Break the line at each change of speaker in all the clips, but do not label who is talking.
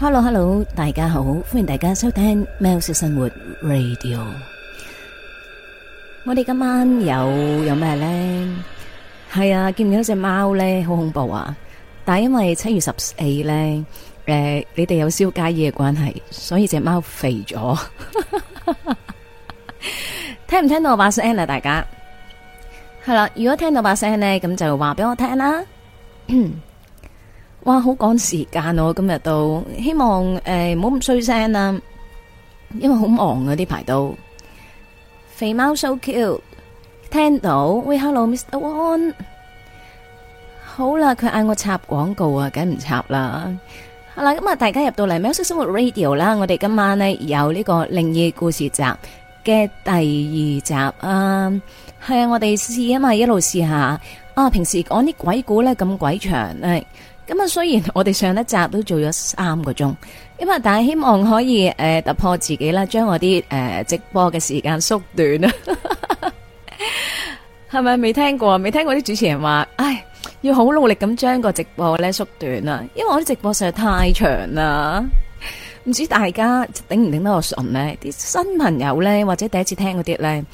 Hello，Hello，hello，大家好，歡迎大家收聽喵式生活 Radio。我哋今晚有有咩咧？係啊，見唔見到隻貓咧？好恐怖啊！但係因為七月十四咧，誒、呃，你哋有燒街衣嘅關係，所以隻貓肥咗。 聽唔聽到我把聲啊？大家係啦、啊，如果聽到把聲咧，咁就話俾我聽啦。 哇！好趕時間，我今日都希望誒，唔好咁衰聲啦，因為好忙啊。啲排到，肥貓 so cute 聽到，喂，hello，Mr. One。好啦，佢嗌我插廣告啊，梗唔插啦。好啦，咁啊，大家入到嚟《m s 喵式生活 Radio》啦，我哋今晚呢，有呢、個靈異故事集嘅第二集啊，係啊，我哋試啊嘛，一路試下啊。平時講啲鬼故咧咁鬼長，咁啊，雖然我哋上一集都做咗三個鐘，咁啊，但係希望可以誒、呃、突破自己啦，將我啲誒、呃、直播嘅時間縮短啊。係咪未聽過？未聽過啲主持人話，唉，要好努力咁將個直播咧縮短啦，因為我啲直播實在太長啦。唔知大家頂唔頂得我順呢？啲新朋友呢，或者第一次聽嗰啲呢，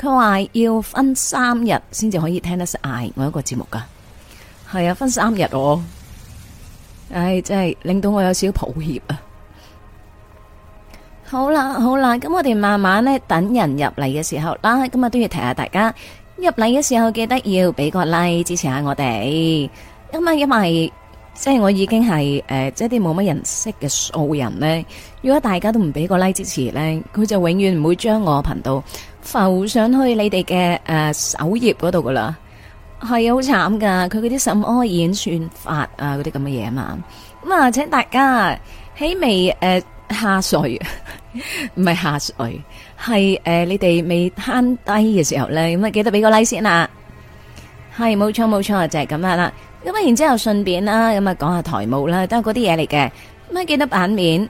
佢話要分三日先至可以聽得晒我一個節目噶。係啊，分三日我。唉、哎，真係令到我有少抱歉啊！好啦，好啦，咁我哋慢慢呢等人入嚟嘅時候，嗱，今日都要提下大家入嚟嘅時候，記得要俾個 like 支持下我哋。咁啊，因為即係、即係、我已經係誒，即係啲冇乜人認識嘅素人呢。如果大家都唔俾個 like 支持呢，佢就永遠唔會將我頻道浮上去你哋嘅誒首頁嗰度噶啦。係啊，好慘噶，佢嗰啲什麼演算法啊，嗰啲咁嘅嘢啊嘛，咁啊，請大家起微誒、呃、下水，唔係下水，係誒、呃、你哋未攤低嘅時候咧，咁啊記得俾個 like 先啦。係，冇錯冇錯就係、是、咁樣啦。咁啊，然之後順便啦，咁啊講下台務啦，都係嗰啲嘢嚟嘅，咁啊記得版面。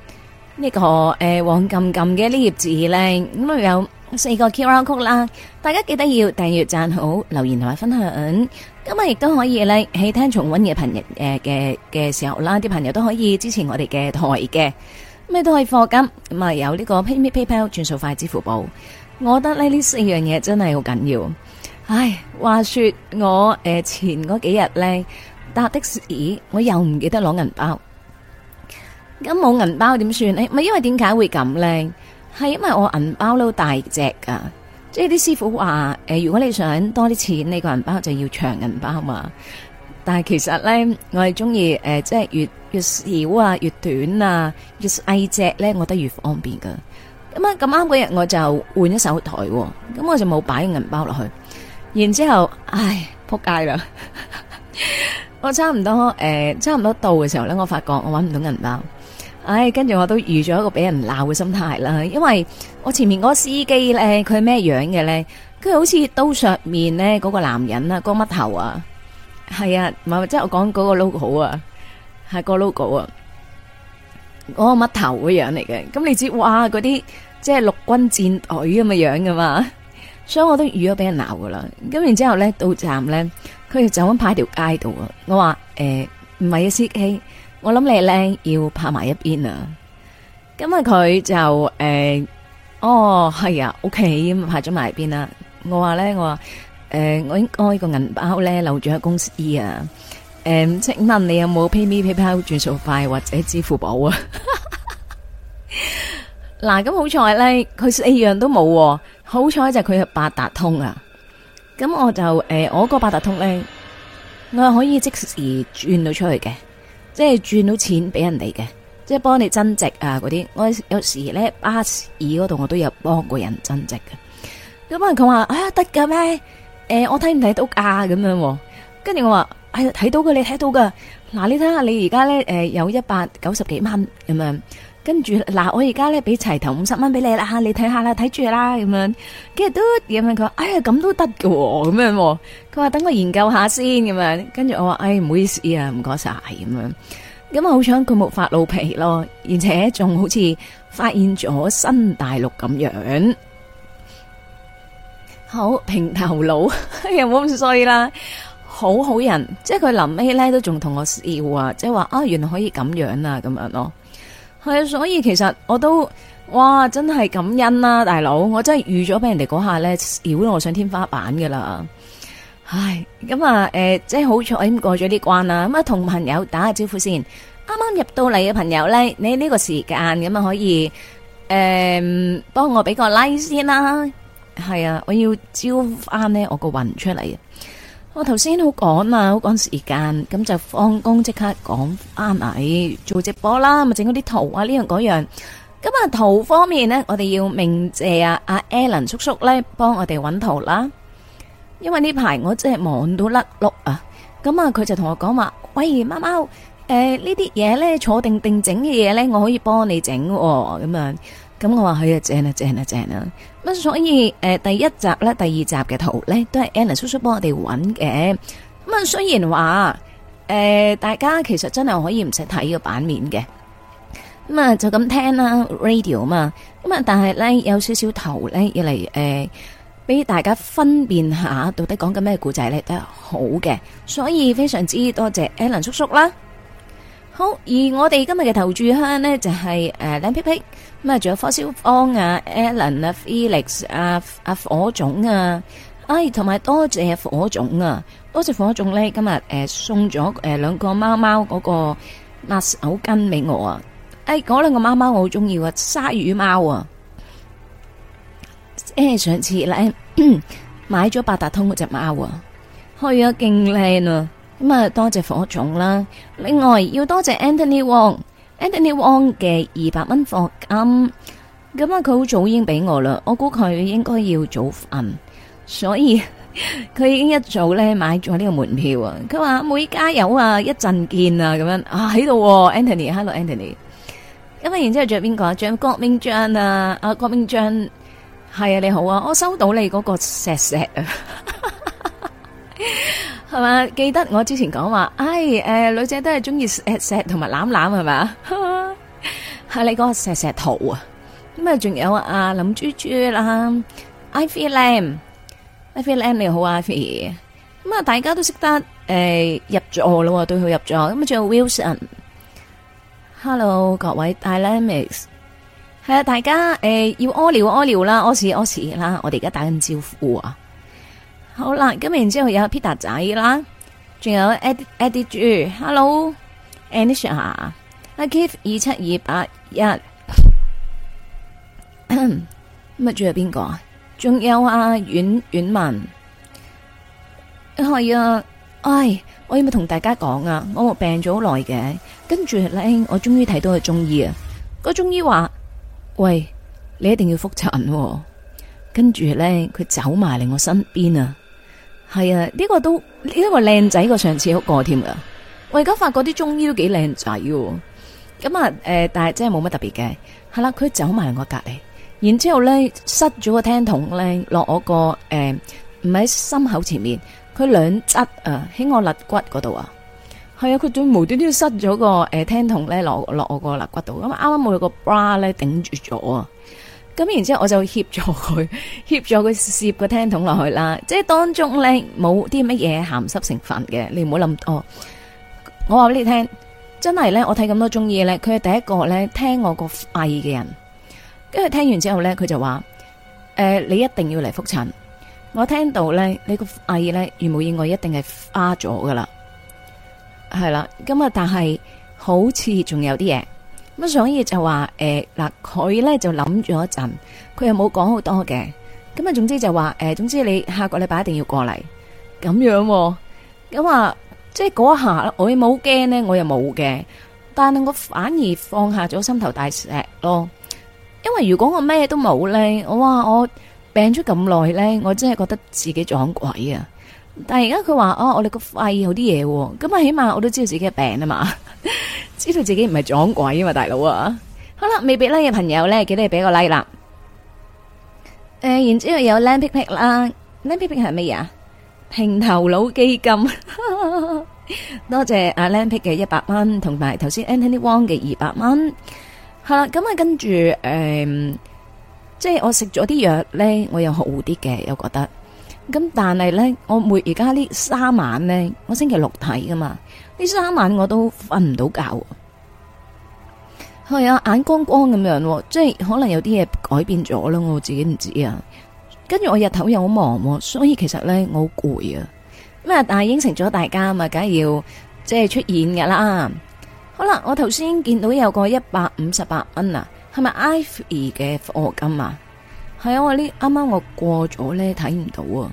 呢、這個誒黃冚冚嘅呢頁字咧,咁啊有四個 Q R 曲啦，大家記得要訂閱、讚好、留言同埋分享。咁啊亦都可以咧，喺聽重溫嘅朋友誒嘅嘅時候啦，啲朋友都可以支持我哋嘅台嘅，咩都可以課金，咁、嗯、啊有呢個 PayMe、PayPal、轉數快、支付寶。我覺得呢呢四樣嘢真係好緊要。唉，話說我誒、呃、前嗰幾日咧搭的士，我又唔記得攞銀包。咁冇銀包點算？咪因為點解會咁咧？係因為我銀包都大隻噶即係啲師傅話誒、呃，如果你想多啲錢，呢、你個銀包就要長銀包嘛。但係其實咧，我係中意誒，即係越越小啊，越短啊，越細隻咧，我覺得越方便噶。咁、嗯、啊，咁啱嗰日我就換一手台，咁、嗯、我就冇擺銀包落去，然之後，唉，撲街啦！ 我差唔多誒、呃，差唔多到嘅時候咧，我發覺我搵唔到銀包。唉，跟住我都預咗一個俾人鬧嘅心態啦，因為我前面嗰個司機咧，佢係咩樣嘅咧？佢好似刀削麵咧，嗰個男人啊，嗰個乜頭啊，係啊，唔係即係我講嗰個 logo 好啊，係個 logo 啊，嗰、嗰個乜頭嘅樣嚟嘅。咁你知哇，嗰啲即係陸軍戰隊咁嘅樣噶嘛，所以我都預咗俾人鬧噶啦。咁然之後咧，到站咧，佢就咁拍條街度啊。我話誒，唔、欸、係啊，司機。我諗你呢要拍埋一邊啊！咁、嗯欸哦、啊，佢就誒，哦係啊，OK，拍咗埋一邊啦。我話咧，我話誒、欸，我應該個銀包咧留住喺公司啊。誒、欸，請問你有冇 PayMe、PayPal 轉數快或者支付寶啊？嗱、 嗯，咁、嗯、好彩咧，佢四樣都冇、啊，好彩就佢係八達通啊。咁、嗯、我就誒、欸，我個八達通咧，我係可以即時轉到出去嘅。即係賺到錢俾人哋嘅，即係幫你增值啊嗰啲。我有時咧，巴士嗰度我都有幫個人增值嘅。咁、哎呃、啊，佢話啊得嘅咩？誒，我睇唔睇到價咁樣？跟住我話，係睇到噶，你睇到噶。嗱、啊，你睇下你而家咧，誒、呃，有一百九十幾蚊咁樣。跟住嗱，我而家咧俾齊頭五十蚊俾你啦，你睇下啦，睇住啦，咁樣，跟住嘟咁樣佢話，哎呀咁都得嘅，咁樣，佢話等我研究下先，咁樣，跟住我話，哎，唔好意思啊，唔該晒，咁樣，咁啊好彩佢冇發老脾咯，而且仲好似發現咗新大陸咁樣，好平頭佬又冇咁衰啦，好 好人，即係佢臨尾咧都仲同我笑啊，即係話啊，原來可以咁樣啊，咁樣咯。係啊，所以其實我都哇，真係感恩啦、啊，大佬，我真係預咗俾人哋嗰下咧，擾到我上天花板噶啦。唉，咁啊，誒、呃，即係好彩過咗啲關啦。咁啊，同朋友打下招呼先。啱啱入到嚟嘅朋友咧，你呢個時間咁啊，可以誒幫、呃、我俾個 like 先啦。係啊，我要招翻呢，我個雲出嚟。我頭先好趕啊，好趕時間，咁就放工即刻講返嚟做直播啦，咪整嗰啲圖啊呢樣嗰樣。咁啊圖方面呢，我哋要鳴謝啊阿 Alan 叔叔呢幫我哋揾圖啦。因為呢排我真係忙到甩碌啊，咁啊佢就同我講話：「喂，貓貓，誒呢啲嘢呢，坐定定整嘅嘢呢，我可以幫你整喎」，咁樣。咁我話佢啊，正啊，正啊，正啊！咁、嗯、所以誒、呃，第一集咧、第二集嘅圖咧，都係 Alan 叔叔幫我哋揾嘅。咁、嗯、啊，雖然話誒、呃，大家其實真係可以唔使睇個版面嘅。咁、嗯、啊，就咁聽啦，radio 啊嘛。咁、嗯、啊，但係咧有少少圖咧，要嚟誒，俾、呃、大家分辨下到底講緊咩故仔咧都係好嘅。所以非常之多謝 Alan 叔叔啦。好，而我哋今日嘅投注箱呢，就係誒靚皮皮，咁啊仲有火燒方啊、Alan 啊、Felix 啊、阿、啊啊、火種啊，哎，同埋多謝火種啊，多謝火種呢，今日誒、呃、送咗誒兩個貓貓嗰個抹手巾俾我啊，哎，嗰兩個貓貓我好中意啊，鯊魚貓啊，因、哎、上次咧 買咗八達通嗰隻貓啊，去咗勁靚啊！咁啊，多謝火種啦！另外要多謝 Anthony Wong，Anthony Wong 嘅二百蚊貨金，咁啊佢好早已經俾我啦，我估佢應該要早瞓，所以佢已經一早咧買咗呢個門票啊！佢話阿妹加油啊，一陣見啊，咁樣啊喺度，Anthony，Hello Anthony，咁啊，然之後仲有邊個啊？仲有郭明章啊，阿郭明章，係啊，你好啊，我收到你嗰個錫錫啊。係嘛？記得我之前講話，唉、哎，誒、呃，女仔都係中意錫錫同埋攬攬係嘛？係 你嗰個錫錫圖啊！咁啊，仲有啊，林朱朱啦，I feel Lam，I feel Lam，你好啊，I feel。咁、呃、啊，大家都識得誒入座咯，對佢入座。咁啊，仲有 Wilson，Hello，各位大 Ladies 係啊，大家誒要屙尿屙尿啦，屙屎屙屎啦，我哋而家打緊招呼啊！好啦，咁然之後有 Peter 仔啦，仲有 Ed Edie G，Hello，Anisha，阿 Keefe 二七二八一，乜仲有邊個？仲有阿婉婉文，係啊，唉，我有冇同大家講啊？我病咗好耐嘅，跟住咧我終於睇到個中醫啊！個中醫話：喂，你一定要複診喎。跟住咧，佢走埋嚟我身邊啊！係啊，呢、這個都呢、這個靚仔、這個上次好過添噶。我而家發覺啲中醫都幾靚仔，咁啊誒，但係真係冇乜特別嘅。係啦、啊，佢走埋我隔籬，然之後咧塞咗個聽筒咧落我個誒唔喺心口前面，佢兩側啊喺我肋骨嗰度啊。係啊，佢仲無端端塞咗個誒、呃、聽筒咧落我落我個肋骨度，咁啱啱我有個 bra 咧頂住咗啊。咁然之後我就協助佢協助佢攝個聽筒落去啦，即係當中呢，冇啲乜嘢鹹濕成分嘅，你唔好諗多。我話俾你聽，真係呢。我睇咁多中醫呢，佢係第一個呢聽我個肺嘅人，跟住聽完之後呢，佢就話：誒、呃，你一定要嚟復診，我聽到呢，你個肺呢，如無意外一定係花咗噶啦，係啦。咁啊，但係好似仲有啲嘢。咁所以就話誒嗱，佢、呃、咧就諗咗一陣，佢又冇講好多嘅，咁啊總之就話誒、呃，總之你下個禮拜一定要過嚟，咁樣、哦，咁啊即係嗰下，我冇驚呢，我又冇嘅，但係我反而放下咗心頭大石咯，因為如果我咩都冇咧，我話我病咗咁耐咧，我真係覺得自己撞鬼啊！但而家佢話哦，我哋個肺有啲嘢、哦，咁啊起碼我都知道自己嘅病啊嘛， 知道自己唔係撞鬼啊嘛，大佬啊，好啦，未俾 like 嘅朋友咧，記得俾個 like、like 呃、啦。誒，然之後有 Lampick 啦，Lampick 係乜嘢啊？平頭佬基金， 多謝阿 Lampick 嘅一百蚊，同埋頭先 Anthony Wong 嘅二百蚊，係、嗯、啦，咁啊跟住誒，即係我食咗啲藥咧，我又好啲嘅，又覺得。咁但係咧，我每而家呢三晚咧，我星期六睇噶嘛，呢三晚我都瞓唔到覺，係啊，眼光光咁樣，即係可能有啲嘢改變咗囉，我自己唔知啊。跟住我日頭又好忙，啊，所以其實咧我好攰啊。咁但係應承咗大家啊嘛，梗係要即係出現噶啦。好啦，我頭先見到有個一百五十八蚊啊，係咪 Ivy 嘅課金啊？係啊，我呢啱啱我過咗咧，睇唔到啊。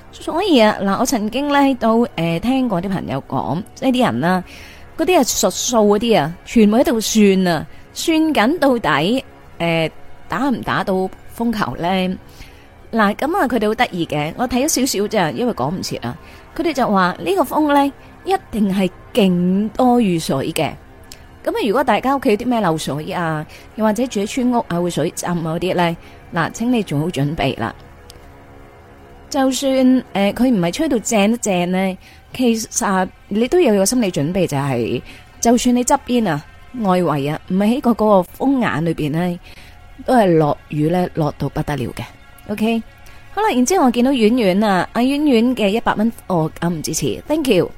所以啊，嗱，我曾經咧到誒聽過啲朋友講呢啲人啦，嗰啲啊術數嗰啲啊，全部喺度算啊，算緊到底誒打唔打到風球咧？嗱，咁啊，佢哋好得意嘅，我睇咗少少啫，因為講唔切啊。佢哋就話呢個風咧一定係勁多雨水嘅。咁啊，如果大家屋企有啲咩漏水啊，又或者住喺村屋啊，會水浸嗰啲咧，嗱，請你做好準備啦。就算誒，佢唔係吹到正都正咧，其實你都有一個心理準備，就係，就係就算你側邊啊，外圍啊，唔係喺個個風眼裏邊咧，都係落雨咧，落到不得了嘅。OK，好啦，然之後我見到婉婉啊，阿婉婉嘅一百蚊，我唔支持，Thank you。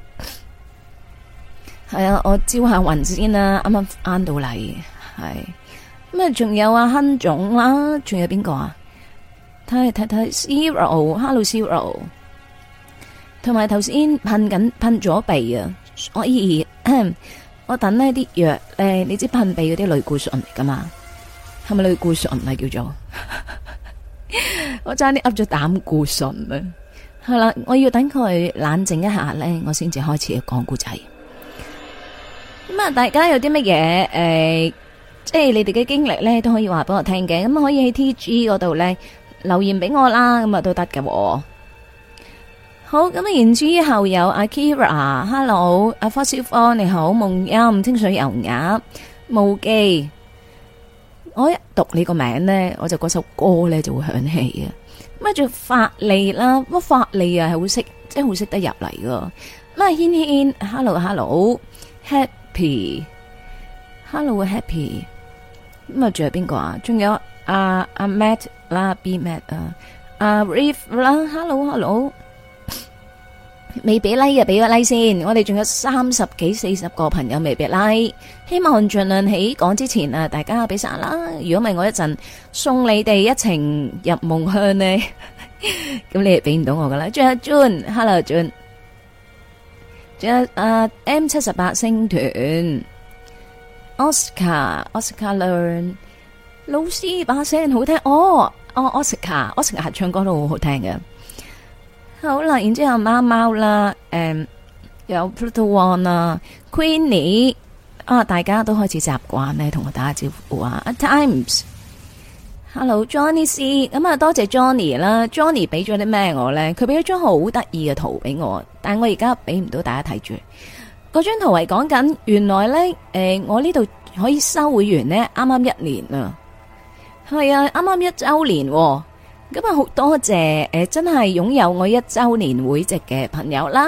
係啊，我招下云先啦，啱啱啱到嚟，係咁啊，仲有阿亨總啦，仲有邊個啊？睇睇 Zero，Hello Zero，同埋頭先噴緊噴咗鼻啊！我而我等呢啲藥誒，你知噴鼻嗰啲類固醇嚟噶嘛？係咪類固醇啊？叫做 我爭啲噏咗膽固醇啊。係啦，我要等佢冷靜一下咧，我先至開始講故仔。咁啊，大家有啲乜嘢誒，即係你哋嘅經歷咧，都可以話俾我聽嘅。咁可以喺 T G 嗰度咧。留言俾我啦，咁啊都得嘅。好，咁啊，然之後有阿 Kira，Hello，阿 First of all，你好，夢音，清水油鴨，無忌，我一讀你個名咧，我就嗰首歌咧就會響起嘅。咁啊，仲有法利啦，乜法利啊係好識，即係會識得入嚟嘅。咁啊，軒軒，Hello，Hello，Happy，Hello，Happy，咁啊，仲有邊個啊？仲有。阿阿 Matt 啦，B Matt 啊，阿 Riff 啦，Hello，Hello，未俾 like 啊，俾個 like 先，我哋仲有三十幾四十個朋友未俾 like，希望盡量喺講之前啊，大家俾晒啦，如果唔係我一陣送你哋一程入夢鄉呢，咁你亦俾唔到我噶啦。仲有 John，Hello，John，仲有阿 M 七十八星團，Oscar，Oscar，Learn。老師把聲好聽哦，哦，Oscar，Oscar 唱 Oscar 歌都好好聽嘅。好啦，然之後貓貓啦，誒、嗯，有 Pluto One 啦 Queenie 啊，大家都開始習慣咧，同我打下招呼啊。At times，Hello，Johnny C，咁、嗯、啊，多謝 Johnny 啦。Johnny 俾咗啲咩我咧？佢俾咗張好得意嘅圖俾我，但我而家俾唔到大家睇住。嗰張圖係講緊，原來咧，誒、呃，我呢度可以收會員呢，啱啱一年啊。係啊，啱啱一周年，哦，咁啊好多謝誒、呃，真係擁有我一周年會籍嘅朋友啦。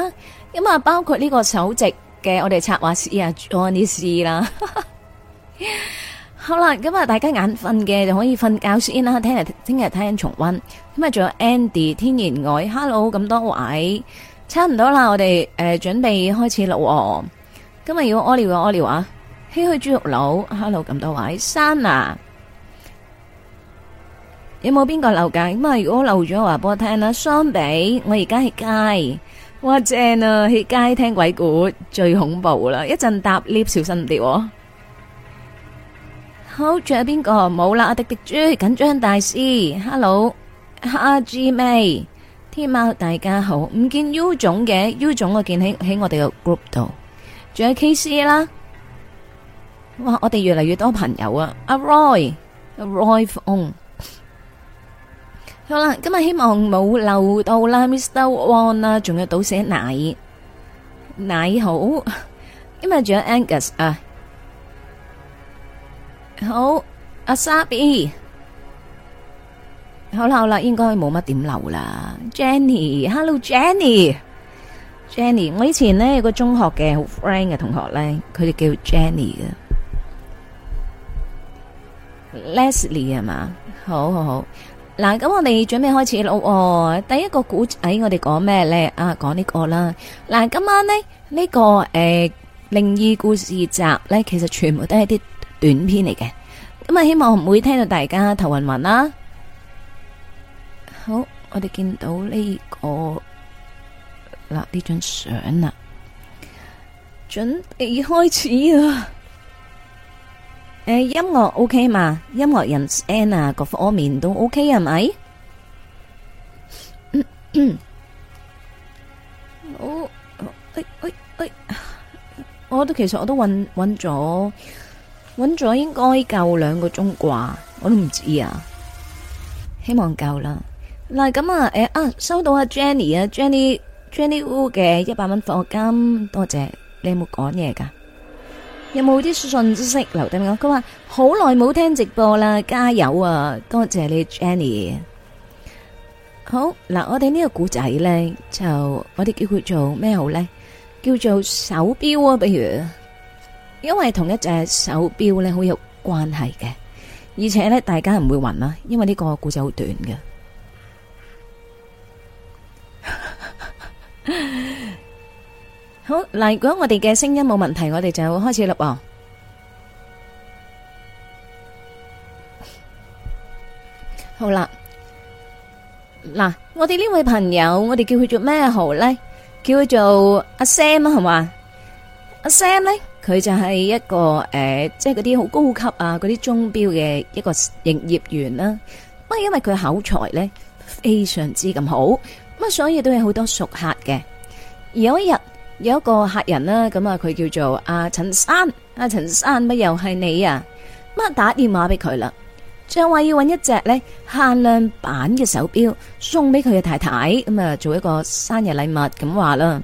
咁啊，包括呢個首席嘅我哋策劃師啊，Onny C 啦。 好啦，咁啊，大家眼瞓嘅就可以瞓覺先啦。聽日聽日聽重温。咁啊，仲有 Andy 天然愛 Hello 咁多位，差唔多啦，我哋誒、呃、準備開始啦，哦。今日要屙尿嘅屙尿啊，唏嘘豬肉佬 Hello 咁多位，三啊。有冇邊個漏㗎？咁啊，如果漏咗話，幫我聽啦。雙比，我而家喺街，哇正啊，喺街聽鬼故最恐怖啦！一陣搭 lift，小心啲。好，仲有邊個？冇啦，阿迪迪豬，緊張大師。Hello，阿 G 妹，天喵大家好。唔見 U 總嘅 U 總，我見喺喺我哋個 group 度。仲有 K C 啦。哇，我哋越嚟越多朋友啊！阿 Roy，阿 Roy，on。好啦，今日希望冇漏到啦，Mr. One 啦，仲有倒寫奶奶好，今日仲有 Angus 啊，好阿莎比，好啦好啦，應該冇乜點漏啦，Jenny，Hello Jenny，Jenny，我以前咧有個中學嘅好 friend 嘅同學咧，佢哋叫 Jenny 嘅，Leslie 啊嘛，好好好。嗱，咁我哋準備開始咯。第一個古仔我哋講咩咧？啊，講呢個啦。嗱，今晚呢，呢個誒靈異故事集咧，其實全部都係啲短片嚟嘅。咁啊，希望唔會聽到大家頭暈暈啦。好，我哋見到呢個嗱，呢張相啦，準備開始啊！誒，音樂 OK 嘛？音樂人 Anna 各方面都 OK 係咪？我誒誒誒，我都其實我都揾揾咗，揾咗應該夠兩個鐘啩，我都唔知啊。希望夠啦。嗱咁啊，誒啊，收到阿 Jenny 啊，Jenny Jenny, Jenny Wu 嘅一百蚊課金，多謝。你有冇講嘢噶？有冇啲信息，留低我？佢話好耐冇聽直播啦，加油啊！多謝你，Jenny。好嗱，我哋呢個古仔呢，就我哋叫佢做咩好呢？叫做手錶啊，比如，因為同一隻手錶呢好有關係嘅，而且呢大家唔會暈啦，因為呢個古仔好短嘅。好嗱，如果我哋嘅聲音冇問題，我哋就開始錄。好啦，嗱，我哋呢位朋友，我哋叫佢做咩號呢？叫佢做阿 Sam 係嘛？阿 Sam 呢，佢就係一個誒，即係嗰啲好高級啊，嗰啲鐘錶嘅一個營業員啦。不過因為佢口才呢非常之咁好，咁所以都有好多熟客嘅。有一日。有一個客人啦，咁啊，佢叫做阿陳生，阿陳生乜又係你啊？乜打電話俾佢啦，仲話要搵一隻呢限量版嘅手表送俾佢嘅太太，咁啊做一個生日禮物，咁話啦。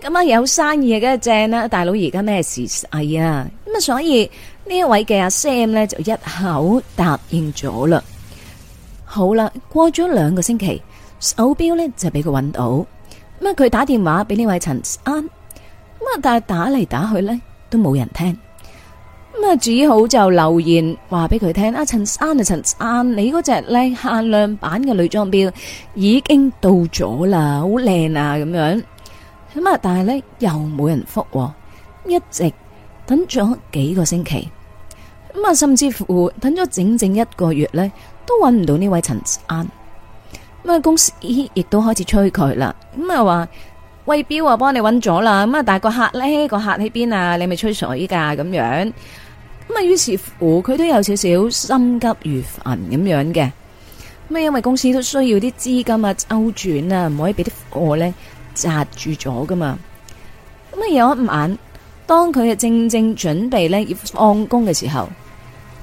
咁啊有生意嘅正啦，大佬而家咩事係啊？咁啊，所以呢一位嘅阿 Sam 呢，就一口答應咗啦。好啦，過咗兩個星期，手表呢，就俾佢搵到。咁佢打電話俾呢位陳生，咁啊，但係打嚟打去呢，都冇人聽，咁啊，只好就留言話俾佢聽啊，陳生啊，陳生，你嗰隻靚限量版嘅女裝表已經到咗啦，好靚啊，咁樣，咁啊，但係呢，又冇人覆，一直等咗幾個星期，咁啊，甚至乎等咗整整一個月呢，都揾唔到呢位陳生。咁啊，公司亦都開始催佢啦。咁啊，話，喂，表啊，幫你揾咗啦。咁啊，但係個客咧，個客喺邊啊？你咪吹水噶咁樣。咁啊，於是乎，佢都有少少心急如焚咁樣嘅。咁啊，因為公司都需要啲資金啊周轉啊，唔可以俾啲貨咧紮住咗噶嘛。咁啊，有一晚，當佢啊正正準備咧要放工嘅時候，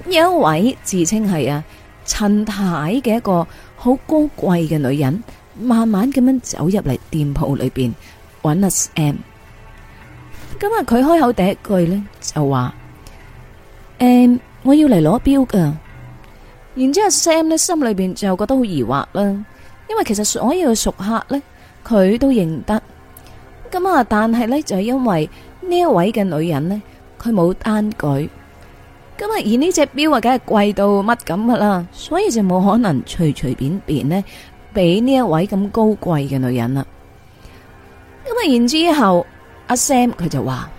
有一位自稱係啊陳太嘅一個。好高貴嘅女人，慢慢咁樣走入嚟店鋪裏邊揾阿 Sam。咁啊，佢開口第一句呢就話：誒、eh，我要嚟攞表噶。然之後 Sam 呢，心裏邊就覺得好疑惑啦，因為其實所有熟客呢，佢都認得。咁啊，但係呢，就係因為呢一位嘅女人呢，佢冇攤舉。咁啊，而呢隻表啊，梗係貴到乜咁噶啦，所以就冇可能隨隨便便呢俾呢一位咁高貴嘅女人啦。咁啊，然之後阿 Sam 佢就話：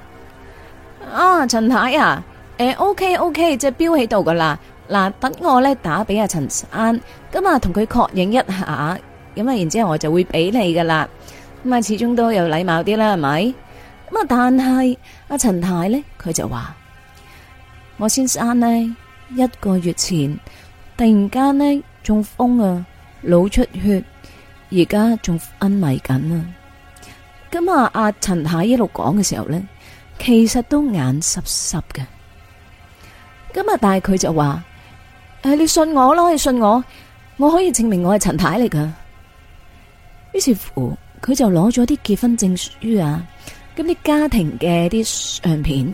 啊，陳太太啊，誒、啊啊，OK OK，隻係表喺度噶啦。嗱、啊，等我咧打俾阿陳生，咁啊同佢確認一下，咁啊，然之後我就會俾你噶啦。咁啊，始終都有禮貌啲啦，係咪？咁啊，但係阿、啊、陳太咧，佢就話。我先生呢，一個月前突然間呢，中風啊，腦出血，而家仲昏迷緊啊。咁啊，阿陳太一路講嘅時候呢，其實都眼濕濕嘅。咁啊，但係佢就話：誒、欸，你信我啦，你信我，我可以證明我係陳太嚟噶。於是乎，佢就攞咗啲結婚證書啊，咁啲家庭嘅啲相片。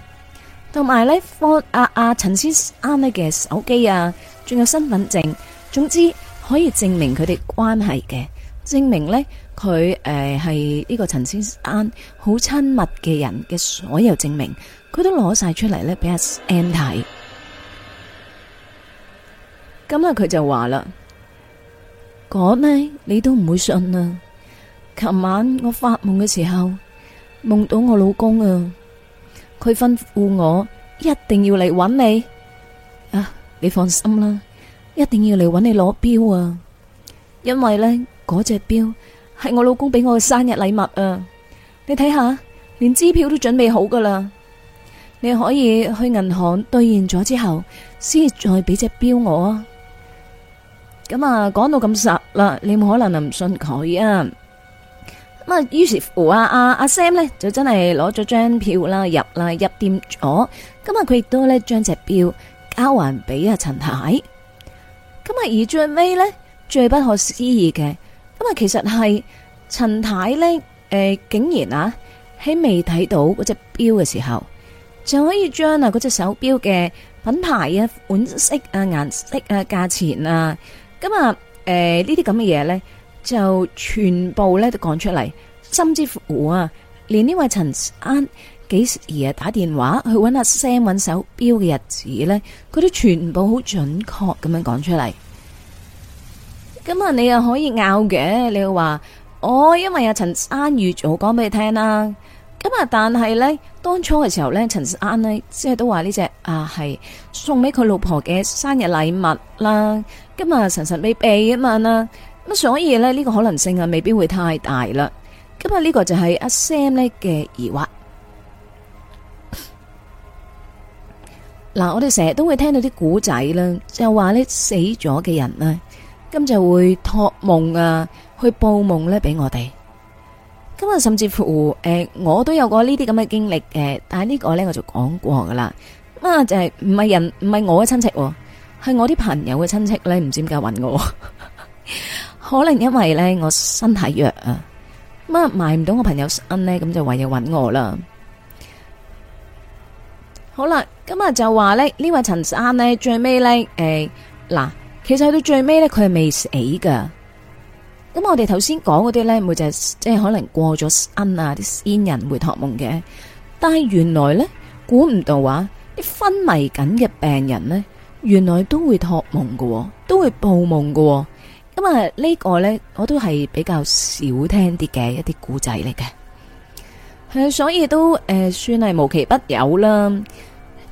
同埋呢，放阿阿陳先生呢嘅手機啊，仲有身份證，總之可以證明佢哋關係嘅，證明呢，佢誒係呢個陳先生好親密嘅人嘅所有證明，佢都攞晒出嚟，呢俾阿 M 睇。咁啊，佢就話啦，講呢你都唔會信啊！琴晚我發夢嘅時候，夢到我老公啊。佢吩咐我一定要嚟揾你啊！你放心啦，一定要嚟揾你攞表啊！因為呢嗰隻表係我老公俾我嘅生日禮物啊！你睇下，連支票都準備好噶啦，你可以去銀行兌現咗之後，先再俾隻表我啊！咁啊，講到咁實啦，你冇可能唔信佢啊！咁啊，於是乎啊啊阿 Sam 呢就真係攞咗張票啦入啦入店咗，咁啊佢亦都咧將隻表交還俾阿陳太。咁啊而最尾呢，最不可思議嘅，咁啊其實係陳太呢，誒、呃、竟然啊喺未睇到嗰隻表嘅時候，就可以將啊嗰隻手表嘅品牌啊款式、啊顏色誒、啊、價錢啊咁啊誒呢啲咁嘅嘢呢。就全部咧都講出嚟，甚至乎啊，連呢位陳生幾時啊打電話去搵阿 Sam 搵手表嘅日子咧，佢都全部好準確咁樣講出嚟。咁、嗯、啊，你又可以拗嘅，你又話哦，因為阿陳生預早講俾你聽啦。咁、嗯、啊，但係咧當初嘅時候咧，陳生咧即係都話呢隻啊係送俾佢老婆嘅生日禮物啦。咁、嗯、啊，神神秘秘啊嘛啦。咁所以呢，呢個可能性啊，未必會太大啦。今日呢個就係阿 Sam 呢嘅疑惑。嗱， 我哋成日都會聽到啲古仔啦，就話呢死咗嘅人呢，咁就會託夢啊，去報夢呢俾我哋。今日甚至乎誒，我都有過呢啲咁嘅經歷誒，但係呢個呢，我就講過噶啦。咁啊就係唔係人，唔係我嘅親戚，係我啲朋友嘅親戚呢，唔知點解揾我。 可能因為咧我身體弱啊，買唔到我朋友身呢，咁就唯有揾我啦。好啦，今日就話呢，呢位陳生呢，最尾呢，誒，嗱，其實去到最尾呢，佢係未死噶。咁我哋頭先講嗰啲呢，咪就係即係可能過咗身啊啲先人會託夢嘅，但係原來呢，估唔到話啲昏迷緊嘅病人呢，原來都會託夢噶，都會報夢噶。咁啊，呢個呢，我都係比較少聽啲嘅一啲古仔嚟嘅，係所以都誒算係無奇不有啦。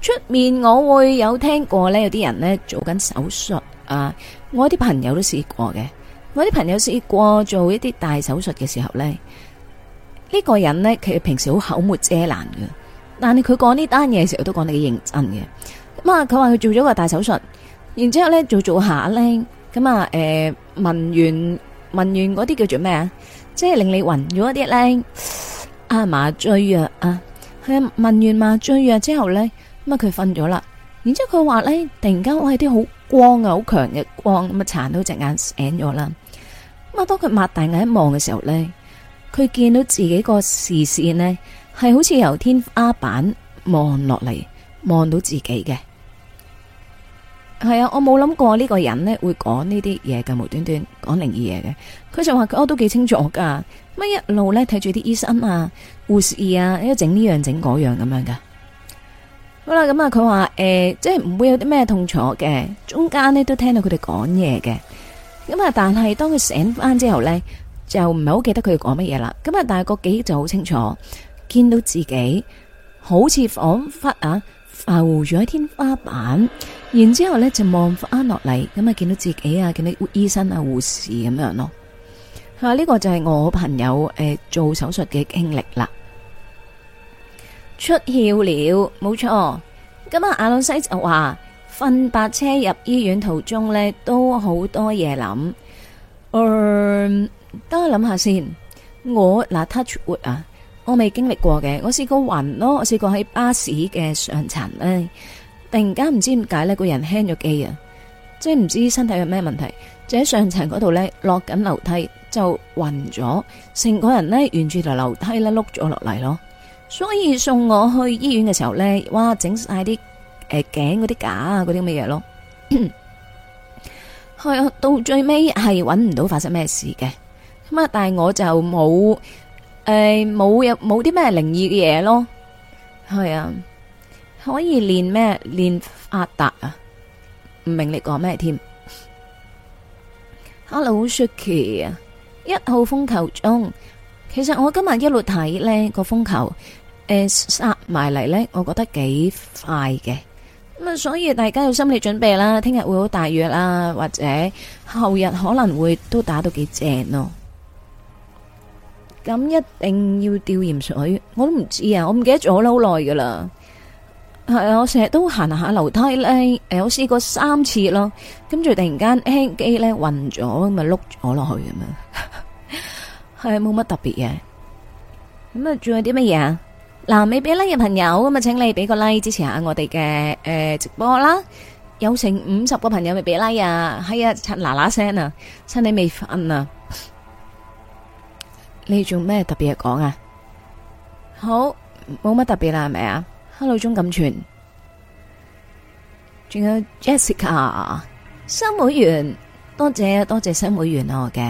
出面我會有聽過呢，有啲人呢做緊手術啊，我啲朋友都試過嘅，我啲朋友試過做一啲大手術嘅時候呢，呢個人呢，其實平時好口沒遮攔嘅，但係佢講呢單嘢嘅時候都講得幾認真嘅。咁啊，佢話佢做咗個大手術，然之後呢做做下呢。咁、呃、啊，誒，聞完聞完嗰啲叫做咩啊？即係令你暈咗一啲咧，啊，麻醉藥啊，佢聞完麻醉藥啊之後咧，咁啊佢瞓咗啦。然之後佢話咧，突然間我係啲好光啊，好強嘅光，咁啊殘到隻眼醒咗啦。咁啊當佢擘大眼一望嘅時候咧，佢見到自己個視線呢，係好似由天花板望落嚟，望到自己嘅。係啊，我冇諗過呢個人咧會講呢啲嘢嘅，無端端講靈異嘢嘅。佢就話佢我都幾清楚噶，乜一路咧睇住啲醫生啊、護士啊，喺度整呢樣整嗰樣咁樣㗎。」好啦，咁、嗯、啊，佢話誒，即係唔會有啲咩痛楚嘅，中間呢都聽到佢哋講嘢嘅。咁、嗯、啊，但係當佢醒翻之後咧，就唔係好記得佢哋講乜嘢啦。咁、嗯、啊，但係個記憶就好清楚，見到自己好似仿佛啊。啊！糊住喺天花板，然之後呢，就望翻落嚟，咁啊見到自己啊，見到醫生啊、護士咁樣咯。吓、啊，呢、這個就係我朋友誒、呃、做手術嘅經歷啦。出竅了，冇錯。咁啊，阿老西就話瞓白車入醫院途中呢，都好多嘢諗。嗯、呃，等我諗下先。我嗱，touch wood 啊！我未經歷過嘅，我試過暈咯，我試過喺巴士嘅上層，唉，突然間唔知點解呢個人輕咗機啊，即係唔知身體有咩問題，就喺上層嗰度呢，落緊樓梯就暈咗，成個人呢，沿住條樓梯咧碌咗落嚟咯，所以送我去醫院嘅時候呢，哇，整晒啲誒頸嗰啲架啊，嗰啲咩嘢咯，係啊， 到最尾係搵唔到發生咩事嘅，咁啊，但係我就冇。誒、呃，冇有冇啲咩靈異嘅嘢咯？係啊，可以練咩練發達啊？唔明你講咩添？Hello s u k i Suki 啊，一號風球中。其實我今日一路睇呢個風球誒，塞埋嚟呢，我覺得幾快嘅。咁啊，所以大家有心理準備啦。聽日會好大雨啦，或者後日可能會都打到幾正咯。咁一定要吊鹽水，我都唔知啊，我唔記得咗啦，好耐噶啦。係啊，我成日都行下樓梯咧，誒，我試過三次咯，跟住突然間輕機咧暈咗，咪碌咗落去咁啊，係冇乜特別嘅。咁啊，仲有啲乜嘢啊？嗱，未俾 like 嘅朋友咁啊，請你俾個 like 支持下我哋嘅誒直播啦。有成五十個朋友未俾 like 啊！係啊，刷嗱嗱聲啊，趁你未瞓啊！你做咩特別講啊？好，冇乜特別啦，係咪啊？Hello 鍾錦全，仲有 Jessica 新會員，多謝多謝新會員我嘅，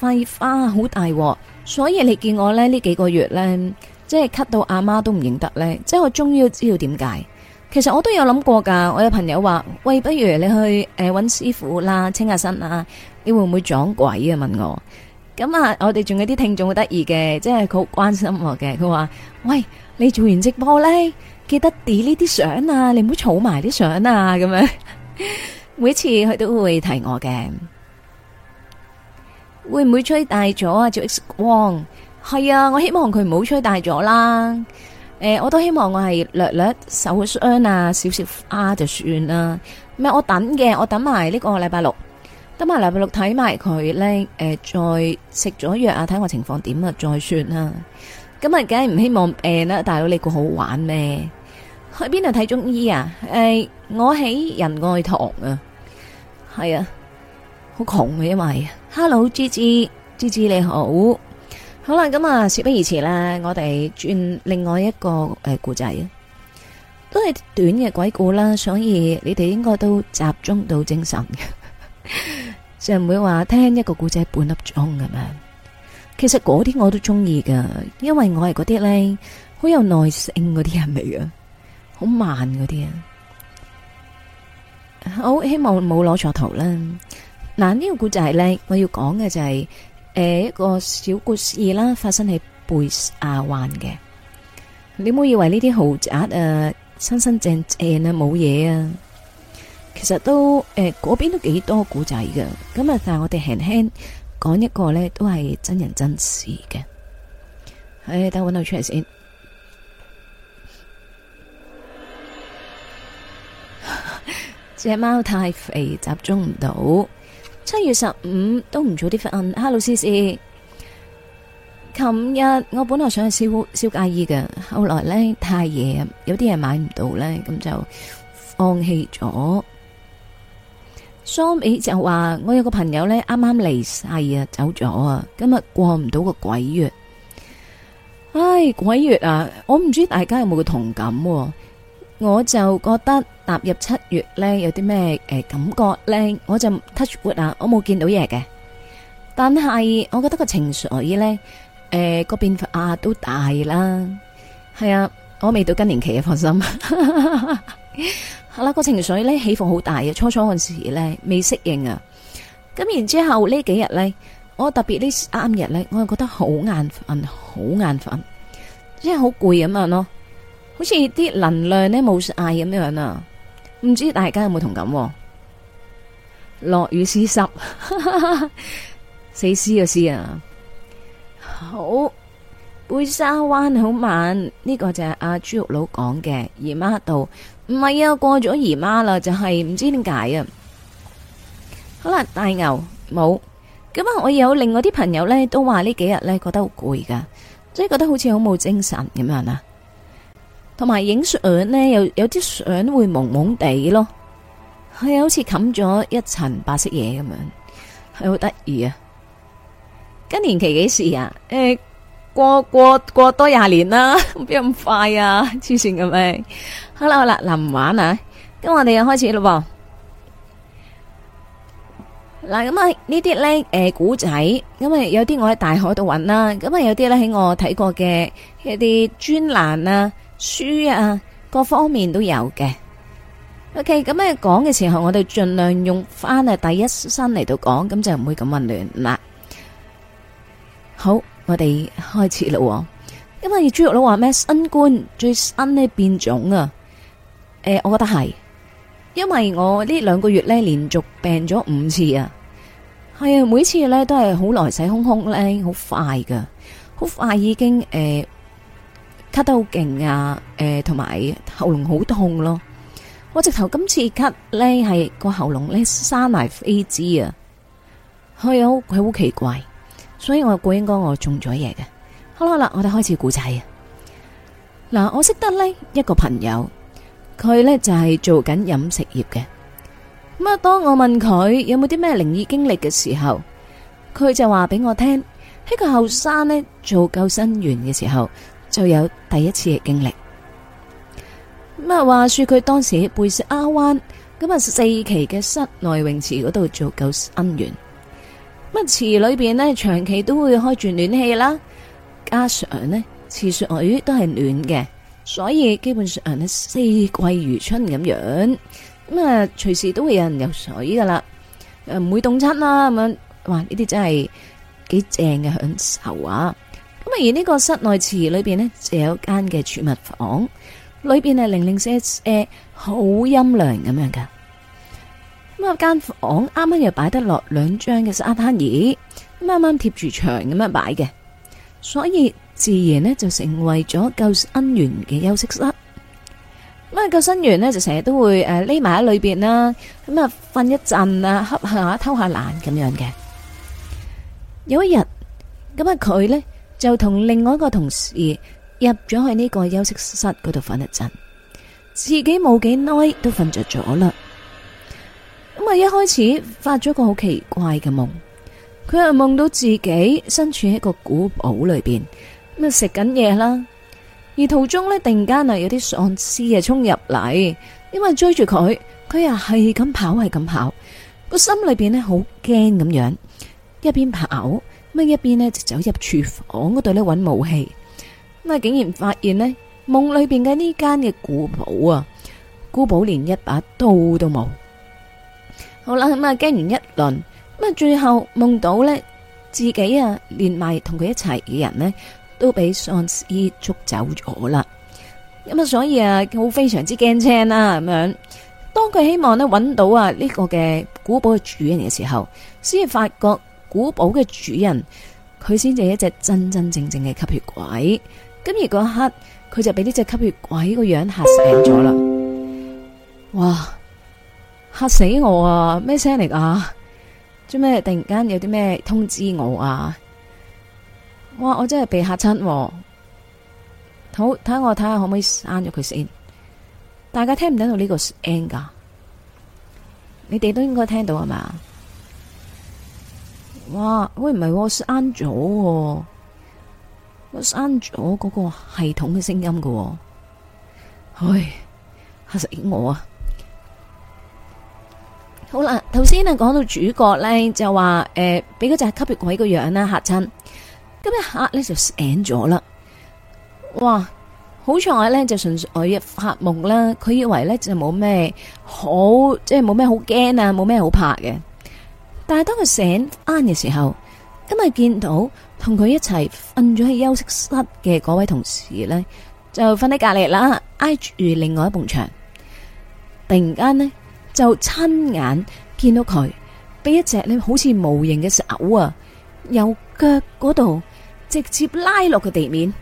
廢話好大鑊，所以你見我呢幾個月呢，即係咳到阿媽都唔認得呢。即係我終於知道點解。其實我都有諗過噶，我有朋友話：喂，不如你去誒揾，呃、師傅啦，清下身啊！你會唔會撞鬼啊？問我。咁啊，我哋仲有啲聽眾好得意嘅，即係佢好關心我嘅。佢話：喂，你做完直播咧，記得 delete 呢啲相啊！你唔好儲埋啲相啊！咁樣每次佢都會提我嘅，會唔會吹大咗啊？做 X 光係啊！我希望佢唔好吹大咗啦。誒，我都希望我係略略手傷啊，少少啊就算啦。咩我等嘅，我等埋呢個禮拜六，等埋禮拜六睇埋佢咧。誒，再食咗藥啊，睇我情況點啊，再算啦。咁咪梗係唔希望誒啦，大佬你個好玩咩？去邊度睇中醫啊？誒，我喺仁愛堂啊，係啊，好窮嘅因為。Hello，芝芝，芝芝你好。好啦，咁啊，事不宜遲咧，我哋轉另外一個誒故仔，都係短嘅鬼故啦，所以你哋應該都集中到精神嘅，就唔會話聽一個故仔半粒鐘咁樣。其實嗰啲我都中意噶，因為我係嗰啲咧好有耐性嗰啲，係咪呀？好慢嗰啲啊。好希望冇攞錯圖啦。嗱，呢個故仔咧，我要講嘅就係。誒，一個小故事啦，發生喺貝沙灣嘅。你唔好以為呢啲豪宅啊，新新淨淨啊，冇嘢啊，其實都誒，嗰邊都幾多古仔㗎。咁啊，但係我哋輕輕講一個呢，都係真人真事嘅。唉，等我揾到出嚟先。隻貓太肥，集中唔到。七月十五都唔早啲瞓。Hello，C C，琴日我本來想去燒燒街衣嘅，後來呢太夜，有啲嘢買唔到呢，咁就放棄咗。蘇美就話我有個朋友呢啱啱離世啊，走咗啊，今日過唔到個鬼月。唉，鬼月啊，我唔知大家有冇個同感，我就覺得。踏入七月咧，有啲咩誒感覺咧？我就 touch wood 啊，我冇見到嘢嘅。但係我覺得個情緒依咧，誒個變化都大啦。係啊，我未到更年期啊，放心。係啦，個情緒咧，起伏好大嘅。初初嗰時咧未適應啊。咁然之後呢幾日咧，我特別呢三日咧，我又覺得好眼瞓，好眼瞓，即係好攰咁樣咯，好似啲能量咧冇晒咁樣啊。唔知大家有冇同感？落雨絲濕，死屍個屍啊！好，貝沙灣好慢，呢個就係阿豬肉佬講嘅姨媽度，唔係啊，過咗姨媽啦，就係唔知點解啊！好啦，大牛冇，咁啊，我有另外啲朋友呢，都話呢幾日呢覺得好攰噶，即係覺得好似好冇精神咁樣啊！同埋影相呢，有有啲相會蒙蒙地咯，係好似冚咗一層白色嘢咁樣，係好得意啊！更年期幾時啊？誒、欸，過過過多廿年啦，邊咁快啊？黐線嘅咩？好啦好啦，唔玩、呃、啊！咁我哋又開始咯噃。嗱咁啊，呢啲呢，誒古仔，咁啊有啲我喺大海度揾啦，咁啊有啲咧喺我睇過嘅一啲專欄啊。書啊，各方面都有嘅。OK，咁呢講嘅時候，我哋盡量用翻嚟，第一身嚟到講，咁就唔會咁混亂。啦，好，我哋開始啦。因為豬肉佬話咩新冠最新呢變種啊？誒，我覺得係，因為我呢兩個月呢連續病咗五次啊。係啊，每次呢都係好來勢洶洶咧，好快㗎，好快已經誒。咳得好勁啊！誒、呃，同埋喉嚨好痛咯。我直頭今次咳呢，係個喉嚨呢生埋飛滋啊，係好佢好奇怪，所以我估應該我中咗嘢嘅。好啦啦，我哋開始故仔啊。嗱，我識得呢一個朋友，佢呢就係做緊飲食業嘅。咁啊，當我問佢有冇啲咩靈異經歷嘅時候，佢就話俾我聽，喺佢後生呢，做救生員嘅時候。就有第一次嘅經歷。咁啊，話說佢當時喺貝沙灣咁啊四期嘅室內泳池嗰度做救生員。咁啊池裏邊呢長期都會開住暖氣啦，加上呢池水都係暖嘅，所以基本上啊四季如春咁樣。咁啊隨時都會有人游水噶啦，誒唔會凍親啦咁樣。哇呢啲真係幾正嘅享受啊！咁而呢個室內池裏邊呢，就有一間嘅儲物房，裏邊係零零舍。誒、呃，好陰涼咁樣噶。咁啊，間房啱啱又擺得落兩張嘅沙灘椅，咁啱啱貼住牆咁樣擺嘅，所以自然呢就成為咗救生員嘅休息室。咁啊，救生員呢，就成日都會誒匿埋喺裏邊啦，咁啊瞓一陣啊，瞌下偷下懶咁樣嘅。有一日，咁啊，佢呢。就同另外一個同事入咗去呢個休息室嗰度瞓一陣，自己冇幾耐都瞓着咗啦。咁啊，一開始發咗個好奇怪嘅夢，佢又夢到自己身處喺個古堡裏邊，咁啊食緊嘢啦。而途中呢，突然間啊有啲喪屍啊衝入嚟，因為追住佢，佢又係咁跑係咁跑，個心裏邊呢好驚咁樣，一邊跑。咁啊一邊呢，就走入廚房嗰度呢，揾武器，咁啊竟然發現呢夢裏邊嘅呢間嘅古堡啊，古堡連一把刀都冇。好啦，咁啊驚完一輪，咁啊最後夢到呢，自己啊，連埋同佢一齊嘅人呢，都俾喪屍捉走咗啦。咁啊所以啊好非常之驚青啦咁樣。當佢希望呢揾到啊呢個嘅古堡嘅主人嘅時候，先至發覺。古堡嘅主人，佢先至係一隻真真正正嘅吸血鬼。咁而嗰一刻，佢就俾呢隻吸血鬼個樣吓醒咗啦。哇！嚇死我啊！咩聲嚟噶？做咩突然間有啲咩通知我啊？哇！我真係被嚇親。好，睇我睇下可唔可以刪咗佢先。大家聽唔、啊、聽到呢個 end 噶？你哋都應該聽到啊嘛？哇，喂，唔係、哦，刪咗、哦，我刪咗嗰個系統嘅聲音噶、哦，唉，嚇死我啊！好啦，頭先啊講到主角呢，就話誒，俾嗰隻吸血鬼個樣啦嚇親，咁一吓呢就醒咗啦。哇，好彩呢，就純粹我一發夢啦，佢以為呢就冇咩好，即係冇咩好驚啊，冇咩好怕嘅。但係當佢醒翻嘅時候，今日見到同佢一齊瞓咗喺休息室嘅嗰位同事咧，就瞓喺隔籬啦，挨住另外一埲牆。突然間呢，就親眼見到佢俾一隻咧，好似無形嘅手啊，由腳嗰度直接拉落個地面。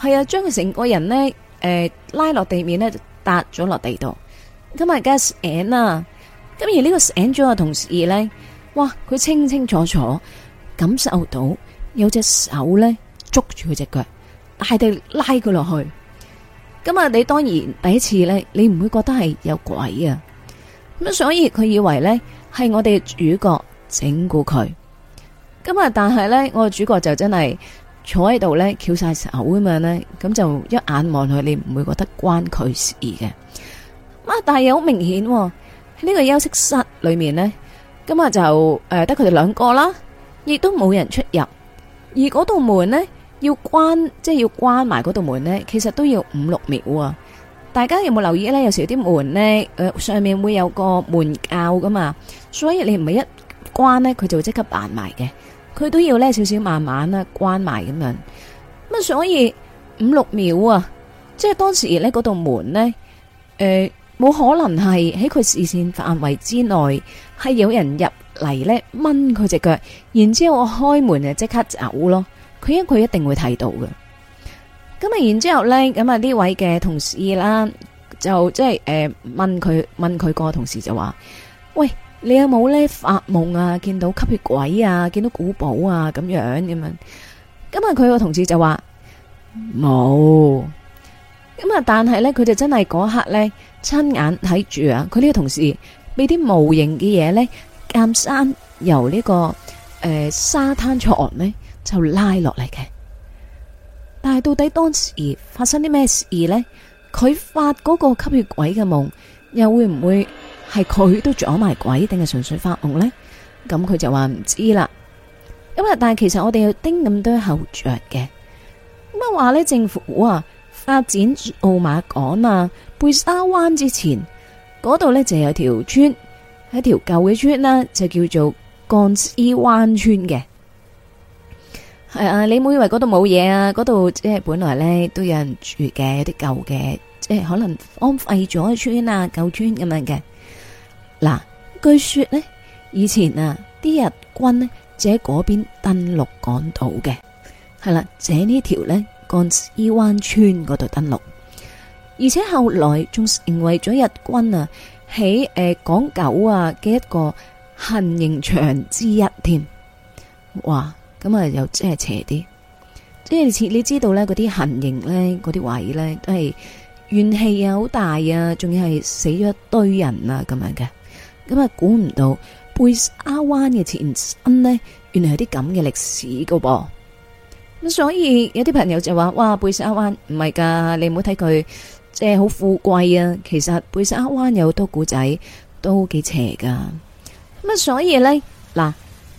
係啊，將佢成個人呢，誒、呃、拉落地面咧，就搭咗落地度。今日 g u 啊咁而呢個醒咗嘅同事呢，哇！佢清清楚楚感受到有隻手呢捉住佢隻腳，大地拉佢落去。咁啊，你當然第一次呢，你唔會覺得係有鬼啊？咁所以佢以為呢係我哋主角整蠱佢。咁啊，但係呢，我嘅主角就真係坐喺度呢，翹晒手咁樣呢，咁就一眼望去，你唔會覺得關佢事嘅？啊，但係好明顯。呢、這個休息室裏面呢，今日就誒得佢哋兩個啦，亦都冇人出入。而嗰道門呢，要關，即係要關埋嗰道門呢，其實都要五六秒啊！大家有冇留意呢？有時啲門呢，誒、呃、上面會有個門鉸㗎嘛，所以你唔係一關呢，佢就會即刻閉埋嘅。佢都要呢，少少慢慢啦關埋咁樣。咁所以五六秒啊，即係當時呢，嗰道門呢。誒、呃。冇可能係喺佢視線範圍之內，係有人入嚟咧，掹佢隻腳，然之後我開門誒，即刻走咯。佢因佢一定會睇到嘅。咁啊，然之後咧，咁啊呢位嘅同事啦，就即係誒問佢，問佢個同事就話：喂，你有冇咧發夢啊？見到吸血鬼啊？見到古堡啊？咁樣咁樣。咁啊，佢個同事就話冇。咁啊，但係咧，佢就真係嗰刻咧。親眼睇住啊！佢呢個同事俾啲無形嘅嘢，呢暗山由呢、這個誒、呃、沙灘出岸呢，就拉落嚟嘅。但係到底當時發生啲咩事呢？佢發嗰個吸血鬼嘅夢，又會唔會係佢都撞埋鬼，定係純粹發夢呢？咁、嗯、佢就話唔知啦。因為但係其實我哋要叮咁多後着嘅。乜話呢？政府啊！發展澳馬港啊，貝沙灣之前嗰度呢，那裡，就有條村，係條舊嘅村啦，就叫做鋼綫灣村嘅。係啊，你冇以為嗰度冇嘢啊。嗰度即係本來呢都有人住嘅，有啲舊嘅，即係可能荒廢咗嘅村啊，舊村咁樣嘅。嗱、啊，據說呢，以前啊，啲日軍呢，就喺嗰邊登陸港島嘅。係啦、啊，就喺呢條呢。鋼線灣村嗰度登陸，而且後來仲成為咗日軍啊喺誒、呃、港九啊嘅一個行刑場之一添。哇，咁啊又真係邪啲，即係你知道呢嗰啲行刑呢，嗰啲位置呢都係怨氣啊好大啊，仲要係死咗一堆人啊咁樣嘅。咁啊，估唔到貝沙灣嘅前身呢，原來係啲咁嘅歷史噶噃、啊。咁所以有啲朋友就話：哇，貝沙灣唔係噶，你唔好睇佢，即係好富貴啊！其實貝沙灣有好多古仔，都幾邪噶。咁啊，所以呢，嗱，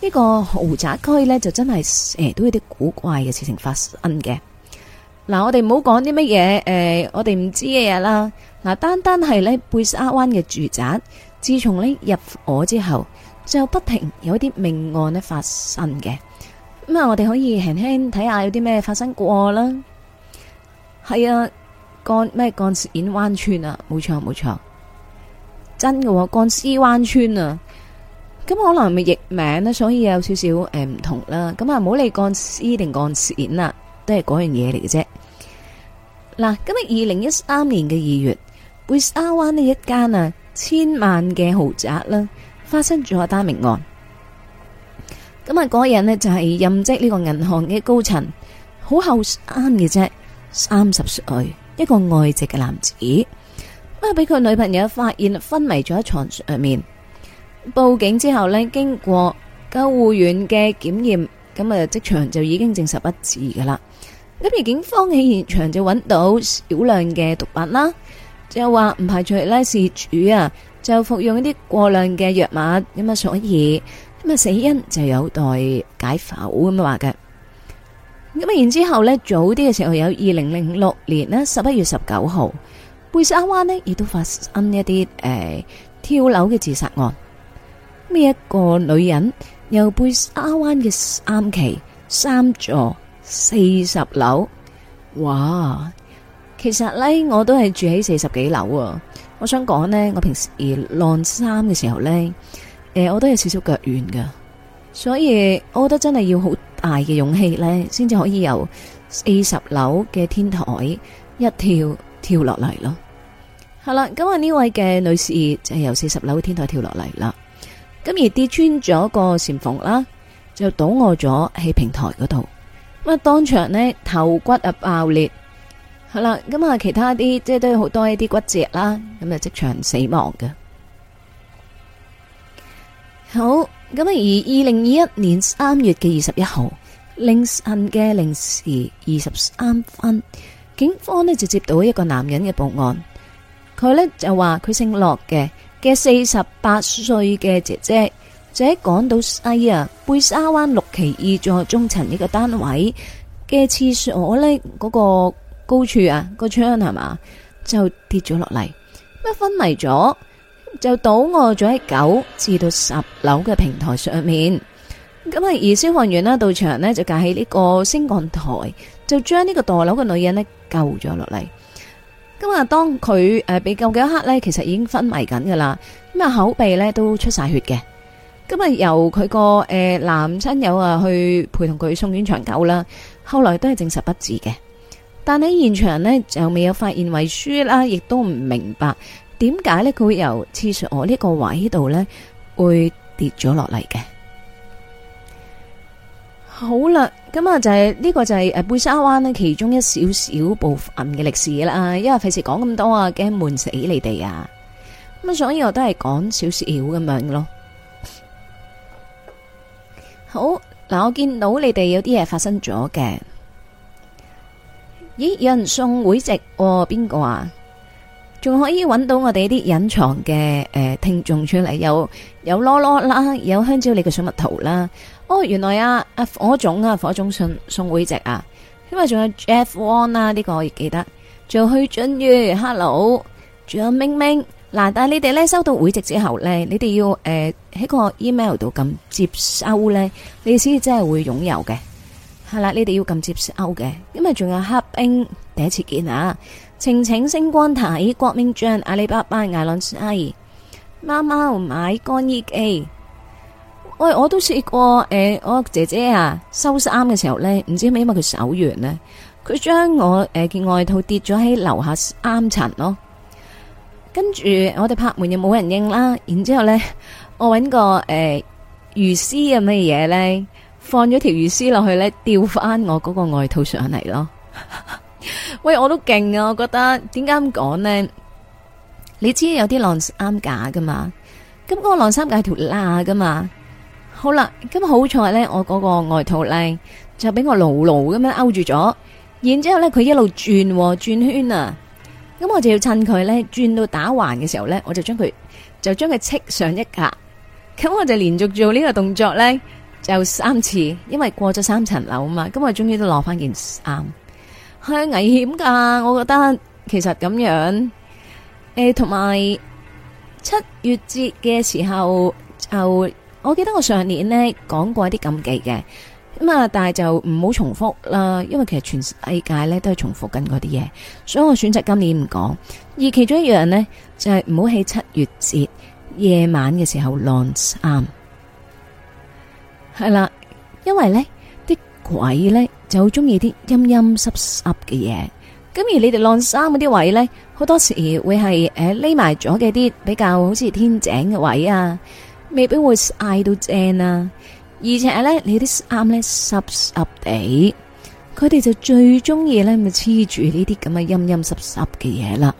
呢個豪宅區呢，就真係誒，都有啲古怪嘅事情發生嘅。嗱，我哋唔好講啲乜嘢，誒，我哋唔知嘅嘢啦。嗱，單單係咧貝沙灣嘅住宅，自從呢入我之後，就不停有啲命案咧發生嘅。咁啊，我哋可以輕輕睇下有啲咩發生過啦。係啊，幹咩鋼線灣村啊，冇錯冇錯，真嘅、啊，鋼絲灣村啊。咁可能係咪譯名呢？所以有少少誒唔同啦。咁啊，唔好理鋼絲定鋼線啊，都係嗰樣嘢嚟嘅啫。嗱，今日二零一三年嘅二月，貝沙灣呢一間啊千萬嘅豪宅啦、啊，發生咗一單命案。咁啊！嗰人呢就係任職呢個銀行嘅高層，好後生嘅啫，三十歲，一個外籍嘅男子，啊！俾佢女朋友發現昏迷咗喺床上面，報警之後呢，經過救護員嘅檢驗，咁啊，即場就已經證實不治噶啦。咁而警方喺現場就揾到少量嘅毒品啦，就話唔排除咧，事主啊就服用一啲過量嘅藥物，咁啊，所以。咁啊，死因就有待解剖咁樣話嘅。咁啊，然之後呢，早啲嘅時候有二零零六年呢十一月十九號，貝沙灣呢亦都發生一啲誒、呃、跳樓嘅自殺案。呢一個女人由貝沙灣嘅三期三座四十樓，哇！其實呢，我都係住喺四十幾樓啊。我想講呢，我平時晾衫嘅時候呢。誒，我都有少少腳軟噶，所以我覺得真係要好大嘅勇氣呢，先至可以由四十樓嘅天台一跳跳落嚟咯。係啦，咁啊呢位嘅女士就係由四十樓嘅天台跳落嚟啦，咁而跌穿咗個簷篷啦，就倒卧咗喺平台嗰度。咁啊當場呢頭骨啊爆裂，係啦，咁啊其他啲即係都有好多一啲骨折啦，咁就即場死亡嘅。好咁啊，而二零二一年三月嘅二十一號凌晨嘅零時二十三分，警方呢就接到一個男人嘅報案，佢呢就話佢姓駱嘅嘅四十八歲嘅姐姐，就喺港島西啊貝沙灣六期二座中層呢個單位嘅廁所呢嗰、個高處啊、個窗係嘛，就跌咗落嚟，咁啊昏迷咗。就倒臥咗喺九至到十樓嘅平台上面，咁啊，而消防員啦到場呢就架起呢個升降台，就將呢個墮樓嘅女人呢救咗落嚟。咁啊，當佢誒被救嘅一刻，其實已經昏迷緊噶啦，咁啊口鼻呢都出晒血嘅。咁啊，由佢個誒男親友啊去陪同佢送院長救啦，後來都係證實不治嘅。但喺現場呢就未有發現遺書啦，亦都唔明白。點解呢？佢會由廁所呢個位度呢，會跌咗落嚟嘅。好啦，咁啊就係呢個就係誒，貝沙灣呢其中一少少部分嘅歷史啦。因為費事講咁多啊，驚悶死你哋啊。咁啊，所以我都係講少少咁樣咯。好嗱，我見到你哋有啲嘢發生咗嘅。咦，有人送會籍喎？邊個啊？仲可以揾到我哋啲隱藏嘅誒聽眾出嚟，有有囉囉啦，有香蕉你嘅水蜜桃啦，哦，原來啊，阿火總啊，火總、啊、送送會籍啊，因為仲有 Jeff Wong 啦、啊，呢、這個我亦記得，仲有許俊宇，Hello，仲有明明，嗱、啊，但係你哋咧收到會籍之後咧，你哋要誒喺、呃、個 email 度撳接收咧，你先真係會擁有嘅，係啦，你哋要撳接收嘅，因為仲有黑冰，第一次見啊！晴晴星光台，國民將阿里巴巴艾挨阿姨貓貓買乾衣機。喂，我都試過，誒、欸，我姐姐啊，收衫嘅時候咧，唔知係咪因為佢手軟咧，佢將我誒件外套跌咗喺樓下啱層咯。跟住我哋拍門又冇人應啦，然之後咧，我揾個誒、欸、魚絲咁嘅嘢咧，放咗條魚絲落去咧，吊翻我嗰個外套上嚟咯。喂，我都勁啊！我覺得點解咁講呢？你知有啲晾衫架噶嘛？咁嗰個晾衫架係條罅噶嘛？好啦，咁好彩呢，我嗰個外套呢就俾我牢牢咁樣勾住咗。然之後咧，佢一路轉轉圈啊！咁我就要趁佢呢轉到打橫嘅時候呢，我就將佢就將佢戚上一格。咁我就連續做呢個動作呢，就三次，因為過咗三層樓啊嘛。咁我終於都攞翻件衫。係危險噶，我覺得其實咁樣，誒、呃，同埋七月節嘅時候，就我記得我上年呢講過一啲禁忌嘅。咁啊，但係就唔好重複啦，因為其實全世界呢都係重複緊嗰啲嘢，所以我選擇今年唔講。而其中一樣呢就係唔好喺七月節夜晚嘅時候晾衫，係啦，因為呢鬼咧就好中意啲陰陰濕濕嘅嘢，咁而你哋晾衫嗰啲位咧，好多時會係誒匿埋咗嘅啲，比較好似天井嘅位啊，未必會曬到正啊，而且咧你啲衫咧濕濕地，佢哋就最中意咧咪黐住呢啲咁嘅陰陰濕濕嘅嘢啦。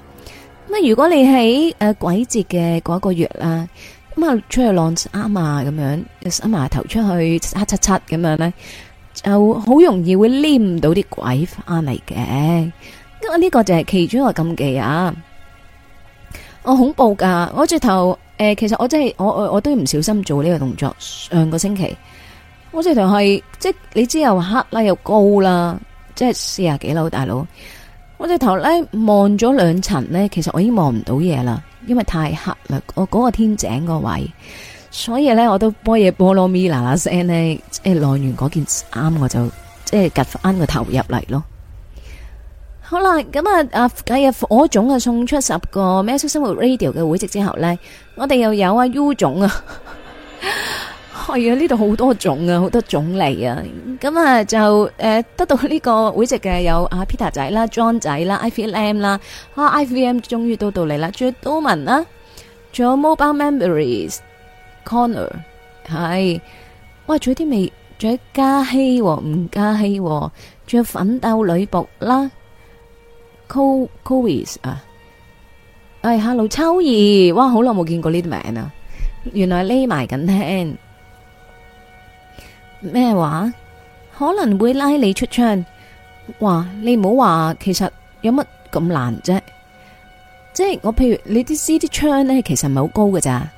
咁啊，如果你喺誒、啊、鬼節嘅嗰個月啦、啊，咁啊出去晾衫啊咁樣，伸埋頭出去黑漆漆咁樣咧。就好容易會黏到啲鬼翻嚟嘅，呢個就係其中一個禁忌啊、哦！我恐怖噶，我直頭誒，其實我真係我我都唔小心做呢個動作。上個星期我直頭係即你知又黑啦又高啦，即係四十幾樓大佬，我直頭咧望咗兩層咧，其實我已經望唔到嘢啦，因為太黑啦。我嗰個天井個位。所以咧，我都波嘢菠蘿蜜嗱嗱聲呢。即係嚟完嗰件衫，我就即係夾翻個頭入嚟咯。好啦，咁、嗯、啊，啊今火種啊，送出十個《喵式生活 Radio》嘅會籍之後呢，我哋又有啊 U 種啊，係、嗯、啊，呢度好多種啊，好多種嚟啊。咁、嗯嗯、啊，就誒、嗯、得到呢個會籍嘅有阿 Peter 仔啦、John 仔啦、啊、IVM 啦、啊 IVM 終於都到嚟啦，Doman 啦，仲有 Mobile Memories。Connor 係，哇！仲有啲未，仲有嘉熙喎唔嘉熙，仲、哦哦、有奮鬥女僕啦。Co Call, Coys 啊，哎，Hello 秋兒，哇！好耐冇見過呢啲名啊，原來匿埋緊聽咩話？可能會拉你出槍哇！你唔好話，其實有乜咁難啫？即係我譬如你啲 C 啲槍咧，其實唔係好高㗎咋。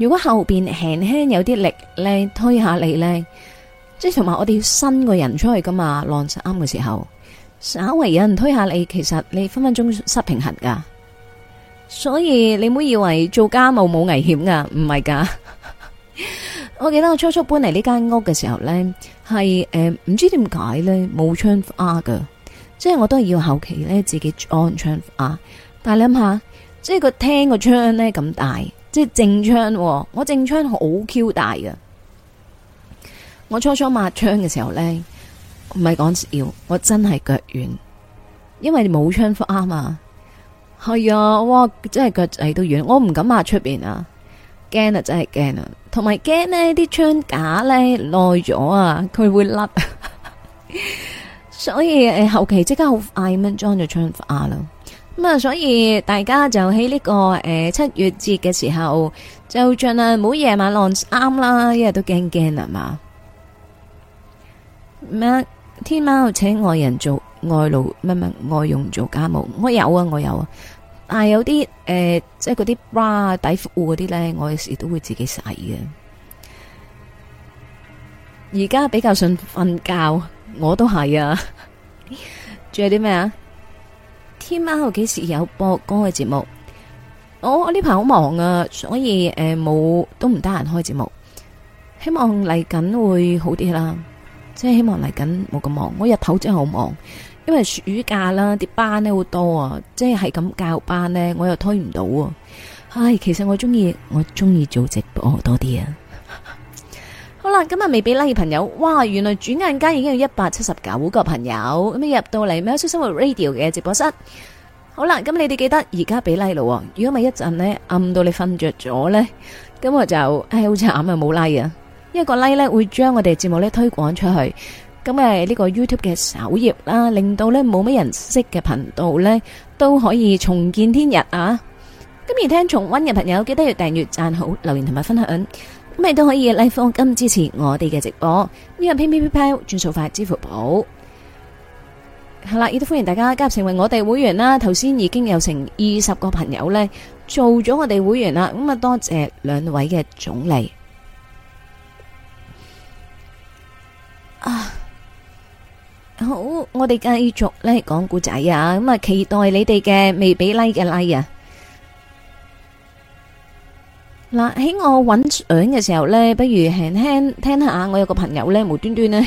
如果後邊輕輕有啲力咧，推下你咧，即係同埋我哋要伸個人出去噶嘛，晾衫嘅時候稍微有人推下你，其實你分分鐘失平衡噶。所以你唔好以為做家務冇危險噶，唔係噶。 我記得我初初搬嚟呢間屋嘅時候咧，係誒，唔知點解咧冇窗花嘅，即係我都係要後期咧自己安窗花。但係你諗下，即係個廳個窗咧咁大。即係正槍，我正槍好 Q 大嘅。我初初抹槍嘅時候咧，唔係講笑，我真係腳軟，因為冇槍花嘛。係、哎、啊，哇，真係腳仔都軟，我唔敢抹出面啊，驚啊，真係驚啊，同埋驚呢啲槍架咧耐咗啊，佢會甩， 所以誒後期即刻好快咁裝住槍花咯。咁、嗯、啊，所以大家就喺呢、這個誒、呃、七月節嘅時候，就盡量唔好夜晚晾衫啦，因為都驚驚係嘛？咩、嗯？天貓請外人做外勞，乜乜外傭做家務，我有啊，我有，啊我有啊。但係有啲誒，即係嗰啲 bra 底褲嗰啲咧，我有時都會自己洗嘅。而家比較想瞓覺，我都係啊。仲有啲咩啊？天喵號幾時有播歌嘅節目？哦、我我呢排好忙啊，所以誒、冇、呃、都唔得閒開節目。希望嚟緊會好啲啦，即係希望嚟緊冇咁忙。我日頭真係好忙，因為暑假啦，啲班呢好多啊，即係係咁教班呢，我又推唔到、啊。唉，其實我中意我中意做直播多啲啊！好啦，今日未俾拉嘅朋友，哇，原來轉眼間已經有一百七十九個朋友咁入到嚟《喵式生活 Radio》嘅直播室。好啦，咁你哋記得而家俾拉咯，如果咪一陣呢暗到你瞓着咗呢，咁我就唉、哎、好慘啊，冇拉啊！因為個拉、like、呢會將我哋嘅節目呢推廣出去，咁誒呢個 YouTube 嘅首頁啦，令到呢冇乜人識嘅頻道呢都可以重見天日啊！咁而聽重温嘅朋友，記得要訂閱、讚好、留言同埋分享。咩都可以，拉放金，支持我哋嘅直播，呢、這個 P P P P 轉數快，支付寶係啦，亦都歡迎大家加入成為我哋會員啦。頭先已經有成二十個朋友呢，做咗我哋會員啦，咁啊多謝兩位嘅總理。啊！好，我哋繼續咧講故仔啊，咁啊期待你哋嘅未俾 Like 嘅 Like 啊！嗱，喺我搵相嘅時候咧，不如輕輕聽下。我有個朋友咧，無端端咧，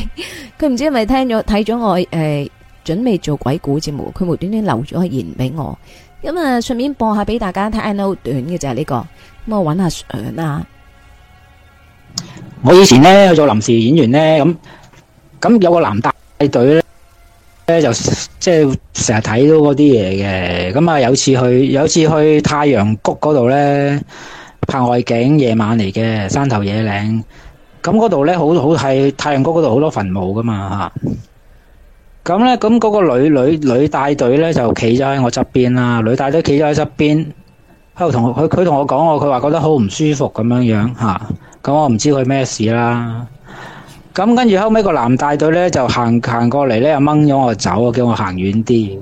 佢唔知係咪聽咗睇咗我誒，準備做鬼故節目，佢無端端留咗個言俾我。咁啊，順便播下俾大家睇，係好短嘅就係呢個。咁我搵下相啦。我以前咧做臨時演員咧，咁咁有個男帶隊咧，咧就即係成日睇到嗰啲嘢嘅。咁啊，有次去有次去太陽谷嗰度咧。拍外景夜晚嚟嘅山頭野嶺，咁嗰度呢，好好係太陽谷嗰度好多墳墓噶嘛吓，咁呢咁嗰個女女女大隊呢，就企咗喺我側邊啦，女大隊企咗喺側邊，後同佢佢同我講我佢話覺得好唔舒服咁樣樣吓，咁、啊、我唔知佢咩事啦，咁跟住後尾個男大隊呢，就行行過嚟呢，又掹咗我走啊，叫我行遠啲。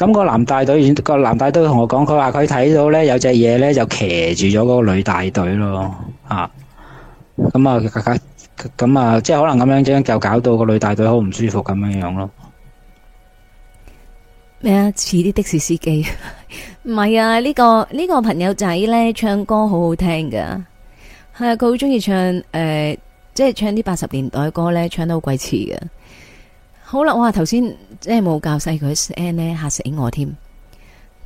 咁、個男大隊，那個、男大隊同我講，佢話佢睇到呢有隻嘢呢就騎住咗個女大隊咯，咁啊，咁啊，啊，啊，啊，啊，啊，即係可能咁樣就搞到個女大隊好唔舒服咁樣囉。咯。咩啊？似啲的士司機？唔 係啊！呢、呢個呢、呢個朋友仔呢唱歌好好聽噶，係啊，佢好中意唱、呃、即係唱啲八十年代嘅歌呢，唱得好鬼似嘅。好啦，我話頭先即係冇教細佢，聲呢吓死我添。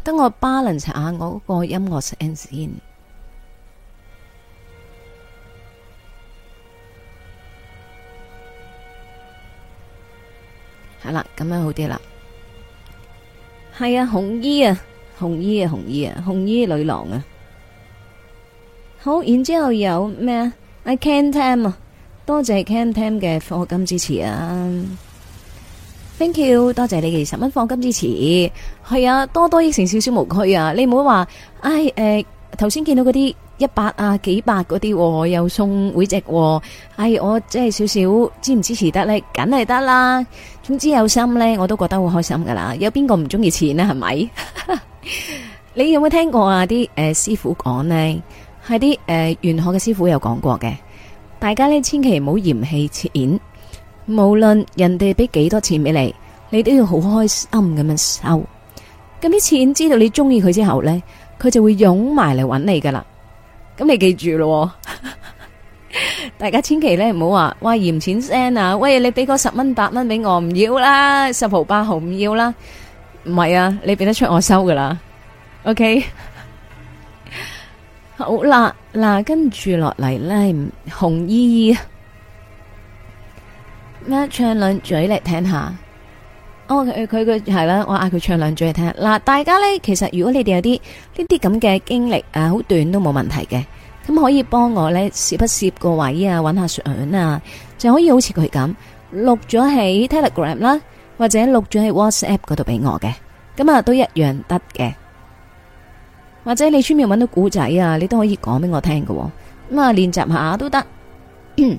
等我 balance 下我嗰個音樂聲先。好啦，咁樣好啲啦。係啊，紅衣啊，紅衣啊，紅衣啊，紅衣女郎啊。好，然之後有咩啊？I can't tell 啊，多謝 can't tell 嘅課金支持啊。thank you，多謝你嘅十蚊放金支持，係啊，多多益善，少少無虛啊！你唔好話，哎誒，頭先見到嗰啲一百啊、幾百嗰啲、啊，又送會籍、啊，哎，我即係少少支唔支持得呢，梗係得啦。總之有心呢，我都覺得好開心噶啦。有邊個唔中意錢呢？係咪？ 你有冇聽過啊？啲、呃、誒師傅講呢，係啲誒玄學嘅師傅有講過嘅，大家呢，千祈唔好嫌棄錢。無論人哋俾幾多錢俾你，你都要好開心咁樣收。咁啲錢知道你中意佢之後呢，佢就會湧埋嚟搵你噶啦。咁你記住咯、哦， 大家千祈呢唔好話哇嫌錢聲啊！喂，你俾個十蚊八蚊俾我唔要啦，十毫八毫唔要啦，唔係啊，你俾得出我收噶啦。OK， 好啦，嗱跟住落嚟咧，紅衣咩？唱兩嘴嚟聽下。哦、oh,，佢佢佢係啦，我嗌佢唱兩嘴嚟聽。嗱，大家呢，其實如果你哋有啲呢啲咁嘅經歷啊，好短都冇問題嘅。咁可以幫我呢，攝一攝個位啊，揾下相片啊，就可以好似佢咁錄咗喺 Telegram 啦，或者錄咗喺 WhatsApp 嗰度俾我嘅。咁啊，都一樣得嘅。或者你出面揾到古仔啊，你都可以講俾我聽嘅。咁啊，練習下都得。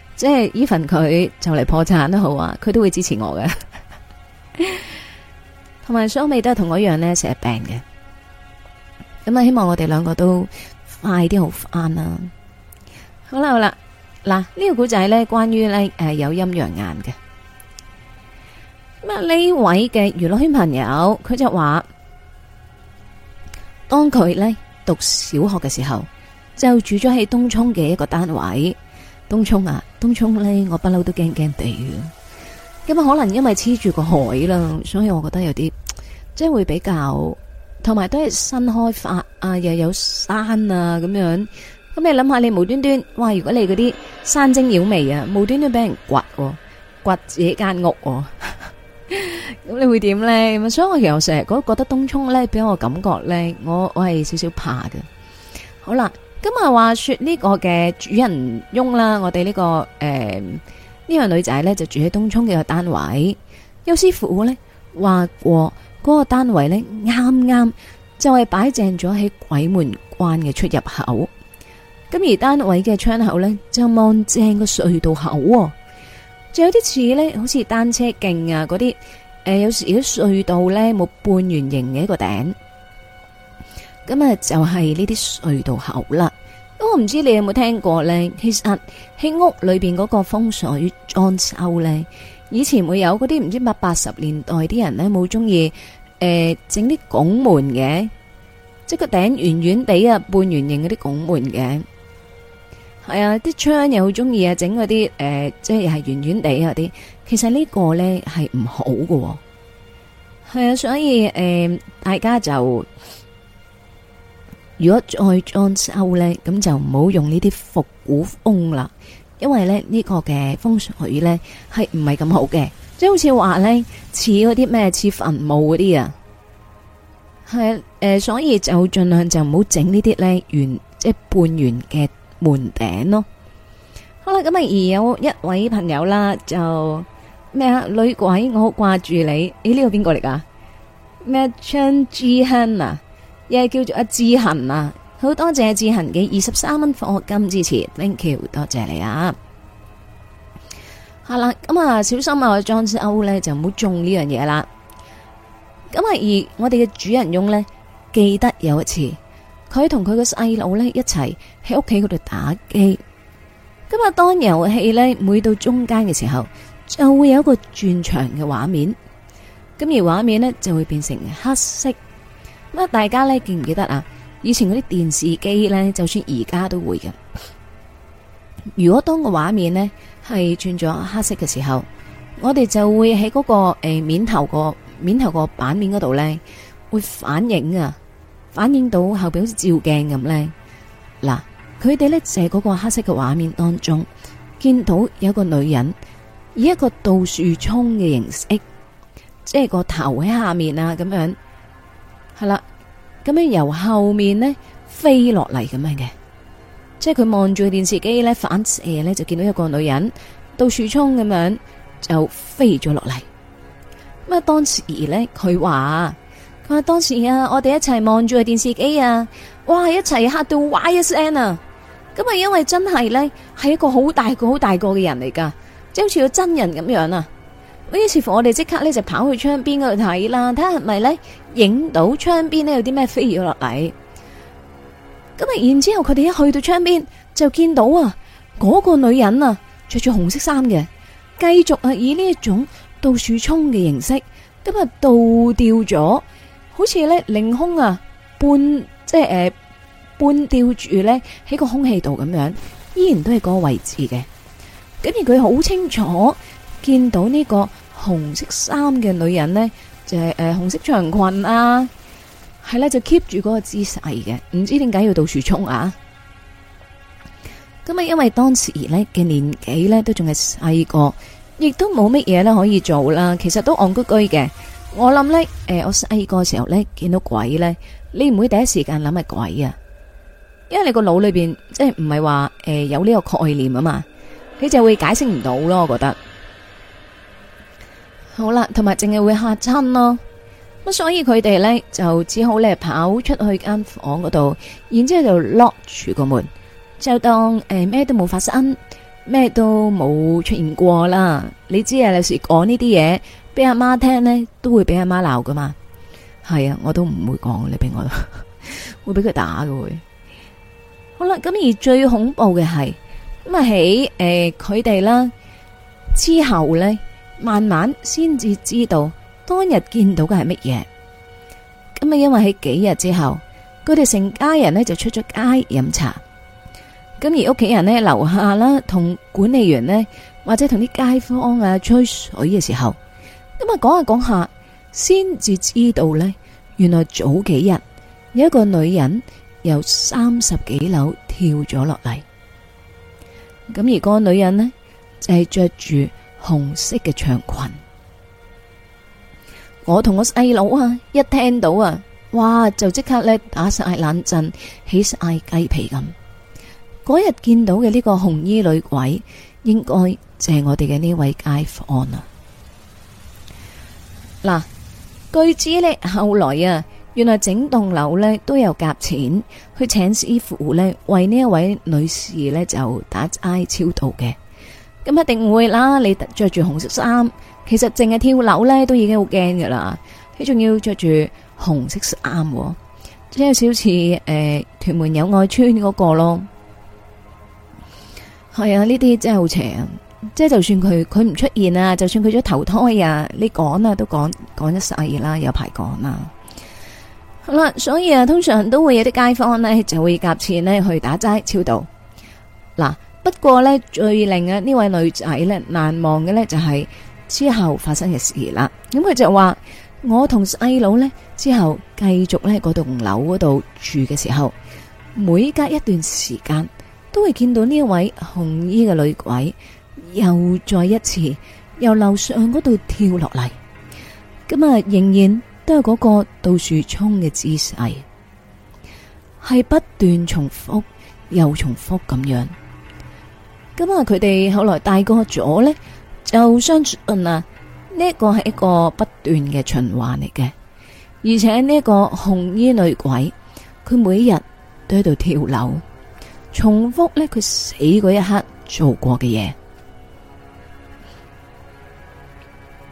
即係依份佢就嚟破產都好啊，佢都會支持我嘅。同埋，小美都係同我一樣呢，成日病嘅。咁啊，希望我哋兩個都快啲好翻啦。好啦，好啦，嗱，呢個古仔呢關於呢，誒有陰陽眼嘅。咁啊，呢位嘅娛樂圈朋友，佢就話，當佢呢讀小學嘅時候，就住咗喺東涌嘅一個單位。東涌啊，東涌呢，我不嬲都驚驚地嘅，咁啊，可能因為黐住個海啦，所以我覺得有啲即係會比較，同埋都係新開發啊，又有山啊咁樣，咁你諗下你無端端，哇！如果你嗰啲山精妖媚啊，無端端俾人掘，掘自己間屋，咁你會點咧？咁所以我其實成日覺得東涌呢俾我感覺呢，我我係少少怕嘅。好啦。咁啊，話說呢個嘅主人翁啦，我哋呢、這個誒呢位女仔呢，就住喺東涌嘅個單位，邱師傅呢話過嗰個單位呢啱啱就係擺正咗喺鬼門關嘅出入口，咁而單位嘅窗口呢，就望正個隧道口，就有啲似呢，好似單車徑啊嗰啲誒，有時啲隧道呢，冇半圓形嘅一個頂。咁啊，就係呢啲隧道口啦。咁我唔知你有冇聽過咧？其實喺屋裏邊嗰個風水裝修咧，以前會有嗰啲唔知乜八十年代啲人咧，冇中意誒整啲拱門嘅，即係個頂圓圓地啊，半圓形嗰啲拱門嘅。係啊，啲窗又好中意啊，整嗰啲誒，即係又係圓圓地啊啲。其實呢個咧係唔好嘅。係啊，所以誒，大家就。如果再裝修咧，咁就唔好用呢啲復古風啦，因為咧呢個嘅風水咧係唔係咁好嘅，即係好似話咧似嗰啲咩似墳墓嗰啲啊，係誒，所以就盡量就唔好整呢啲咧圓即係半圓嘅門頂咯。好啦，咁啊而有一位朋友啦，就咩啊女鬼，我好掛住你。誒呢個邊個嚟噶？咩啊。又叫做阿志恒啊，好多謝志恒嘅二十三蚊獎學金支持，thank you，多謝你啊！好啦，咁啊，小心啊，莊歐呢，就唔好中呢樣嘢啦。咁啊，而我哋嘅主人翁呢，記得有一次，佢同佢嘅細佬呢一齊喺屋企嗰度打機。咁啊，當遊戲呢，每到中間嘅時候，就會有一個轉場嘅畫面。咁而畫面呢，就會變成黑色。大家咧記唔記得啊？以前嗰啲電視機呢，就算而家都會嘅。如果當個畫面呢係轉咗黑色嘅時候，我哋就會喺嗰、那個誒、呃、面頭個面頭個版面嗰度呢會反映啊，反映到後邊好似照鏡咁呢。嗱，佢哋就係、是、嗰個黑色嘅畫面當中，見到有個女人以一個倒豎蔥嘅形式，即係個頭喺下面啊咁樣。係、嗯、啦，咁樣由後面呢飛落嚟，咁樣嘅，即係佢望住個電視機咧反射咧就見到一個女人倒豎蔥咁樣就飛咗落嚟。咁啊當時咧佢話佢話當時啊我哋一齊望住個電視機啊，哇一齊嚇到歪咗聲！啊！咁啊因為真係咧係一個好大個好大個嘅人嚟噶，即係好似個真人咁樣啊！於是乎我哋即刻咧就跑去窗邊嗰度睇啦，睇下係咪咧？影到窗邊咧，有啲咩飛咗落嚟。咁啊，然之後佢哋一去到窗邊，就見到啊，嗰個女人啊，着住紅色衫嘅，繼續啊以呢一種到處衝嘅形式，咁啊倒吊咗，好似咧凌空啊半，即係誒，半吊住咧喺個空氣度咁樣，依然都係嗰個位置嘅。咁而佢好清楚見到呢個紅色衫嘅女人呢。就係、是、誒、呃、紅色長裙啊，係呢就 keep 住嗰個姿勢嘅，唔知點解要到處衝啊！咁啊，因為當時呢嘅年紀呢都仲係細個，亦都冇乜嘢呢可以做啦。其實都戇居居嘅。我諗呢，誒、呃、我細個時候呢見到鬼呢，你唔會第一時間諗係鬼啊，因為你個腦裏邊即係唔係話誒有呢個概念啊嘛，你就會解釋唔到咯。我覺得。好啦，同埋淨係會嚇親咯，咁所以佢哋咧就只好咧跑出去間房嗰度，然之後就 lock 住個門，就當誒咩，呃，都冇發生，咩都冇出現過啦。你知啊，有時講呢啲嘢俾阿媽聽咧，都會俾阿媽鬧噶嘛。係啊，我都唔會講你俾我， 會俾佢打嘅會。好啦，咁而最恐怖嘅係咁啊喺誒佢哋啦之後咧。慢慢先至知道當日見到嘅係乜嘢，咁啊，因為喺幾日之後，佢哋成家人呢就出咗街飲茶，咁而屋企人呢，樓下啦，同管理員呢，或者同啲街坊啊吹水嘅時候，咁啊講下講下，先至知道呢，原來早幾日有一個女人由三十幾樓跳咗落嚟，咁而個女人呢，就係着住。紅色嘅長裙，我同我細佬啊，一聽到啊，哇，就即刻咧打晒冷震，起晒雞皮咁。嗰日見到嘅呢個紅衣女鬼，應該就係我哋嘅呢位街坊啦。嗱，據知呢，後來啊，原來整棟樓呢都有夾錢，去請師傅呢，為呢一位女士呢就打齋超度嘅。咁一定會啦！你着住紅色衫，其實淨係跳樓咧都已經好驚噶啦，你仲要着住紅色衫，即係少似誒屯門友愛村嗰個咯。係、哎、啊，呢啲真係好邪啊！即係就算佢佢唔出現啊，就算佢咗投胎啊，你講啊都講講一世啦，有排講啊。好啦，所以啊，通常都會有啲街坊呢就會夾錢呢去打齋超度嗱。不過呢，最令啊呢位女仔呢難忘嘅呢就係、是、之後發生嘅事啦。咁、嗯、佢就話：我同細佬呢之後繼續呢嗰棟樓嗰度住嘅時候，每隔一段時間都會見到呢一位紅衣嘅女鬼又再一次由樓上嗰度跳落嚟。咁啊，仍然都有嗰個倒豎蔥嘅姿勢，係不斷重複又重複咁樣。咁啊！佢哋後來大個咗咧，就相信啊。呢一個係一個不斷嘅循環嚟嘅，而且呢一個紅衣女鬼，佢每日都喺度跳樓，重複咧佢死嗰一刻做過嘅嘢。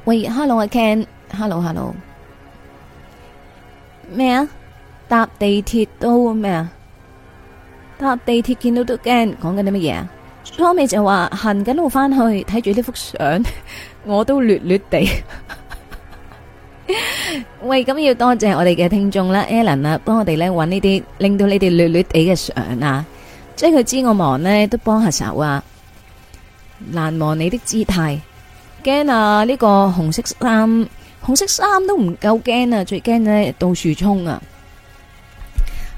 喂，Hello，阿 Ken，Hello，Hello，咩啊？搭地鐵都咩啊？搭地鐵見到都驚，講緊啲乜嘢啊？初尾就話行緊路翻去睇住呢幅相，我都略略地。喂，咁要多謝我哋嘅聽眾啦，Alan 啊，幫我哋咧揾呢啲令到你哋略略地嘅相啊，即係佢知我忙咧都幫下手啊。難忘你的姿態，驚啊！呢個紅色衫，紅色衫都唔夠驚啊！最驚咧到處沖啊！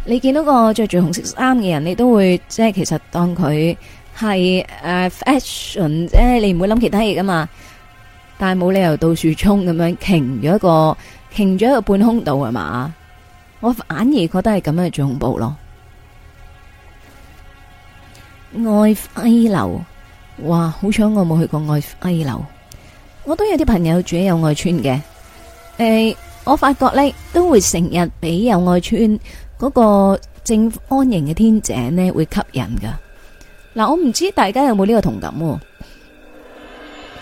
你見到個着住紅色衫嘅人，你都會即係其實當佢。係誒、uh,，fashion 即係你唔會諗其他嘢噶嘛？但係冇理由到處沖咁樣，停咗一個，停咗一個半空度係嘛？我反而覺得係咁樣最恐怖咯。愛飛樓，哇！好彩我冇去過愛飛樓。我都有啲朋友住喺友愛村嘅。誒、欸，我發覺呢，都會成日俾友愛村嗰個正方形嘅天井呢會吸引噶。嗱，我唔知大家有冇呢個同感？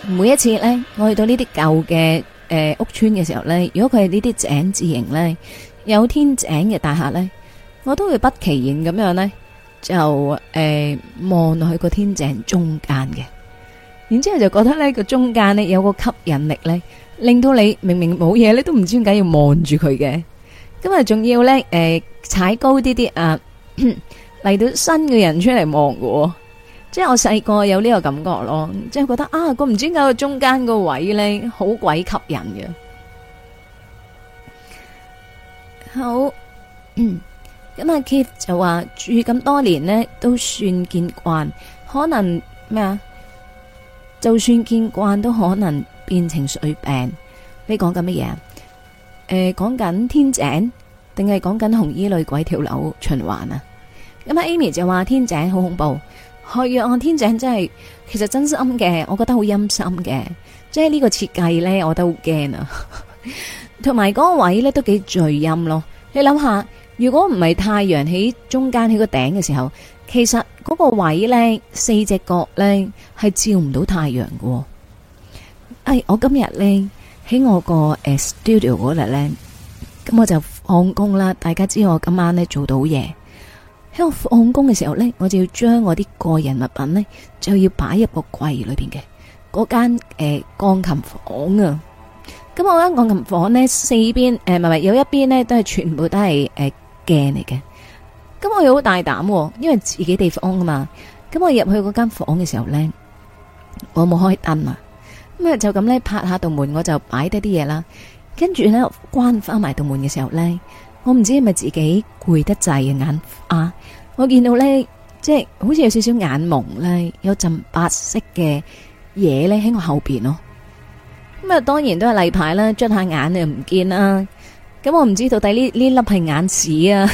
每一次咧，我去到呢啲舊嘅、誒屋村嘅時候咧，如果佢係呢啲井字形咧，有天井嘅大廈咧，我都會不期然咁樣咧，就誒、望落去個天井中間嘅，然之後就覺得咧個中間咧有個吸引力咧，令到你明明冇嘢，咧都唔知點解要望住佢嘅。咁啊仲要咧誒、踩高啲啲啊，嚟到新嘅人出嚟望嘅。即係我細個有呢個感覺咯，即係覺得啊，個唔知點解個中間個位咧，好鬼吸引嘅。好，咁阿 Keith 就話住咁多年呢都算見慣，可能咩啊？就算見慣，都可能變情緒病。你講緊乜嘢啊？誒、嗯，講緊天井，定係講緊紅衣女鬼跳樓循環啊？咁阿 Amy 就話天井好恐怖。去約我天井真係，其實真心嘅，我覺得好陰森嘅，即係呢個設計咧，我都好驚啊。同埋嗰個位咧都幾聚陰咯。你諗下，如果唔係太陽喺中間喺個頂嘅時候，其實嗰個位咧四隻角咧係照唔到太陽㗎喎。哎，我今日咧喺我個誒 studio 嗰日咧，咁我就放工啦。大家知我今晚咧做到嘢。因為我放工嘅時候呢，我就要將我啲個人物品呢，就要擺入個櫃裏邊嘅嗰間誒鋼琴房啊。咁我間鋼琴房呢，四邊誒唔係有一邊呢，都係全部都係誒鏡嚟嘅。咁我又好大膽，因為自己地方啊嘛。咁我入去嗰間房嘅時候呢，我冇開燈啊。咁啊就咁呢，拍一下道門，我就擺低啲嘢啦。跟住呢，關翻埋道門嘅時候呢。我唔知係咪自己攰得滯嘅眼啊！我見到咧，即係好似有少少眼蒙咧，有陣白色嘅嘢咧喺我後邊咯。咁啊，當然都係例牌啦，捽下眼又唔見啦。咁我唔知到底呢呢粒係眼屎啊，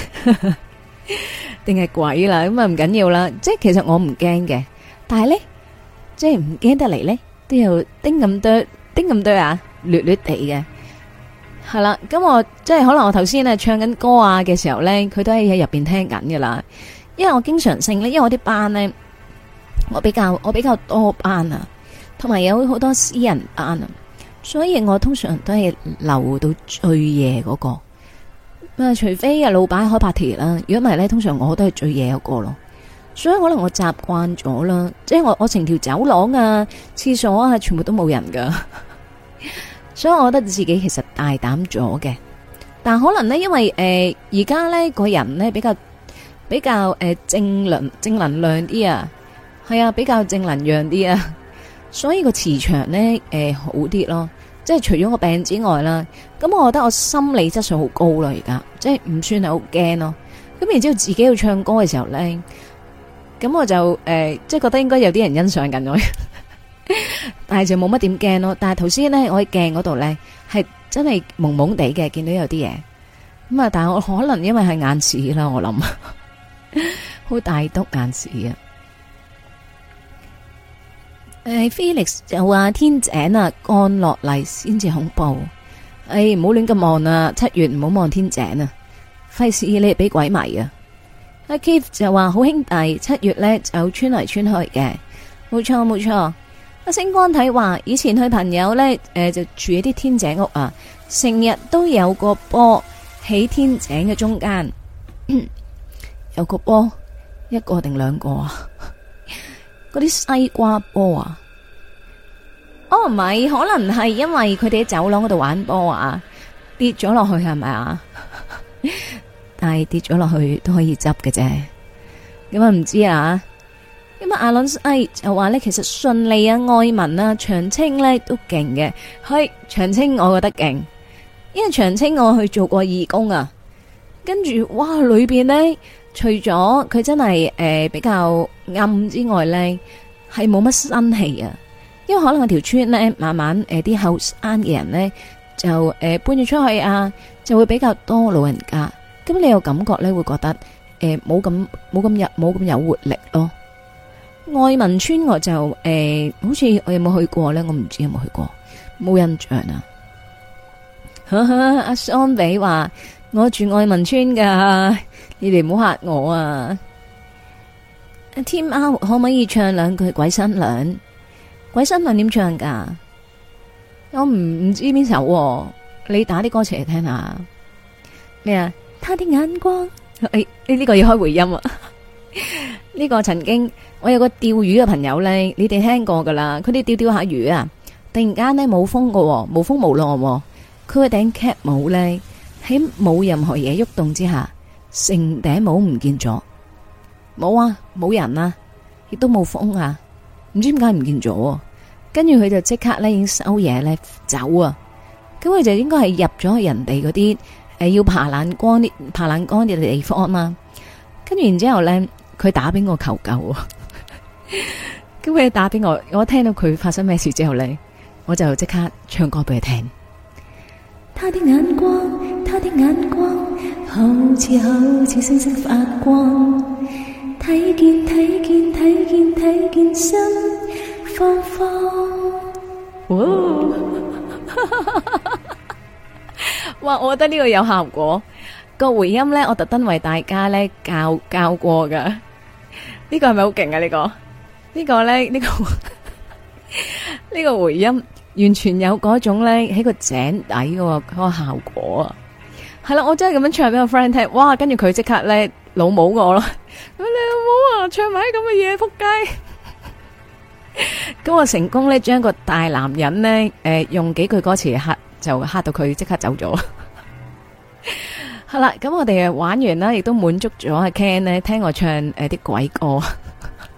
定係鬼啦？咁啊唔緊要啦，即係其實我唔驚嘅，但係咧，即係唔驚得嚟咧，都有叮咁多叮咁多啊，略略地嘅。係啦，咁我即係可能我頭先咧唱緊歌啊嘅時候咧，佢都係喺入邊聽緊噶啦。因為我經常性咧，因為我啲班咧，我比較我比較多班啊，同埋有好多私人班啊，所以我通常都係留到最夜嗰個。啊，除非啊老闆開 party 啦，如果唔係咧，通常我都係最夜嗰個咯。所以可能我習慣咗啦，即係我我成條走廊啊、廁所啊，全部都冇人噶。所以我覺得自己其實大膽咗嘅，但可能呢，因為誒而家呢個人呢比較比較誒、呃，正能正能量啲啊，係啊比較正能量啲啊，所以個磁場呢誒、呃、好啲咯，即係除咗個病之外啦，咁我覺得我心理質素好高啦而家，即係唔算係好驚咯，咁然之後自己要唱歌嘅時候呢，咁我就誒即係覺得應該有啲人欣賞緊我。 但係就冇乜點驚咯，但係頭先呢，我喺鏡嗰度呢，係真係蒙蒙地嘅，見到有啲嘢咁啊！但係我可能因為係眼屎啦，我諗好 大督眼屎啊！誒、哎，Felix 就話天井啊，干落嚟，先至恐怖，誒唔好亂咁望啊！七月唔好望天井啊，費事你俾鬼迷啊！阿 Keef 就話，好兄弟，七月呢就穿嚟穿去嘅，冇錯冇錯。星光睇話，以前佢朋友呢誒、呃、就住喺啲天井屋啊，成日都有個波喺天井嘅中間，有個波，一個定兩個啊？嗰啲西瓜波啊？哦唔係，可能係因為佢哋喺走廊嗰度玩波啊，跌咗落去係咪 啊？但係跌咗落去都可以執嘅啫，點解唔知啊？咁阿倫哎就話咧，其實順利啊、愛民啊、長青咧都勁嘅。係長青，我覺得勁，因為長青我去做過義工啊。跟住哇，裏邊咧除咗佢真係誒比較暗之外咧，係冇乜新氣啊。因為可能條村咧慢慢誒啲後生嘅人咧就誒搬咗出去啊，就會比較多老人家。咁你有感覺咧會覺得誒冇咁冇咁有冇咁有活力咯。愛民村我就誒、欸，好似我有冇去過咧？我唔知有冇去過，冇印象啊！阿 雙、啊、比話我住愛民村噶，你哋唔好嚇我啊！阿 t e 可唔可以唱兩句鬼新娘？鬼新娘點唱噶？我唔唔知邊首、啊，你打啲歌詞嚟聽下。咩啊？他啲眼光誒，呢、欸這個要開回音啊！ 呢、這個曾經我有個釣魚嘅朋友呢，你哋聽過噶啦。佢哋釣釣下魚啊，突然間呢，冇風個，無風無浪。佢個頂 cap 帽呢，喺冇任何嘢喐動之下，成頂帽唔見咗。冇啊，冇人啊，亦都冇風啊，唔知點解唔見咗。跟住佢就即刻呢，已經收嘢呢，走啊。咁佢就應該係入咗人哋嗰啲誒要爬冷光啲爬冷光嘅地方啊嘛。跟住然之後呢。佢打俾我求救，咁 佢打俾我，我聽到佢發生咩事之後咧，我就即刻唱歌俾佢聽。他的眼光，他的眼光，好似好似星星發光，睇見睇見睇見睇見心慌慌。范范哇， 哇，我覺得呢個有效果。個回音咧，我特登為大家咧教教過噶。呢個係咪好勁啊？呢個呢個咧呢個呢個回音，完全有嗰種咧喺個井底嘅嗰個效果啊！係啦，我真係咁樣唱俾個 friend 聽，哇！跟住佢即刻咧老母我咯，你老母啊，唱埋啲咁嘅嘢撲街！咁 我成功咧，將一個大男人咧，誒、呃，用幾句歌詞吓就嚇到佢即刻走咗。好啦，咁我哋玩完啦，亦都滿足咗阿 Ken 咧，聽我唱誒啲、呃、鬼歌。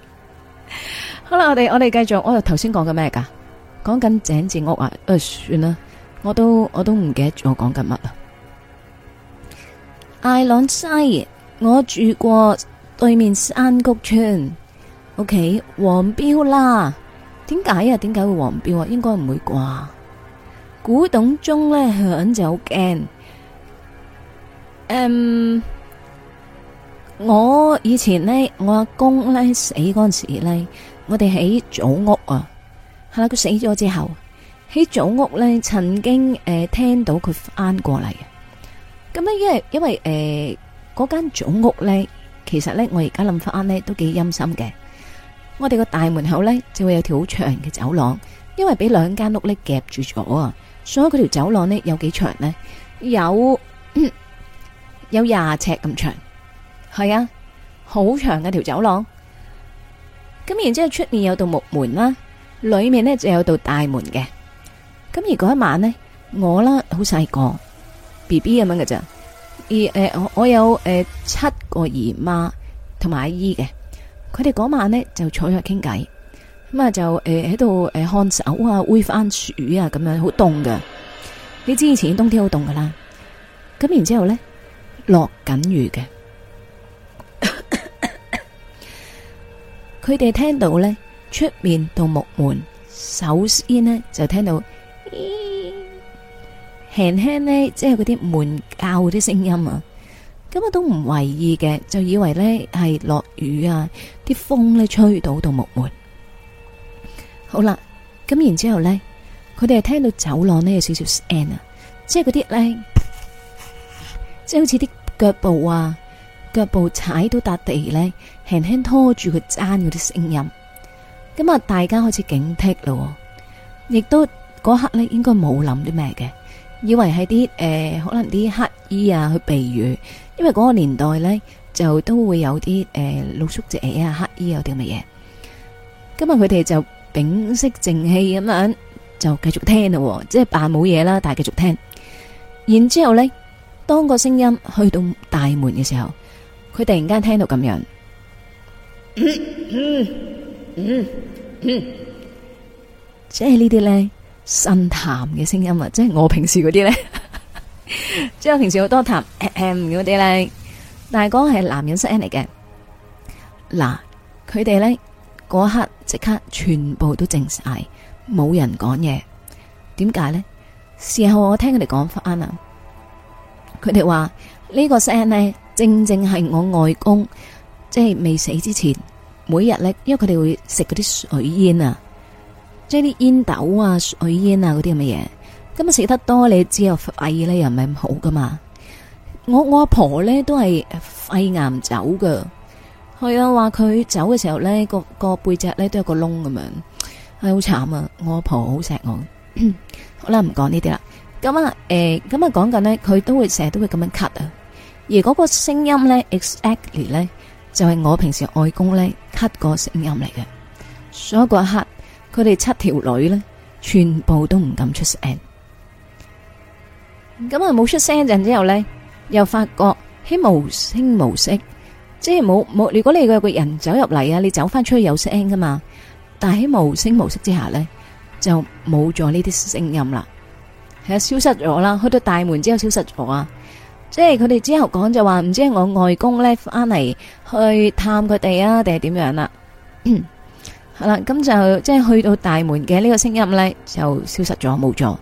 好啦，我哋我哋繼續，我頭先講緊咩噶？講緊井字屋啊？誒、呃，算啦，我都我都唔記得住我講緊乜啦。愛朗西，我住過對面山谷村。O、okay, K，黃標啦？點解啊？點解會黃標啊？應該唔會啩？古董鐘咧響就好驚。誒，我以前咧，我阿公咧死嗰陣時咧，我哋喺祖屋啊，係啦，佢死咗之後喺祖屋咧，曾經誒聽到佢翻過嚟嘅。咁咧，因為因為誒嗰間祖屋咧，其實咧我而家諗翻咧都幾陰森嘅。我哋個大門口咧就會有條好長嘅走廊，因為俾兩間屋咧夾住咗，啊，所以佢條走廊咧有幾長咧有。有廿尺咁長，係啊，好長嘅條走廊。咁然之後出面有道木門啦，裏面呢就有道大門嘅。咁而嗰一晚呢，我啦好細個，B B 咁樣嘅咋？而誒、呃，我有誒、呃、七個姨媽同埋阿姨嘅，佢哋嗰晚呢，就坐咗傾偈，咁啊就誒喺度誒看守啊，煨番薯啊，咁樣好凍㗎。你知以前冬天好凍噶啦，咁然之後呢落緊雨嘅，佢哋聽到呢出面到木門，首先呢就聽到輕輕呢，即係嗰啲門鉸嗰啲聲音啊。咁我都唔懷疑嘅，就以為呢係落雨啊，啲風呢吹到到木門。好啦，咁然之後呢，佢哋又聽到走廊呢有少少聲啊，即係嗰啲呢。即係好似啲腳步啊，腳步踩到笪地咧，輕輕拖住佢踭嗰啲聲音。咁啊，大家開始警惕啦，亦都嗰刻咧應該冇諗啲咩嘅，以為係啲誒可能啲乞衣啊去避雨，因為嗰個年代咧就都會有啲誒露宿者啊乞衣有啲咁嘅嘢。今日佢哋就屏息靜氣咁樣就繼續聽啦，即係扮冇嘢啦，但係繼續聽。然之後咧。當個聲音去到大門嘅時候，佢突然間聽到咁樣，即係呢啲咧新談嘅聲音啊！即係我平時嗰啲咧，即係我平時好多談 M 嗰啲咧。但嗰係男人聲嚟嘅，嗱，佢哋咧嗰刻即刻全部都靜晒，冇人講嘢。點解咧？事後我聽佢哋講翻啊！佢哋話呢個聲呢，正正係我外公，即係未死之前，每日呢，因為佢哋會食嗰啲水煙啊，即係啲煙斗啊、水煙啊嗰啲咁嘅嘢。咁啊食得多，你知啊肺咧又唔係咁好噶嘛。我我阿婆呢都係肺癌走噶，係啊，話佢走嘅時候呢個個背脊呢都有個窿咁樣，係好慘啊！我阿婆好錫我， 好啦，唔講呢啲啦。咁啊，誒，咁啊，講緊咧，佢都會成日都會咁樣咳啊，而嗰個聲音咧，exactly 咧，就係我平時外公咧咳個聲音嚟嘅。所以嗰一刻，佢哋七條女咧，全部都唔敢出聲。咁啊，冇出聲陣之後咧，又發覺喺無聲無息，即係冇冇。如果你有個人走入嚟啊，你走翻出去有聲噶嘛，但喺無聲無息之下咧，就冇咗呢啲聲音啦。消失咗啦，去到大門之後消失咗啊！即係佢哋之後講就話，唔知係我外公咧翻嚟去探佢哋啊，定係點樣啦？好啦，咁就即係去到大門嘅呢個聲音咧，就消失咗冇咗。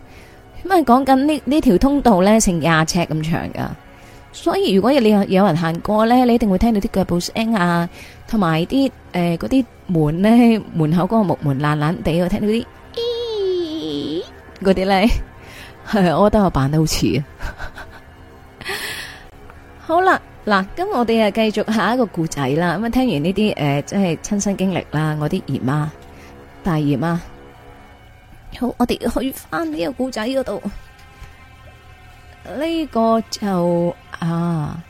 因為講緊呢呢條通道咧，成廿尺咁長噶，所以如果你有有人行過咧，你一定會聽到啲腳步聲啊，同埋啲誒嗰啲門咧門口嗰個木門爛爛地，會聽到啲嗰啲咧。係，我覺得我扮得好似啊！好啦，嗱，咁我哋啊繼續下一個故仔啦。咁、嗯、啊，聽完呢啲誒，即係親身經歷啦。我啲姨媽、大姨媽，好，我哋去翻呢個故仔嗰度。呢、這個就啊，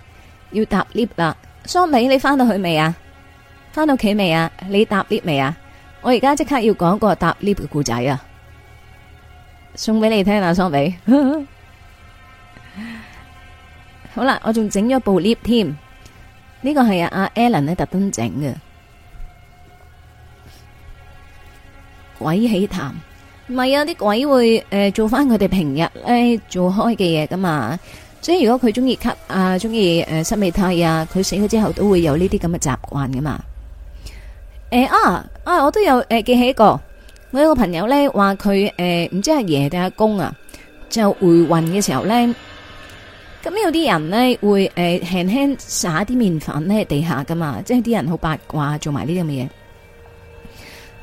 要搭 lift 啦。雙美，你翻到去未啊？翻到屋企未啊？你搭 lift 未啊？我而家即刻要講個搭 lift 嘅故仔啊！送俾你聽啊，桑美， 好啦，我仲整咗部 lift 添，呢個係啊阿 Alan 咧特登整嘅鬼喜談，唔係啊，啲鬼會誒、呃、做翻佢哋平日咧、呃、做開嘅嘢噶嘛，所以如果佢中意咳啊，中意誒吸味涕啊，佢死咗之後都會有呢啲咁嘅習慣噶嘛。誒、欸、啊啊，我都有誒記、呃、起一個。我有個朋友咧，話佢誒唔知阿爺定阿公啊，就回魂嘅時候咧，咁有啲人咧會誒輕輕撒啲麵粉咧地下噶嘛，即係啲人好八卦做埋呢啲咁嘅嘢。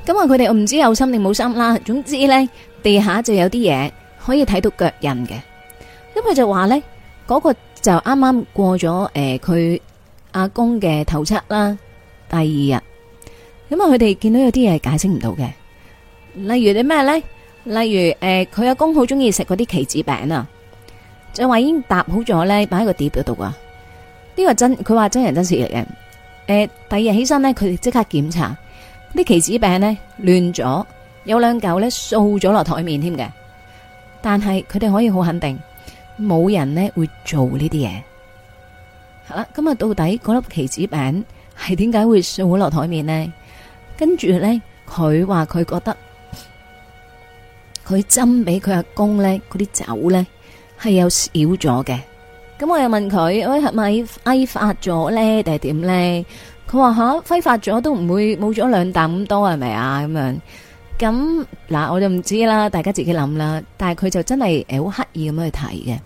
咁啊，佢哋唔知有心定冇心啦，總之咧，地下就有啲嘢可以睇到腳印嘅。咁佢就話咧，嗰個就啱啱過咗誒，佢阿公嘅頭七啦，第二日，咁啊，佢哋見到有啲嘢係解釋唔到嘅。例如你咩咧？例如誒，佢、呃、阿公好中意食嗰啲棋子餅啊，就話已經搭好咗咧，擺喺個碟嗰度啊。呢、這個真，佢話真人真事嚟嘅。誒、呃，第二日起身呢，佢哋即刻檢查啲棋子餅呢亂咗，有兩嚿咧掃咗落台面添嘅。但係佢哋可以好肯定，冇人呢會做呢啲嘢。係、嗯、啦，咁啊，到底嗰粒棋子餅係點解會掃落台面呢？跟住咧，佢話佢覺得。佢斟俾佢阿公咧，嗰啲酒咧係有少咗嘅。咁我又問佢：喂，係咪揮發咗咧？定係點咧？佢話吓揮發咗都唔會冇咗兩啖咁多，係咪啊？咁樣咁，嗱，我就唔知啦，大家自己諗啦。但係佢就真係誒好刻意咁樣去提嘅。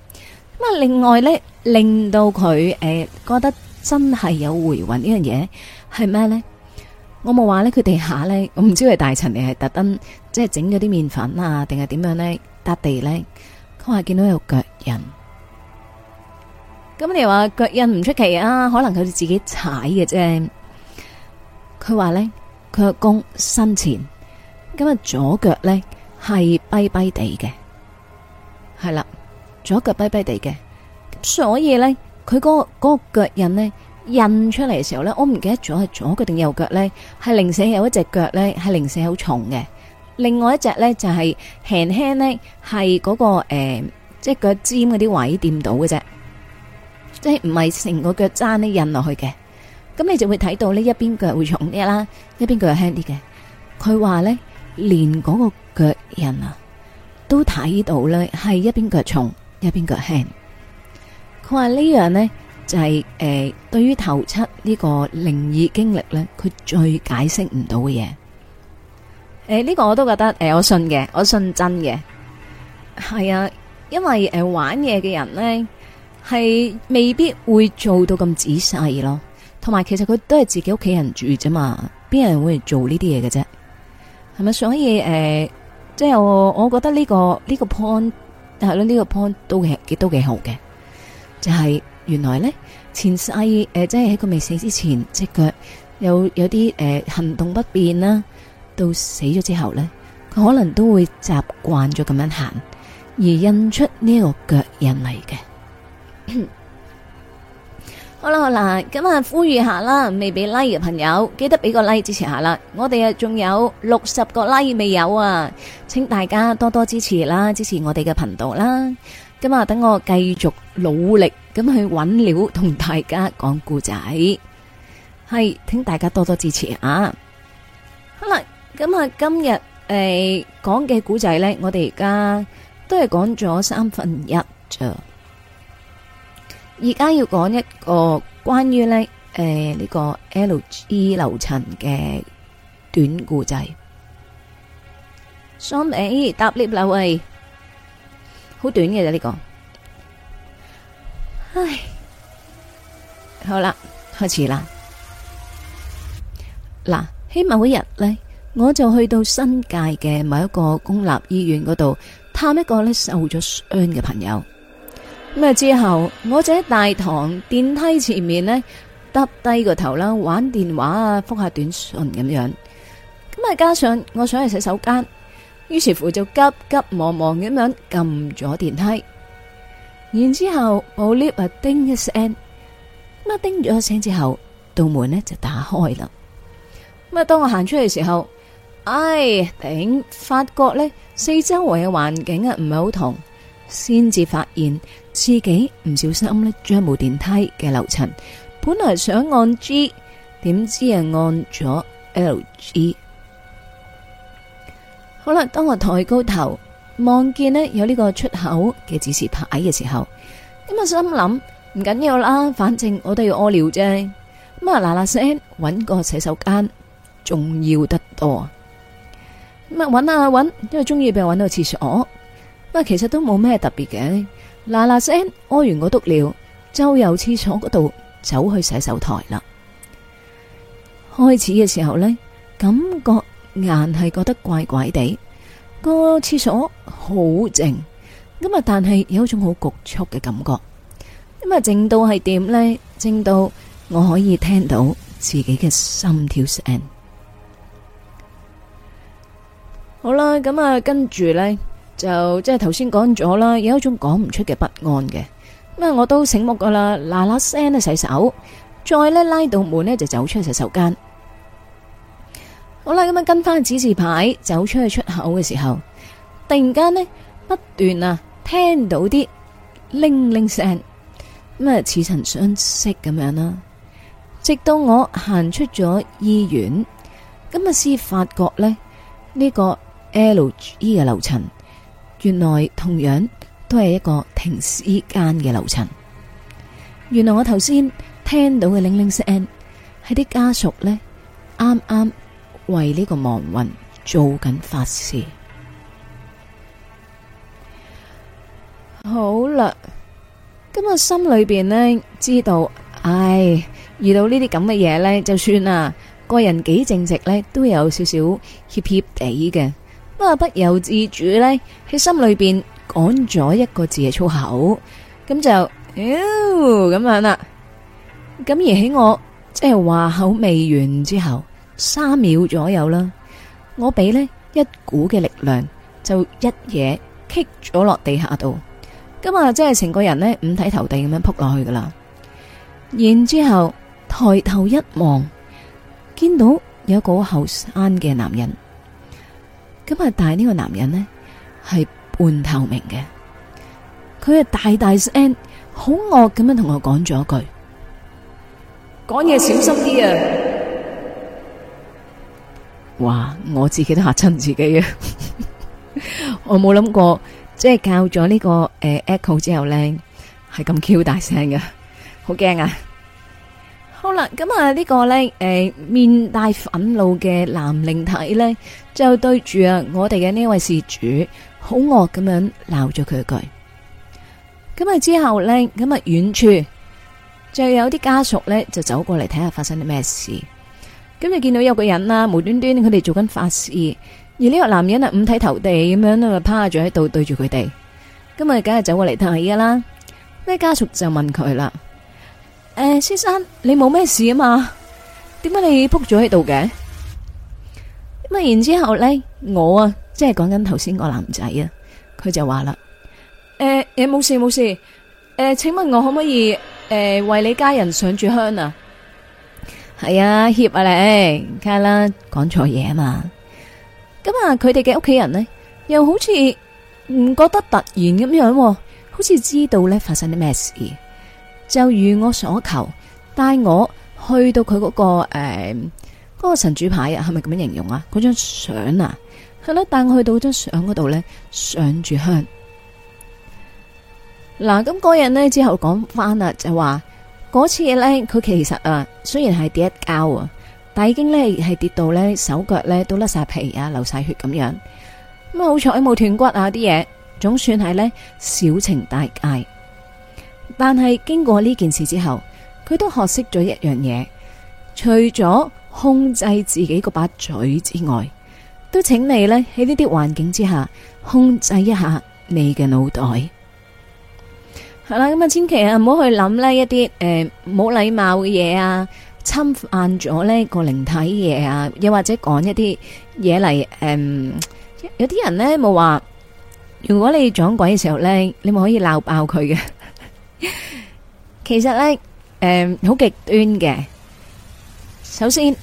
咁啊，另外咧令到佢誒覺得真係有回魂呢樣嘢係咩咧？我冇話呢，佢地下呢，我唔知係大塵定係特登，即係整嗰啲麵粉啊，定係點樣呢？笪地呢，佢話見到有腳印。咁你話腳印唔出奇啊？可能佢哋自己踩嘅啫。佢話呢，佢個公生前，咁啊左腳呢，係跛跛地嘅，係啦，左腳跛跛地嘅，所以呢、嗰個，佢、嗰、嗰個腳個腳印呢。印出嚟嘅時候咧，我唔記得咗係左腳定右腳咧，係零舍有一隻腳咧係零舍好重嘅，另外一隻咧就係輕輕咧係嗰個誒，即係腳尖嗰啲位掂到嘅啫，即係唔係成個腳踭咧印落去嘅，咁你就會睇到咧一邊腳會重啲啦，一邊腳又輕啲嘅。佢話咧連嗰個腳印啊，都睇到咧係一邊腳重一邊腳輕。佢話呢樣咧。就係、是、誒、呃，對於頭七呢個靈異經歷咧，佢最解釋唔到嘅嘢。誒、呃、呢、這個我都覺得誒、呃，我信嘅，我信真嘅。係啊，因為誒、呃、玩嘢嘅人咧，係未必會做到咁仔細咯。同埋，其實佢都係自己屋企人住啫嘛，邊有人會做呢啲嘢嘅啫？係咪？所以誒、即、呃、係、就是、我我覺得呢、這個呢、這個 point，係咯呢個 point 都幾都幾好嘅，就係、是。原來呢，前世誒、呃，即係喺佢未死之前，隻腳有有啲誒、呃、行動不便啦。到死咗之後呢，佢可能都會習慣咗咁樣行，而印出呢個腳印嚟嘅。 好啦，好啦，咁啊，呼籲下啦，未俾 like 嘅朋友，記得俾個 like 支持下啦。我哋啊，仲有六十個拉、like、未有啊，請大家多多支持啦，支持我哋嘅頻道啦。咁啊，等我繼續努力咁去揾料，同大家講故仔，係，請大家多多支持啊！好啦，咁啊，今日誒講嘅故仔呢，我哋而家都係講咗三分一咋，而家要講一個關於呢誒呢個 LG 樓層嘅短故仔，準備搭 lift 啦喂！好短嘅啫呢個，唉，好啦，開始啦。嗱，喺某一日呢，我就去到新界嘅某一個公立醫院嗰度探一個呢受咗傷嘅朋友。咁啊之後，我就喺大堂電梯前面呢耷低個頭啦，玩電話啊，覆下短信咁樣。咁啊加上我想去洗手間。於是乎就急急忙忙咁樣撳咗電梯，然之後按鈕啊，叮一聲，咁啊叮咗一聲之後，道門呢就打開啦。咁啊，當我行出去時候，哎頂，發覺呢四周圍嘅環境啊唔係好同，先至發現自己唔小心呢將部電梯嘅樓層，本來想按 G，點知係按咗 LG。好啦，當我抬高頭望見呢有呢個出口嘅指示牌嘅時候，咁啊心諗唔緊要啦，反正我都要屙尿啫。咁啊嗱嗱聲搵個洗手間，重要得多啊。咁啊搵啊搵，因為中意畀我搵到廁所。咁啊其實都冇咩特別嘅，嗱嗱聲屙完個篤尿，就由廁所嗰度走去洗手台啦。開始嘅時候呢，感覺。硬係覺得怪怪地，個廁所好靜，咁啊，但係有一種好局促嘅感覺。咁啊，靜到係點呢？靜到我可以聽到自己嘅心跳聲。好啦，咁啊，跟住呢就即係頭先講咗啦，有一種講唔出嘅不安嘅。咁啊，我都醒目噶啦，嗱嗱聲啊，洗手，再呢拉到門呢就走出嚟洗手間。好啦，咁樣跟翻指示牌走出去出口嘅時候，突然間呢不斷啊聽到啲零零聲，咁啊似曾相識咁樣啦。直到我行出咗醫院，咁啊先發覺呢呢個 L E 嘅樓層，原來同樣都係一個停屍間嘅樓層。原來我頭先聽到嘅零零聲係啲家屬呢啱啱。為呢個亡魂做緊法事，好啦，咁啊心裏邊呢，知道，唉，遇到呢啲咁嘅嘢呢，就算啦，個人幾正直呢，都有少少怯怯地嘅，咁啊不由自主呢，喺心裏邊講咗一個字嘅粗口，咁就，咁、呃、樣啦，咁而喺我即係話口未完之後。三秒左右啦，我俾呢一股嘅力量，就一嘢棘咗落地下度，咁啊，即係成個人呢五體投地咁樣撲落去噶啦。然之後抬頭一望，見到有一個後生嘅男人，咁啊，但係呢個男人呢係半透明嘅，佢啊大大聲，好惡咁樣同我講咗一句：講嘢小心啲啊！哇！我自己都嚇親自己啊！ 我冇諗過，即係教咗呢個誒、呃、echo 之後呢係咁 q 大聲㗎。好驚啊！好啦，咁啊呢個呢誒、呃、面帶憤怒嘅男靈體呢，就對住啊我哋嘅呢位事主，好惡咁樣鬧咗佢一句。咁啊之後呢，咁啊遠處就有啲家屬呢，就走過嚟睇下發生啲咩事。咁就見到有個人啦，無端端佢哋做緊法事，而呢個男人啊五體投地咁樣就趴咗喺度對住佢哋，咁咪梗係走過嚟睇噶啦。咩家屬就問佢啦，誒、欸，先生你冇咩事啊嘛？點解你仆咗喺度嘅？咁啊，然之後咧，我啊即係講緊頭先個男仔啊，佢就話啦，誒、欸，誒冇事冇事，誒、欸，請問我可唔可以誒、欸、為你家人上柱香啊？係啊，協啊你，梗啦，講錯嘢啊嘛。咁啊，佢哋嘅屋企人呢，又好似唔覺得突然咁樣，好似知道呢發生啲咩事。就如我所求，帶我去到佢嗰、嗰個誒，嗰、呃嗰個神主牌啊，係咪咁樣形容張啊？嗰張相啊，係囉，帶我去到張相嗰度呢，上住香。嗱，咁嗰日呢，之後講翻啦，就話。嗰次呢，佢其實啊，雖然係跌一跤啊，但已經呢係跌到呢手腳呢都甩晒皮啊，流晒血咁樣。咁好彩冇斷骨啊啲嘢，總算係呢小情大戒。但係經過呢件事之後，佢都學識咗一樣嘢，除咗控制自己嗰把嘴之外，都請你呢喺呢啲環境之下，控制一下你嘅腦袋。係啦，咁啊，千祈啊，唔好去諗呢一啲誒冇禮貌嘅嘢啊，侵犯咗呢個靈體嘢啊，又或者講一啲嘢嚟誒，有啲人呢冇話，如果你撞鬼嘅時候呢，你咪可以鬧爆佢嘅。其實呢，誒好極端嘅。首先，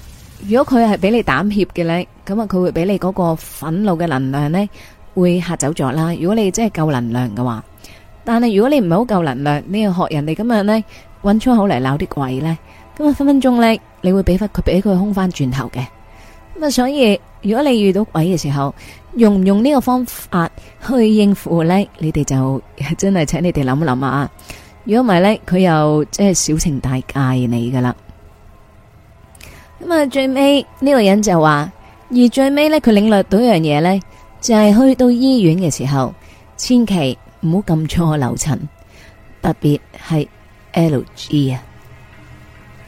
如果佢係俾你膽怯嘅呢，咁啊佢會俾你嗰個憤怒嘅能量呢，會嚇走咗啦。如果你真係夠能量嘅話。但係如果你唔係好夠能量，你要學人哋咁樣呢，揾出口嚟鬧啲鬼呢。咁啊分分鐘呢，你會俾翻佢俾佢空翻轉頭嘅咁啊。所以如果你遇到鬼嘅時候，用唔用呢個方法去應付呢？你哋就真係請你哋諗一諗啊。如果唔係呢，佢又即係小情大戒你噶啦。咁啊，最尾呢個人就話而最尾呢，佢領略到一樣嘢呢，就係、是、去到醫院嘅時候，千祈。唔好撳錯樓層，特別係 L G 啊！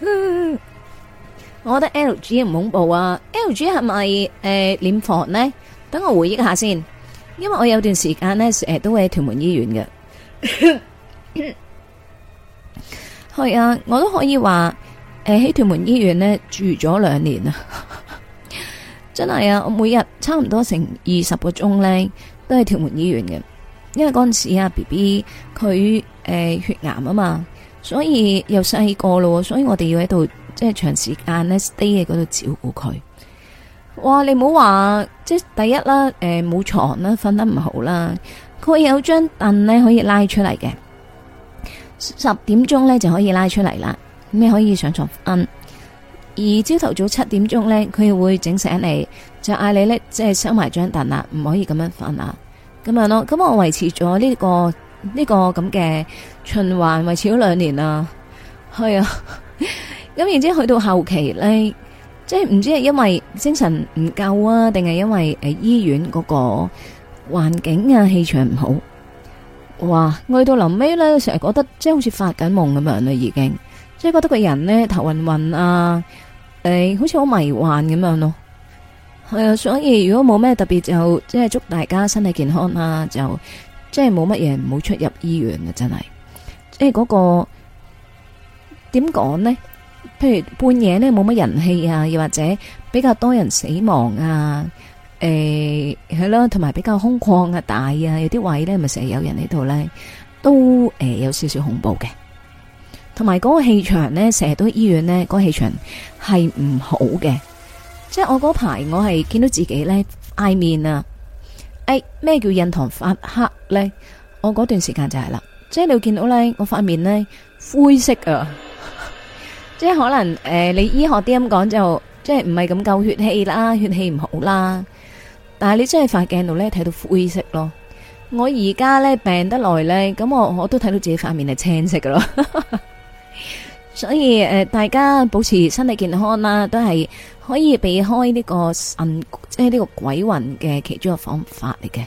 我覺得 L G 唔恐怖啊！L G 係咪誒殮房咧？等我回憶一下先，因為我有段時間咧成日都會喺屯門醫院嘅。係 啊，我都可以話誒喺屯門醫院咧住咗兩年啊！ 真係啊，我每日差唔多成二十個鐘呢，都係屯門醫院嘅。因為嗰陣時啊，B B 佢誒血癌啊嘛，所以又細個咯，所以我哋要喺度即係長時間呢 stay 喺嗰度照顧佢。哇，你唔好話即係第一啦，誒、呃、冇床啦，瞓得唔好啦。佢有張凳呢可以拉出嚟嘅，十點鐘呢就可以拉出嚟啦，咁你可以上床瞓。而朝頭早七點鐘呢，佢會整醒你，就嗌你呢，即係收埋張凳啦，唔可以咁樣瞓啊。咁樣咯，咁我維持咗呢、這個呢、這個咁嘅循環，維持咗兩年啦。係啊，咁 然之後去到後期咧，即係唔知係因為精神唔夠啊，定係因為誒醫院嗰個環境啊，氣場唔好。哇，去到臨尾咧，成日覺得即係好似發緊夢咁樣啦，已經即係覺得個人咧頭暈暈啊，誒、哎，好似好迷幻咁樣咯。係、嗯、啊，所以如果冇咩特別就，即係祝大家身體健康啦，就即係冇乜嘢，唔好出入醫院嘅，真係。即係嗰個點講呢？譬如半夜呢，冇乜人氣啊，又或者比較多人死亡啊，誒係咯，同埋比較空曠啊、大啊，有啲位呢咪成日有人喺度呢，都誒有少少恐怖嘅。同埋嗰個氣場呢，成日都醫院呢，嗰個氣場係唔好嘅。即係我嗰排，我係見到自己咧，塊面啊，誒、哎，咩叫印堂發黑咧？我嗰段時間就係啦，即係你會見到咧，我塊面咧灰色啊， 即係可能誒、呃，你醫學啲咁講就，即係唔係咁夠血氣啦，血氣唔好啦，但係你真係塊鏡度咧睇到灰色咯。我而家咧病得耐咧，咁我我都睇到自己塊面係青色噶咯。 所以誒、呃，大家保持身體健康啦，都係。可以避開呢個神，即係呢個鬼魂嘅其中一個方法嚟嘅。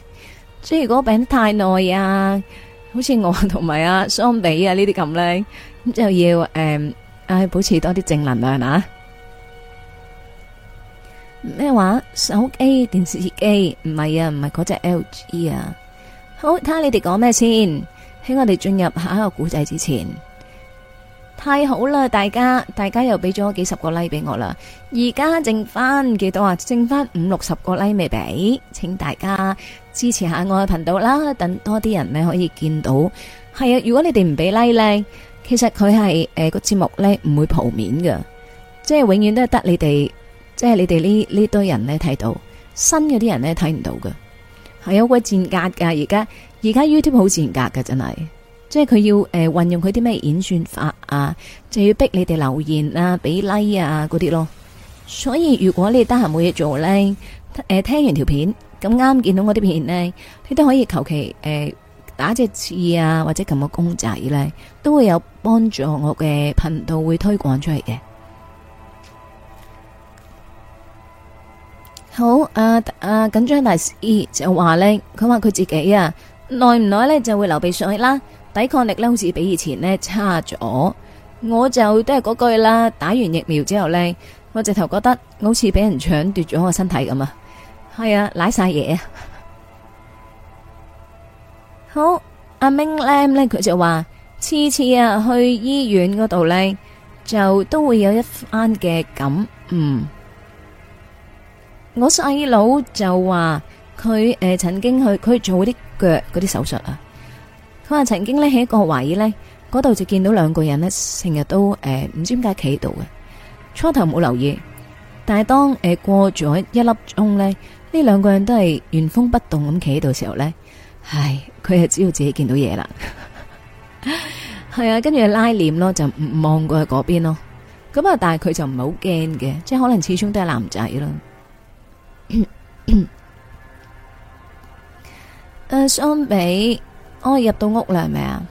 即係如果病得太耐啊，好似我同埋阿雙比啊呢啲咁咧，咁就要誒，唉、嗯、保持多啲正能量啊！咩話？手機電視機唔係啊，唔係嗰隻 LG 啊。好，睇下你哋講咩先。喺我哋進入下一個古仔之前，太好啦，大家，大家又俾咗幾十個 like 俾我啦，而家剩翻幾多啊？剩翻五六十個 like 未俾，請大家支持下我嘅頻道啦，等多啲人呢可以見到。係啊，如果你哋唔俾 like 呢，其實佢係誒個節目呢唔會鋪面嘅，即係永遠都係得你哋，即係你哋呢呢堆人呢睇到，新嗰啲人呢睇唔到嘅。係有鬼賤格噶，而家而家 YouTube 好賤格噶，真係。即係佢要誒運、呃、用佢啲咩演算法啊，就要逼你哋留言啊，俾 like 啊嗰啲咯。所以如果你哋得閒冇嘢做呢，誒、呃、聽完條片咁啱見到我啲片呢，你都可以求其誒打隻字啊，或者撳個公仔呢，都會有幫助我嘅頻道會推廣出嚟嘅。好，啊阿緊張大師就話呢，佢話佢自己啊耐唔耐呢就會流鼻水啦。抵抗力咧好似比以前咧差咗，我就都係嗰句啦。打完疫苗之後咧，我直頭覺得好似俾人搶奪咗我身體咁啊，係啊，瀨晒嘢啊！好，阿明咧，佢就話次次啊去醫院嗰度咧，就都會有一番嘅感悟。我細佬就話佢誒曾經去佢做嗰啲腳嗰啲手術啊。佢話曾經咧喺一個位咧，嗰度就見到兩個人咧，成日都誒唔知點解企喺度嘅。初頭冇留意，但係當誒過咗一粒鐘咧，呢兩個人都係原封不動咁企喺度時候咧，唉，佢係知道自己見到嘢啦。係啊，跟住拉臉咯，就唔望過去嗰邊咯。咁啊，但係佢就唔係好驚嘅，即係可能始終都係男仔囉。誒，相比。我入到屋啦，係咪啊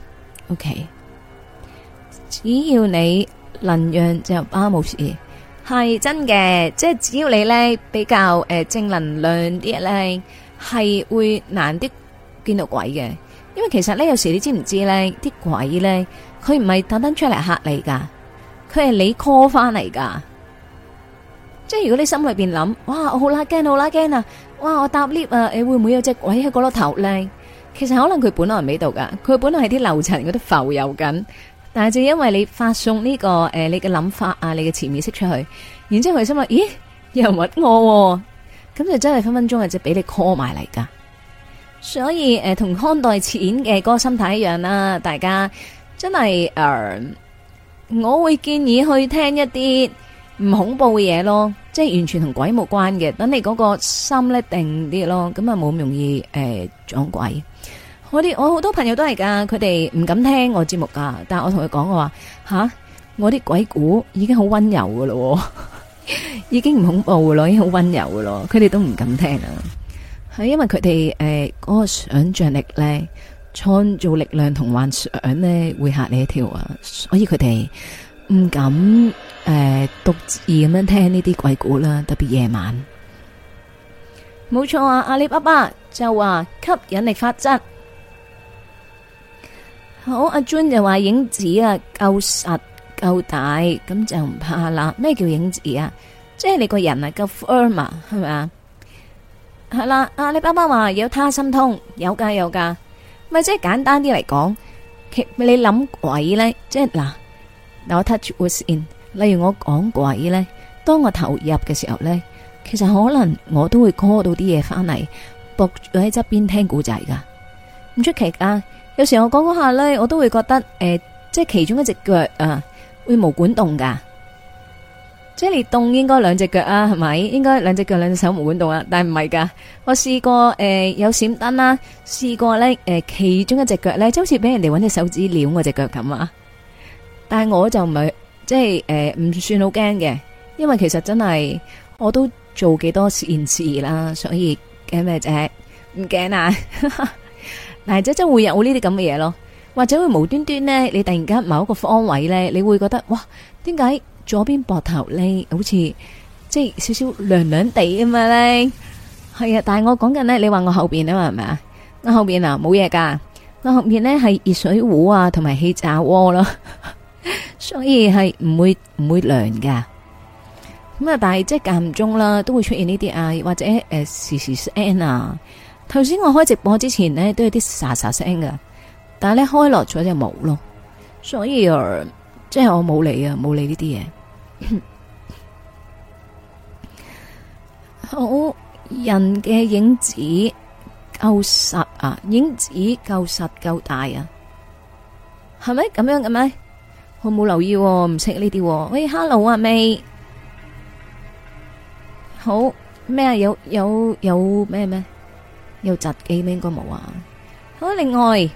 ？OK，只要你能讓就安冇事，係真嘅。即係只要你咧比較誒正能量啲咧，係會難啲見到鬼嘅。因為其實咧有時你知唔知咧，啲鬼咧佢唔係特登出嚟吓你噶，佢係你 call 翻嚟噶。即係如果你心裏邊諗，哇，好啦驚，好啦驚啊！哇，我搭 lift 啊，你，會唔會有隻鬼喺嗰度頭咧？其實可能佢本來唔喺度噶，佢本來係啲樓層嗰度浮游緊，但係就因為你發送呢、這個誒你嘅諗法啊，你嘅潛意識出去，然之後佢心話咦又屈我、哦，咁就真係分分鐘係隻俾你 call 埋嚟噶。所以誒同、呃、看待錢嘅嗰個心態一樣啦，大家真係誒、呃、我會建議去聽一啲唔恐怖嘅嘢咯，即係完全同鬼冇關嘅，等你嗰個心咧定啲咯，咁啊冇咁容易誒、呃、撞鬼。我啲我好多朋友都係噶，佢哋唔敢聽我節目噶。但係我同佢講，我話吓，我啲鬼故已經好温柔噶咯，已經唔恐怖咯，已經好温柔噶咯。佢哋都唔敢聽啊，係因為佢哋誒嗰個想象力咧、創造力量同幻想咧會嚇你一跳啊，所以佢哋唔敢誒獨自咁樣聽呢啲鬼故啦，特別夜晚。冇錯啊，阿里巴巴就話吸引力法則。好，阿 June 就話影子啊，夠實夠大，咁就唔怕啦。咩叫影子啊？即係你個人啊，夠 firm 啊，係咪啊？係啦，阿你爸爸話有他心通，有噶有噶，咪即係簡單啲嚟講，其你諗鬼咧，即係嗱，嗱、我、Touch Wood 先，例如我講鬼咧，當我投入嘅時候咧，其實可能我都會 call 到啲嘢翻嚟，伏喺側邊聽古仔噶，唔出奇噶。有時我講嗰下咧，我都會覺得誒、呃，即係其中一隻腳啊，會冇管動，噶即係你動應該兩隻腳啊，係咪？應該兩隻腳、兩隻手冇管動啊，但係唔係噶。我試過誒、呃、有閃燈啦，試過咧誒、呃、其中一隻腳咧，即好似俾人哋搵隻手指撩我隻腳咁啊。但係我就唔係即係誒，唔、呃、算好驚嘅，因為其實真係我都做幾多善事啦，所以驚咩啫？唔驚啊！ 或者係會有呢啲咁嘅嘢咯，或者會無端端呢，你突然間某一個方位呢，你會覺得哇，點解左邊膊頭呢好似即係少少涼涼地咁啊咧？係啊，但係我講緊呢，你話我後邊啊嘛係咪啊？我後邊啊冇嘢噶，我後面呢係熱水壺啊，同埋氣炸鍋咯，所以係唔會唔會涼噶。咁啊，但係即係間唔中啦，都會出現呢啲啊，或者誒時時 n 啊。頭先我開直播之前呢，都有啲沙沙聲噶，但係咧開落咗就冇咯，所以啊，即係我冇理啊，冇理呢啲嘢。 好人嘅影子夠實啊，影子夠實夠大啊，係咪咁樣嘅咩？我冇留意啊，唔識呢啲。喂，Hello 啊咪，好咩啊？有有有咩咩？有雜記咩？應該冇啊！好，另外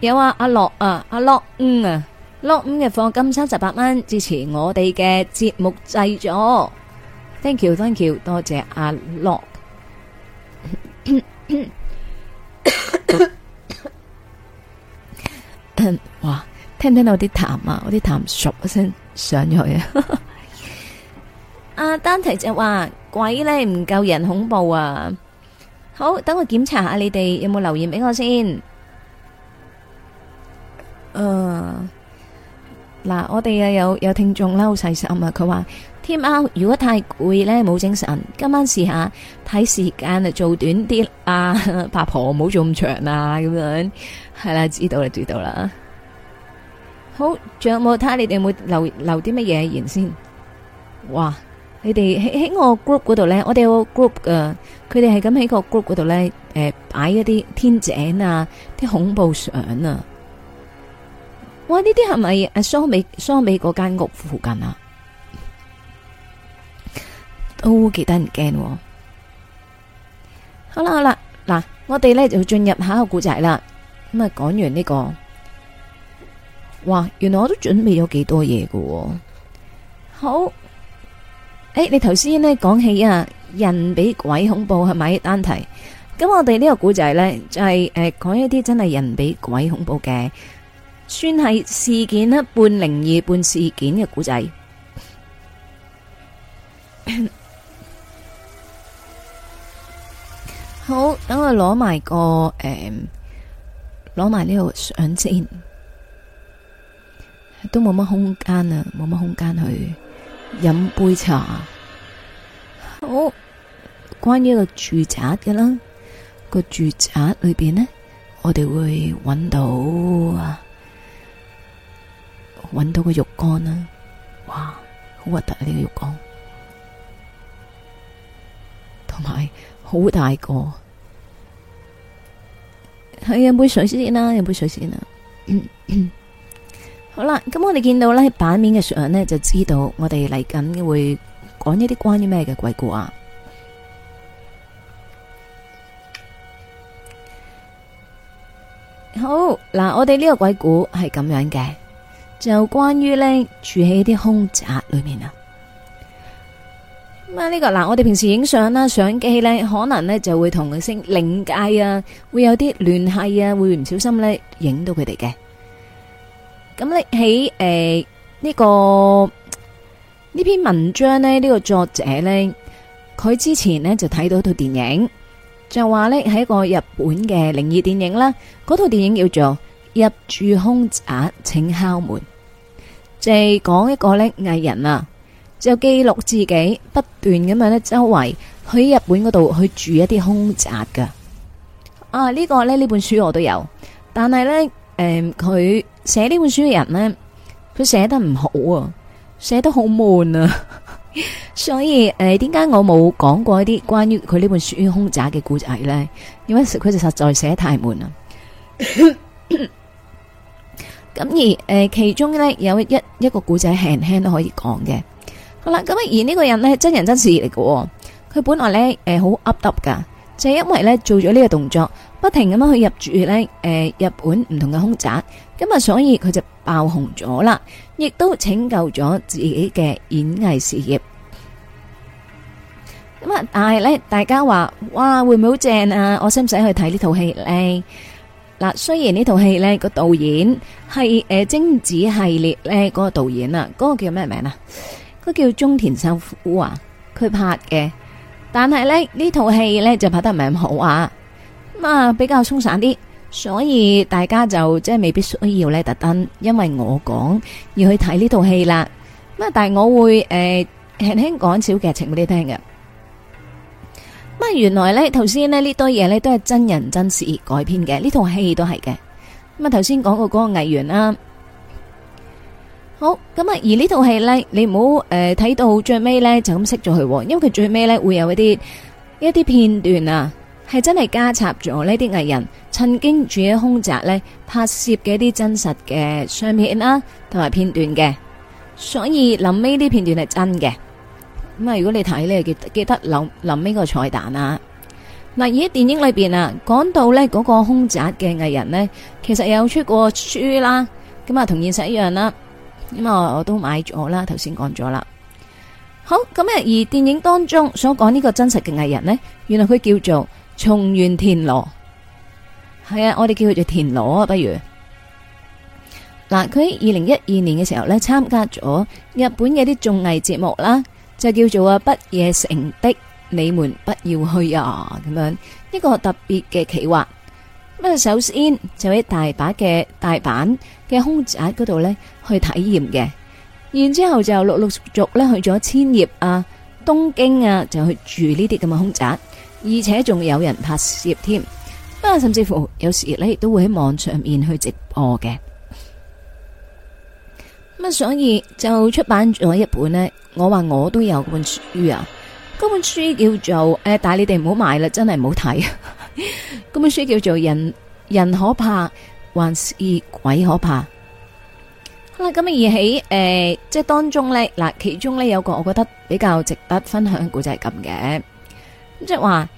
有啊阿樂啊阿樂，嗯啊，樂五嘅課金三十八蚊。支持我哋嘅節目製作，thank you, thank you，多謝阿樂。哇，聽唔聽到啲痰啊？我啲痰熟一聲上咗去啊！阿丹提就話鬼呢唔夠人恐怖啊！好，等我檢查下你哋有冇留言俾我先。誒，嗱，我哋又有有聽眾啦，好細心啊！佢話天喵如果太攰咧，冇精神，今晚試下睇時間啊，做短啲啊，八婆唔好做咁長啦，咁樣係啦，知道啦，知道啦。好，仲有冇？睇下你哋有冇留留啲乜嘢言先。哇，你哋喺我 group 嗰度咧，我哋有個 group 嘅。佢哋係咁喺個 group 嗰度咧，誒、呃，擺一啲天井啊，啲恐怖相啊，哇！呢啲係咪阿桑美桑美嗰間屋附近啊？都幾得人驚。好啦好啦，嗱，我哋咧就進入下一個古仔啦。咁啊，講完呢、這個，哇，原來我都準備咗幾多嘢嘅、啊。好，誒、欸，你頭先咧講起啊。人比鬼恐怖係咪？一單題，咁我哋呢個古仔呢，就係誒講一啲真係人比鬼恐怖嘅，算係事件一半靈異半事件嘅古仔。 好，等我攞埋個誒，攞埋呢個相先，都冇乜空間啊，冇乜空間去飲杯茶。好，關於個住宅嘅啦，個住宅裏邊呢，我哋會搵到啊，搵到個浴缸啦，哇，好核突啊呢個浴缸，同埋好大個，係飲杯水先啦，飲杯水先啦，嗯。 好啦，咁我哋見到呢版面嘅相呢，就知道我哋嚟緊會。講一啲關於咩嘅鬼故啊？好，嗱，我哋呢個鬼故係咁樣嘅，就關於呢住喺啲空宅裡面啊。咁啊呢個嗱，我哋平時影相啦，相機呢可能呢就會同佢星靈界啊，會有啲聯繫啊，會唔小心呢影到佢哋嘅。咁你喺誒呢個。呢篇文章呢，呢、這個作者呢，佢之前呢就睇到一套電影，就話呢，係一個日本嘅靈異電影啦。嗰套電影叫做《入住凶宅，請敲門》，就係、是、講一個呢藝人啊，就記錄自己不斷咁樣呢周圍去日本嗰度去住一啲凶宅噶。啊，呢、這個呢，呢本書我都有，但係呢，誒、呃，佢寫呢本書嘅人呢，佢寫得唔好啊。寫得好悶啊， 所以誒，點、呃、解我冇講過一啲關於佢呢本《書空宅嘅古仔咧？因為佢就實在寫得太悶啦。咁 而誒、呃，其中咧有一一,一個古仔輕輕都可以講嘅。好啦，咁啊，而呢個人咧，真人真事嚟嘅喔。佢本來咧誒，好 up up 噶。就因為咧做咗呢個動作，不停咁樣去入住咧，誒日本唔同嘅空宅，咁啊，所以佢就爆紅咗啦，亦都拯救咗自己嘅演藝事業。咁啊，但係咧，大家話哇，會唔會好正啊？我使唔使去睇呢套戲咧？嗱，雖然呢套戲咧個導演係誒貞子系列咧嗰個導演啊，嗰個叫咩名啊？嗰個叫中田秀夫啊，佢拍嘅。但係呢，呢套戲呢，就拍得唔係咁好啊，咁啊比較鬆散啲，所以大家就即係未必需要呢特登因為我講要去睇呢套戲啦。咁但係我會誒輕輕講少劇情俾你聽嘅。咁原來呢，頭先呢，呢堆嘢呢都係真人真事改編嘅，呢套戲都係嘅。咁啊，頭先講過嗰個藝員啦。好咁啊！而呢套戲咧，你唔好誒睇到最尾咧就咁熄咗佢，因為佢最尾咧會有一啲一啲片段啊，係真係加插咗呢啲藝人曾經住喺空宅咧拍攝嘅一啲真實嘅相片啦，同埋片段嘅。所以臨尾啲片段係真嘅咁啊！如果你睇咧，記記得諗諗呢個彩蛋啦。嗱，而喺電影裏邊啊，講到咧嗰個空宅嘅藝人咧，其實有出過書啦，咁啊同現實一樣啦。咁、嗯、啊，我都買咗啦，頭先講咗啦。好，咁啊，而電影當中所講呢個真實嘅藝人呢，原來佢叫做松原田螺，係啊，我哋叫佢做田螺啊，不如。嗱、嗯，佢喺二零一二年嘅時候呢，參加咗日本嘅啲綜藝節目啦，就叫做啊不夜城的你們不要去啊，咁樣呢個特別嘅企劃。咁首先就喺大把嘅大阪嘅凶宅嗰度呢去體驗嘅，然之後就陸陸續續咧去咗千葉啊、東京啊，就去住呢啲咁嘅凶宅，而且仲有人拍攝添，不過甚至乎有時呢亦都會喺網上面去直播嘅。咁所以就出版咗一本呢。我話我都有那本書啊，嗰本書叫做誒，但係你哋唔好買啦，真係唔好睇。嗰 本書叫做人《人人可怕還是鬼可怕》好了。好啦，咁而喺誒，即係當中呢，嗱，其中呢，有個我覺得比較值得分享嘅故事係咁嘅，咁即係話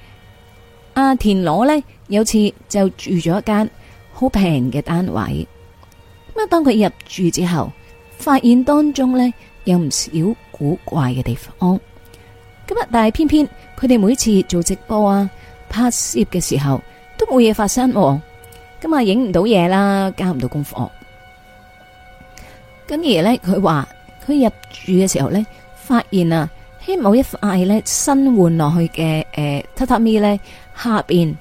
阿田螺呢，有次就住咗一間好平嘅單位。咁啊，當佢入住之後，發現當中呢，有唔少古怪嘅地方。咁啊，但係偏偏佢哋每次做直播啊。拍攝嘅時候都冇嘢發生，咁啊影唔到嘢啦，加唔到功課。咁而呢，佢話佢入住嘅時候呢，發現啊喺某一塊呢新換落去嘅誒榻榻米呢下邊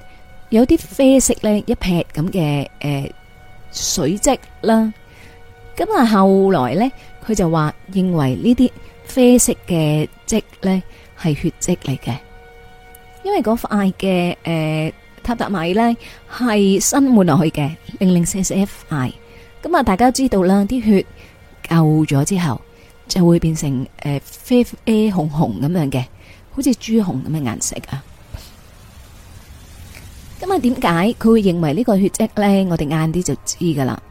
有啲啡色呢一撇咁嘅誒水漬啦。咁啊後來呢，佢就話認為呢啲啡色嘅漬呢係血跡嚟嘅。因為嗰塊嘅誒榻榻米咧係新換落去嘅，零零四四 FI，咁啊大家知道啦，啲血舊咗之後就會變成誒啡啡紅紅咁樣嘅，好似豬紅咁嘅顏色啊。咁啊，點解佢會認為呢個血迹咧？我哋晏啲就知噶啦。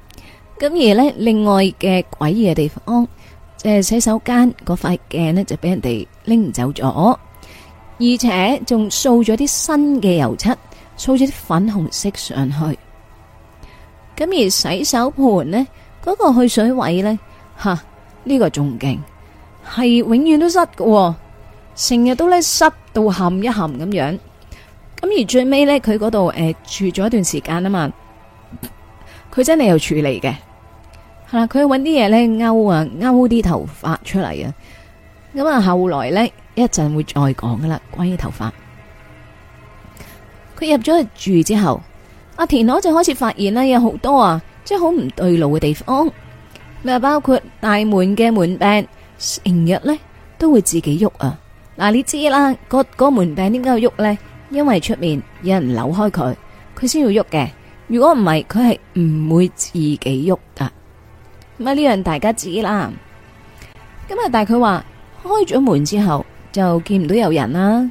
咁而咧，另外嘅詭異嘅地方，即係洗手間嗰塊鏡咧就俾人哋拎走咗。而且仲掃咗啲新嘅油漆，掃咗啲粉紅色上去。咁而洗手盆呢，嗰個去水位呢，吓呢個仲勁，係永遠都塞嘅，成日都咧塞到冚一冚咁樣。咁而最尾呢，佢嗰度誒住咗一段時間啊嘛，佢真係有處理嘅，係啦，佢去搵啲嘢，呢勾啊勾啲頭髮出嚟啊。咁啊，後來呢。一陣會再講噶啦，關於頭髮。佢入咗去住之後，阿田螺就開始發現啦，有好多啊，即係好唔對路嘅地方。咁包括大門嘅門柄，成日呢都會自己喐啊。嗱，你知啦，嗰嗰門柄點解要喐呢？因為出面有人扭開佢，佢先要喐嘅。如果唔係，佢係唔會自己喐噶。咁呢樣大家知啦。咁啊，但係佢話開咗門之後。就見唔到有人啦，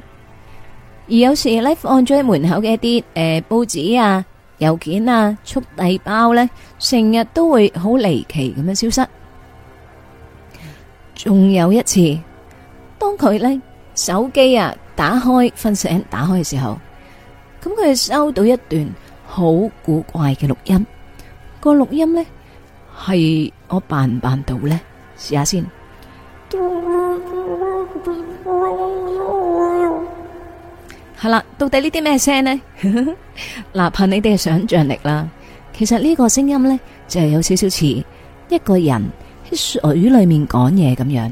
而有時咧放咗喺門口嘅一啲誒報紙啊、郵件啊、速遞包呢，成日都會好離奇咁樣消失。仲有一次，當佢呢手機啊打開瞓醒打開嘅時候，咁佢收到一段好古怪嘅錄音。個錄音呢係我扮唔扮到呢？試下先。係啦，到底呢啲咩聲呢？嗱，憑你哋嘅想象力啦。其實呢個聲音呢，就係有少少似一個人喺水裏面講嘢咁樣。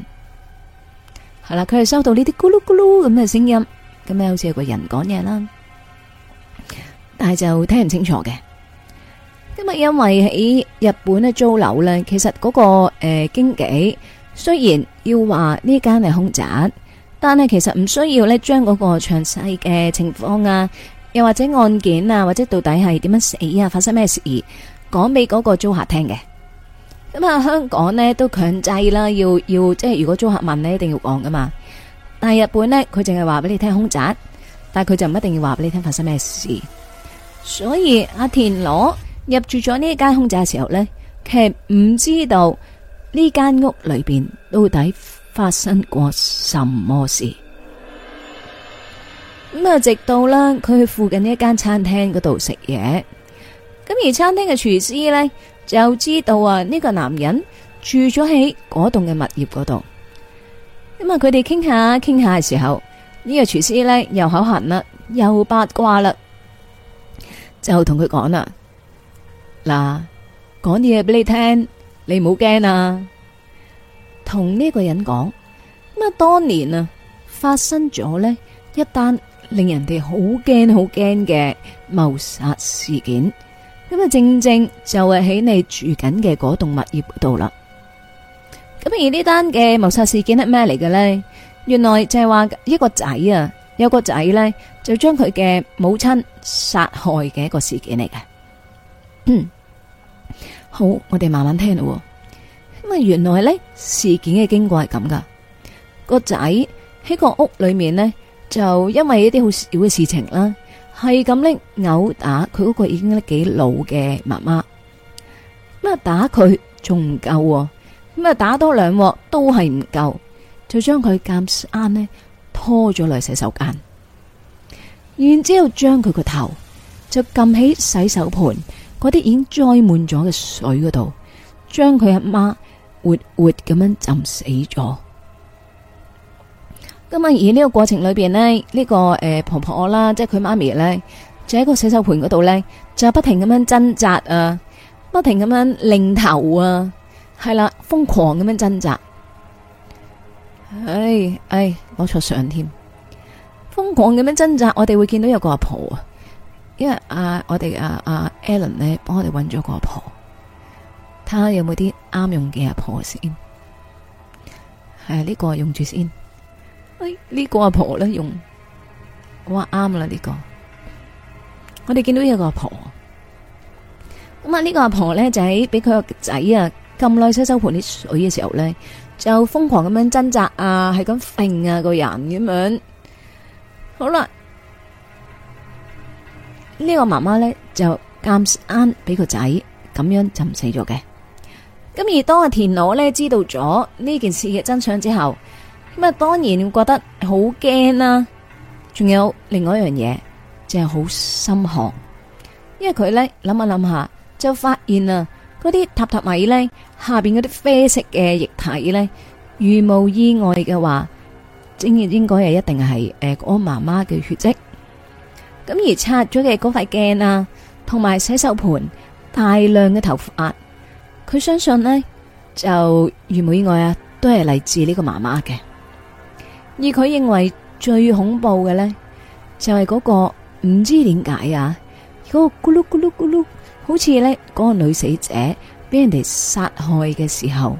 係啦，佢係收到呢啲咕嚕咕嚕咁嘅聲音，咁樣好似有個人講嘢啦。但係就聽唔清楚嘅。今日因為喺日本呢租樓呢，其實嗰個誒經紀。雖然要話呢間係凶宅，但係其實唔需要咧將嗰個詳細嘅情況啊，又或者案件啊，或者到底係點樣死啊，發生咩事，講俾嗰個租客聽嘅。咁啊，香港呢都強制啦，要要即係如果租客問你一定要講噶嘛。但係日本呢，佢淨係話俾你聽凶宅，但係佢就唔一定要話俾你聽發生咩事。所以阿田螺入住咗呢一間凶宅嘅時候呢，其實唔知道。呢間屋裏邊到底發生過什麼事？咁啊，直到啦，佢去附近呢一間餐廳嗰度食嘢。咁而餐廳嘅廚師呢，就知道啊呢個男人住咗喺嗰棟嘅物業嗰度。咁啊，佢哋傾下傾下嘅時候，呢個廚師呢又口痕啦，又八卦啦，就同佢講啦嗱，講啲嘢俾你聽。你唔好驚啊！同呢個人講，咁啊，當年啊發生咗呢一單令人哋好驚好驚嘅謀殺事件，咁啊，正正就係喺你住緊嘅嗰棟物業度啦。咁而呢單嘅謀殺事件係咩嚟嘅呢？原來就係話一個仔啊，有個仔呢，就將佢嘅母親殺害嘅一個事件嚟嘅。好，我哋慢慢聽咯。咁啊，原來呢，事件嘅經過係咁噶，個仔喺個屋裏面呢，就因為一啲好小嘅事情啦，係咁拎，毆打佢嗰個已經得幾老嘅媽媽。咁啊打佢仲唔夠？咁啊打多兩鑊都係唔夠，就將佢夾硬呢，拖咗嚟洗手間，然之後將佢個頭就撳起洗手盆嗰啲已經載滿咗嘅水嗰度，將佢阿媽活活咁樣浸死咗。咁啊，而呢個過程裏邊呢，呢、呢個誒、呃、婆婆啦，即係佢媽咪咧，就喺個洗手盆嗰度咧，就不停咁樣掙扎啊，不停咁樣擰頭啊，係啦，瘋狂咁樣掙扎。唉唉，攞錯相添，瘋狂咁樣掙扎，我哋會見到有個阿婆啊。因為、啊、我哋阿、啊啊、Alan 咧，幫我哋揾咗個阿婆，睇下有冇啲啱用嘅阿婆先。係、啊、呢、這個用住先，誒、哎這個、呢個阿婆咧用，我話啱啦呢個。我哋見到有一個阿婆，咁啊、這個、婆婆呢個阿婆咧就喺俾佢個仔啊咁耐洗手盆啲水嘅時候咧，就瘋狂咁樣掙扎啊，係咁揈啊個人咁樣。好啦。呢、這個媽媽呢，就監生俾個仔咁樣就唔死咗嘅。咁而當阿田螺呢知道咗呢件事嘅真相之後，咁啊當然覺得好驚啦。仲有另外一樣嘢，就係好心寒，因為佢呢諗一諗下就發現啊，嗰啲榻榻米呢下邊嗰啲啡色嘅液體呢，如無意外嘅話，正應該係一定係誒嗰媽媽嘅血跡。咁而拆咗嘅嗰塊鏡啊，同埋洗手盤大量嘅頭髮，佢相信呢就如無意外啊，都係嚟自呢個媽媽嘅。而佢認為最恐怖嘅呢，就係嗰個唔知點解啊，嗰個咕嚕咕嚕咕嚕，好似呢嗰個女死者俾人哋殺害嘅時候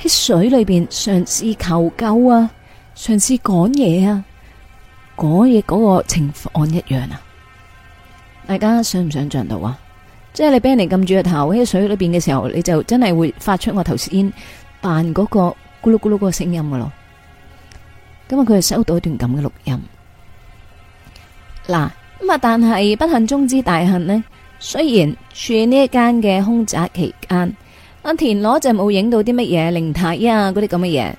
喺水裏邊嘗試求救啊，嘗試講嘢啊，講嘢嗰個情況一樣啊。大家想唔想象到啊？即係你俾人哋撳住個頭喺水裏邊嘅時候，你就真係會發出我頭先扮嗰個咕嚕咕嚕個聲音噶咯。咁啊，佢就收到一段咁嘅錄音。嗱咁啊，但係不幸中之大幸呢，雖然住呢一間嘅空宅期間，阿田螺就冇影到啲乜嘢靈體啊嗰啲咁嘅嘢。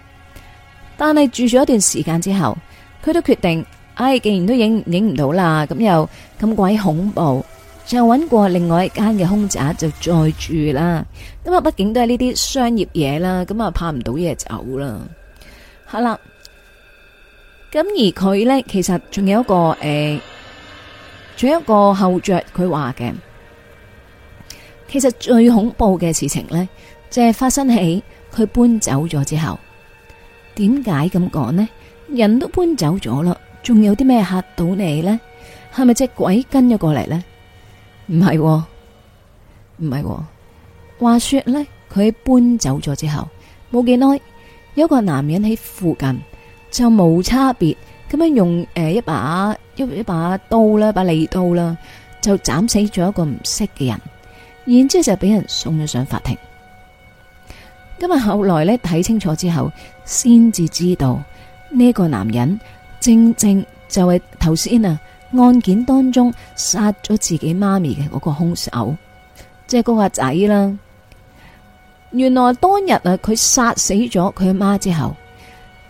但係住咗一段時間之後，佢都決定。哎，既然都影影唔到啦，咁又咁鬼恐怖，就揾過另外一間嘅空宅就再住啦。咁啊，畢竟都係呢啲商業嘢啦，咁啊，怕唔到嘢走啦。好啦，咁而佢呢，其實仲有一個誒，仲、欸、有一個後著佢話嘅，其實最恐怖嘅事情呢，就係、是、發生喺佢搬走咗之後，點解咁講呢？人都搬走咗啦仲有啲咩嚇到你呢？係咪隻鬼跟咗過嚟呢？唔係啊，唔係啊。話說呢，佢喺搬走咗之後，冇幾耐，有一個男人喺附近就冇差別咁樣用誒一把一一把刀啦，一把利刀啦，就斬死咗一個唔識嘅人。然之後就俾人送咗上法庭。咁啊，後來呢睇清楚之後，先至知道呢個男人。正正就係頭先啊案件當中殺咗自己媽咪嘅嗰個兇手，即係嗰個仔啦。原來當日啊，佢殺死咗佢阿媽之後，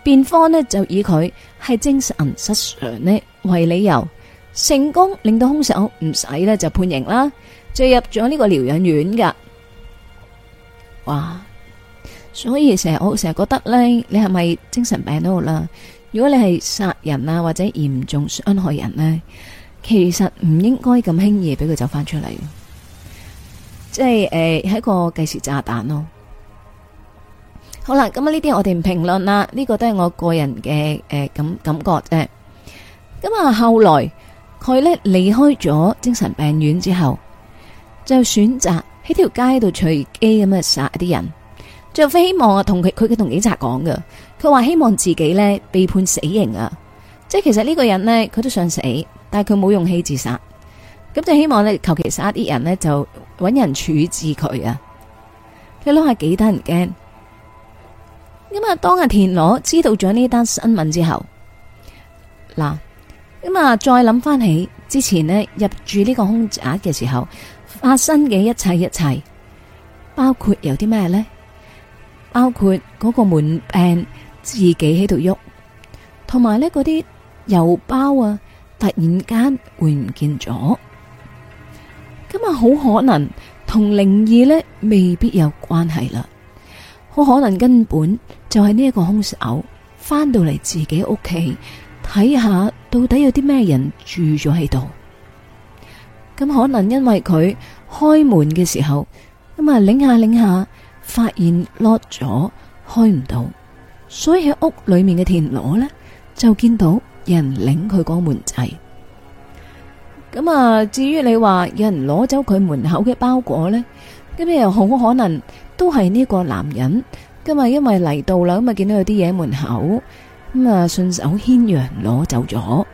辯方呢就以佢係精神失常呢為理由，成功令到兇手唔使呢就判刑啦，就入咗呢個療養院噶。哇！所以成日我成日覺得呢，你係咪精神病都好啦，如果你係殺人，啊或者嚴重傷害人呢，其實唔應該咁輕易俾佢走翻出嚟，即係誒係一個計時炸彈咯。好啦，咁啊呢啲我哋唔評論啦，呢、呢個都係我個人嘅誒、呃、感、感覺啫。咁、呃、啊後來佢咧離開咗精神病院之後，就選擇喺條街度隨機咁樣殺一啲人，最後非希望啊同佢佢同警察講噶。佢話希望自己呢被判死刑啊！即係其實呢個人呢，佢都想死，但係佢冇勇氣自殺，咁就希望呢求其殺啲人呢，就搵人處置佢啊！佢諗下幾得人驚？咁啊，當阿田螺知道咗呢單新聞之後，嗱，咁啊，再諗翻起之前呢，入住呢個空宅嘅時候，發生嘅一切一切，包括有啲咩呢？包括嗰個門病自己喺度喐，同埋呢嗰啲郵包啊，突然間會唔見咗，咁啊好可能同靈異呢未必有關係啦。好可能根本就係呢一個兇手翻到嚟自己屋企睇下，看看到底有啲咩人住咗喺度。咁可能因為佢開門嘅時候咁啊，擰下擰下，發現 lock 咗，開唔到。所以喺屋裏面嘅田螺呢，就見到有人擰佢個門仔。咁啊，至於你話有人攞走佢門口嘅包裹呢，咁又好可能都係呢個男人。今日因為嚟到啦，咁啊見到有啲嘢門口，咁啊順手牽羊攞走咗。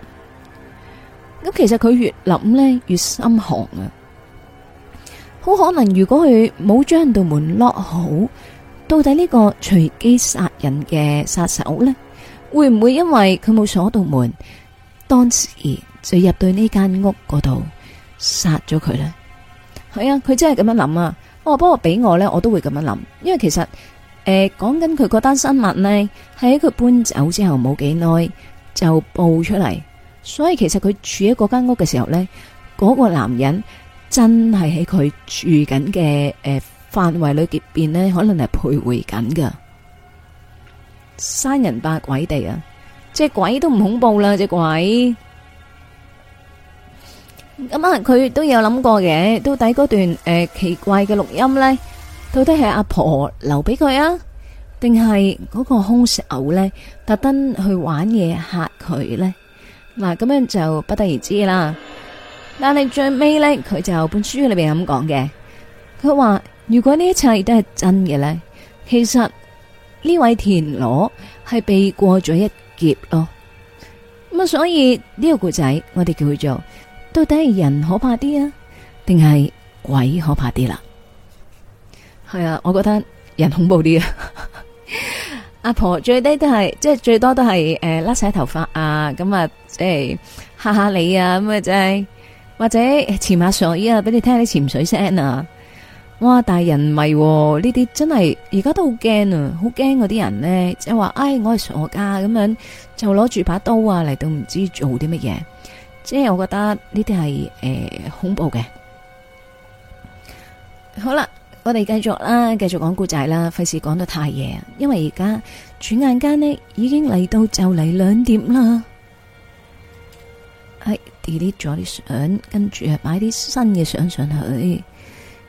咁其實佢越諗呢，越心寒啊！好可能如果佢冇將到門 lock 好。到底呢個隨機殺人嘅殺手呢？會唔會因為佢冇鎖到門，當時就入到呢間屋嗰度殺咗佢呢？係啊，佢真係咁樣諗啊、哦！我不過俾我呢，我都會咁樣諗，因為其實誒講緊佢嗰單新聞呢，喺、呃、佢搬走之後冇幾耐就報出嚟，所以其實佢住喺嗰間屋嘅時候呢，嗰、嗰個男人真係喺佢住緊嘅誒。呃範圍裏結變咧，可能係徘徊緊噶。山人八鬼地啊，即係鬼都唔恐怖啦，隻鬼。咁啊，佢都有諗過嘅。到底嗰段誒奇怪嘅錄音咧，到底係阿婆留俾佢啊，定係嗰個兇手咧特登去玩嘢吓佢咧？嗱，咁樣就不得而知啦。但係最尾咧，佢就本書裏邊咁講嘅，佢話。如果呢一切都係真嘅咧，其實呢位田螺係避過咗一劫咯。咁啊，所以呢個故仔我哋叫佢做到底係人可怕啲啊，定係鬼可怕啲啦？係啊，我覺得人恐怖啲啊。阿 婆最低都係，即係最多都係誒，甩、呃、晒頭髮啊，咁啊，即係吓吓你啊，咁啊，就是，就係或者潛下水啊，俾你聽下啲潛水聲啊。哇！大人唔喎！呢啲，真係而家都好驚啊，好驚嗰啲人呢，即係話，哎，我係傻家咁樣，就攞住把刀啊嚟到唔知做啲乜嘢，即係我覺得呢啲係誒恐怖嘅。好啦，我哋繼續啦，繼續講故仔啦，費事講得太夜，因為而家轉眼間呢，已經嚟到就嚟兩點啦。係 delete 咗啲相，跟住擺啲新嘅相上去。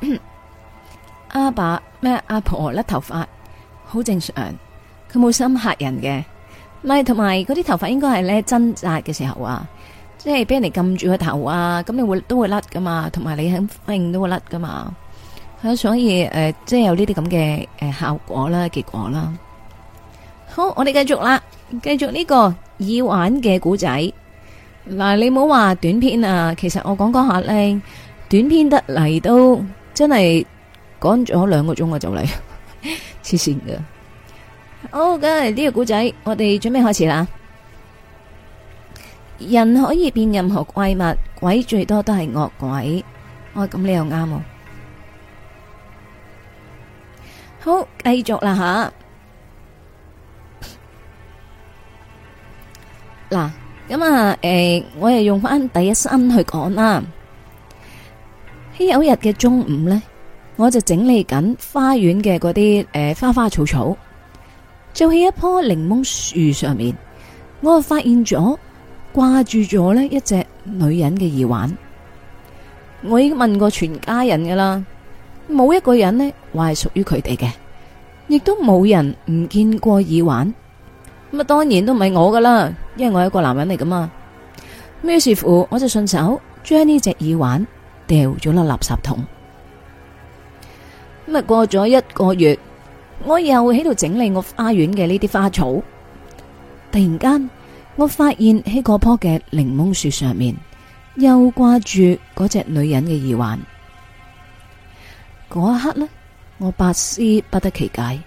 阿爸咩？阿婆甩頭髮好正常，佢冇心吓人嘅。咪同埋嗰啲頭髮應該係咧掙扎嘅時候啊，即係俾人哋撳住個頭啊，咁你會都會甩噶嘛。同埋你響瞓都會甩噶嘛。係啊，所以誒、呃，即係有呢啲咁嘅誒效果啦，結果啦。好，我哋繼續啦，繼續呢、這個耳環嘅古仔。嗱、呃，你唔好話短篇啊，其實我講講下咧，短篇得嚟都～真係講咗兩個鐘啊，我就嚟黐線嘅。好嘅，呢個故仔我哋準備開始啦。人可以變任何怪物，鬼最多都係惡鬼。哦，咁你又啱哦。好，繼續啦吓。嗱，咁啊，誒，我哋用翻第一身去講啦。有一日嘅中午呢，我就整理緊花園嘅嗰啲誒花花草草，就喺一棵檸檬樹上面，我就發現咗掛住咗呢一隻女人嘅耳環。我已經問過全家人噶啦，冇一個人呢話係屬於佢哋嘅，亦都冇人唔見過耳環。咁啊，當然都唔係我噶啦，因為我係一個男人嚟噶嘛。於是乎，我就順手將呢隻耳環掉咗粒垃圾桶，咁啊，過咗一個月，我又喺度整理我花園嘅呢啲花草，突然間我發現喺嗰棵嘅檸檬樹上面又掛住嗰隻女人嘅耳環，嗰一刻呢，我百思不得其解，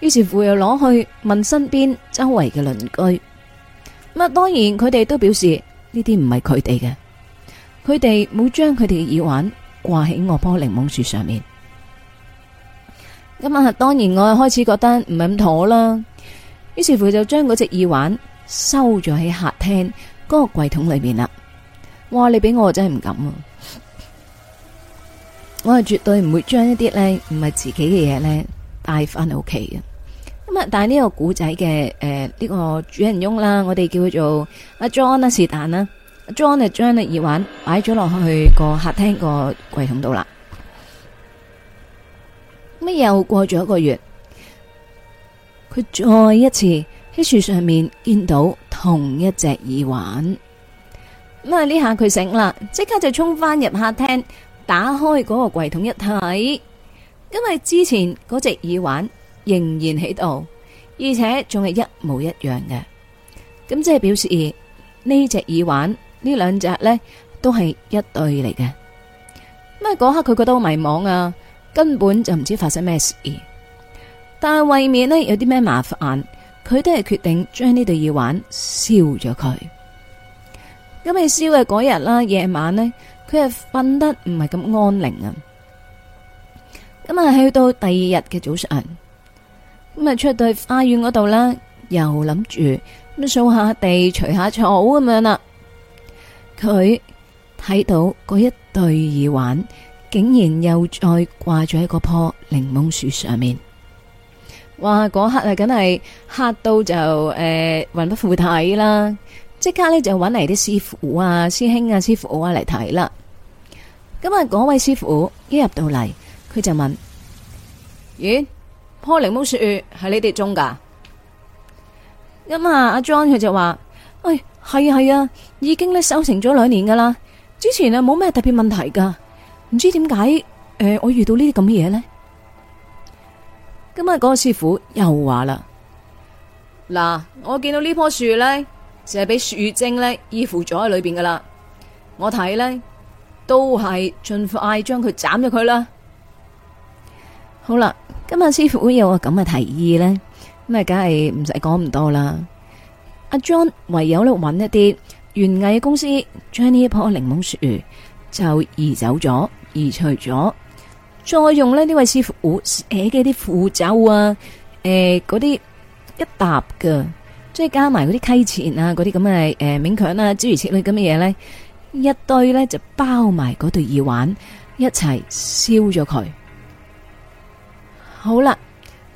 於是乎又攞去問身邊周圍嘅鄰居，咁啊，當然佢哋都表示呢啲唔係佢哋嘅，這些不是他們的。佢哋冇將佢哋嘅耳環掛喺我棵檸檬樹上面。咁啊，當然我開始覺得唔係咁妥啦。於是乎就將嗰隻耳環收咗喺客廳嗰個櫃桶裏面啦。哇！你俾我，我真係唔敢啊！我係絕對唔會將一啲呢唔係自己嘅嘢呢帶翻屋企嘅。咁、呃、啊，但係呢個古仔嘅誒，呢個主人翁啦，我哋叫佢做阿 John 啊，是但啦。莊尼將隻耳環擺咗落去個客廳個櫃桶度啦。乜又過咗一個月，佢再一次喺樹上面見到同一隻耳環。咁啊，呢下佢醒啦，即刻就衝翻入客廳，打開嗰個櫃桶一睇，因為之前嗰隻耳環仍然喺度，而且仲係一模一樣嘅。咁即係表示呢隻、這個、耳環。這兩呢兩隻呢都係一對嚟嘅，咁啊嗰刻佢覺得好迷茫啊，根本就唔知發生咩事。但係為免呢有啲咩麻煩，佢都係決定將呢對耳環燒咗佢。咁、那個、啊燒嘅嗰日啦，夜晚呢，佢係瞓得唔係咁安寧啊。咁啊去到第二日嘅早上，咁啊出去到去花園嗰度啦，又諗住咁掃下地、除下草咁樣啦。佢睇到嗰一對耳環，竟然又再掛咗喺個棵檸檬樹上面。哇！嗰刻啊，梗係嚇到就誒、呃，魂不附體啦！即刻呢，就搵嚟啲師傅啊、師兄啊、師傅啊嚟睇啦。咁啊嗰位師傅一入到嚟，佢就問：咦，棵檸檬樹係你哋種噶？咁啊，阿 John 佢就話。係啊係啊，已經咧收成咗兩年噶啦，之前啊冇咩特別問題噶，唔知點解誒我遇到呢啲咁嘅嘢呢？今日嗰個師傅又話啦，嗱我見到呢棵樹咧，就係俾樹精咧依附咗喺裏邊噶啦，我睇咧都係盡快將佢斬咗佢啦。好啦，今日師傅會有個咁嘅提議咧，咁啊梗係唔使講咁多啦。阿 John 唯有咧搵一啲園藝公司，將呢一棵檸檬樹就移走咗，移除咗，再用呢呢位師傅寫嘅啲符咒啊，誒嗰啲一沓㗎，即係加埋嗰啲溪錢啊，嗰啲咁嘅誒勉強啊，諸如此類咁嘅嘢咧，一堆咧就包埋嗰對耳環一齊燒咗佢。好啦，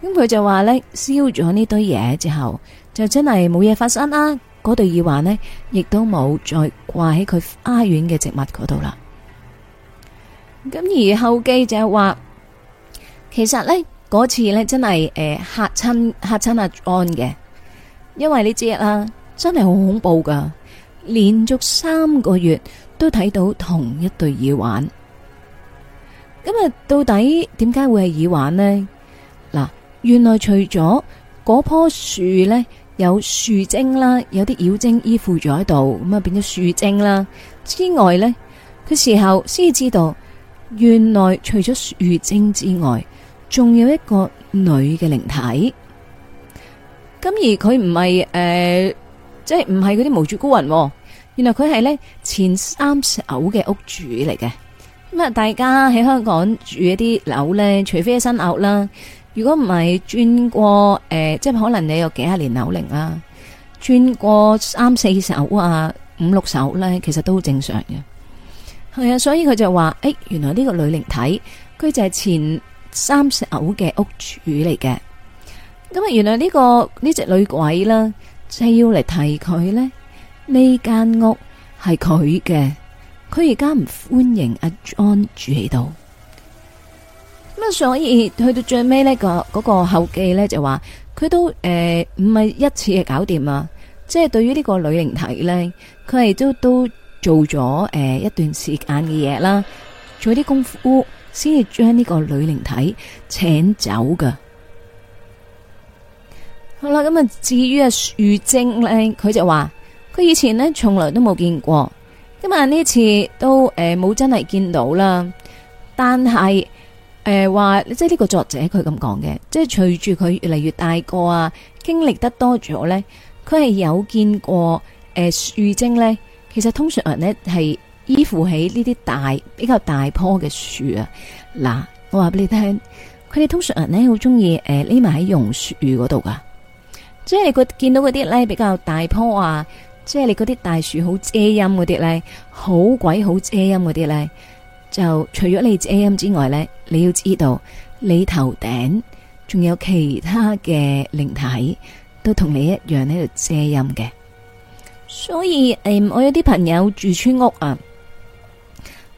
咁佢就話咧燒咗呢堆嘢之後。就真係冇嘢發生啦，嗰對耳環呢，亦都冇再掛喺佢花園嘅植物嗰度啦。咁而後記就係話，其實呢嗰次呢真係誒吓親吓親阿安嘅，因為你知啦，真係好恐怖噶，連續三個月都睇到同一對耳環。咁啊，到底點解會係耳環呢？嗱，原來除咗嗰棵樹呢，有樹精啦，有啲妖精依附咗喺度，咁啊變咗樹精啦。之外呢，佢事後先知道，原來除咗樹精之外，仲有一個女嘅靈體。咁而佢唔係誒，即係唔係嗰啲無主孤魂。原來佢係呢前三樓嘅屋主嚟嘅。咁啊，大家喺香港住一啲樓呢，除非一新樓啦。如果唔係轉過誒、呃，即係可能你有幾廿年樓齡啦，轉過三四手啊，五六手咧，其實都好正常嘅。係啊，所以佢就話，誒、欸，原來呢個女靈體，佢就係前三手嘅屋主嚟嘅。咁啊，原來呢、這個呢隻、這個、女鬼啦，係要嚟提佢咧。呢間屋係佢嘅，佢而家唔歡迎阿 John 住喺度。咁所以去到最尾呢、嗰個嗰、嗰個後記呢就話，佢都誒唔係一次嘅搞掂啊！即係對於呢個女靈體呢，佢係都都做咗誒、呃、一段時間嘅嘢啦，做啲功夫先至將呢個女靈體請走噶。好啦，咁啊，至於啊樹精呢，佢就話佢以前呢，從來都冇見過，今日呢次都誒冇、呃、真係見到啦，但係。誒、呃，話即係呢個作者佢咁講嘅，即係隨住佢越嚟越大個啊，經歷得多咗咧，佢係有見過誒、呃、樹精咧。其實通常人咧係依附喺呢啲大比較大棵嘅樹啊。嗱，我話俾你聽，佢哋通常人咧好中意誒匿埋喺榕樹嗰度噶。即係佢見到嗰啲咧比較大棵啊，即係你嗰啲大樹好遮陰嗰啲咧，好鬼好遮陰嗰啲咧。就除咗你遮陰之外呢，你要知道你頭頂仲有其他嘅靈體都同你一樣喺度遮陰嘅，所以誒，我有啲朋友住村屋啊，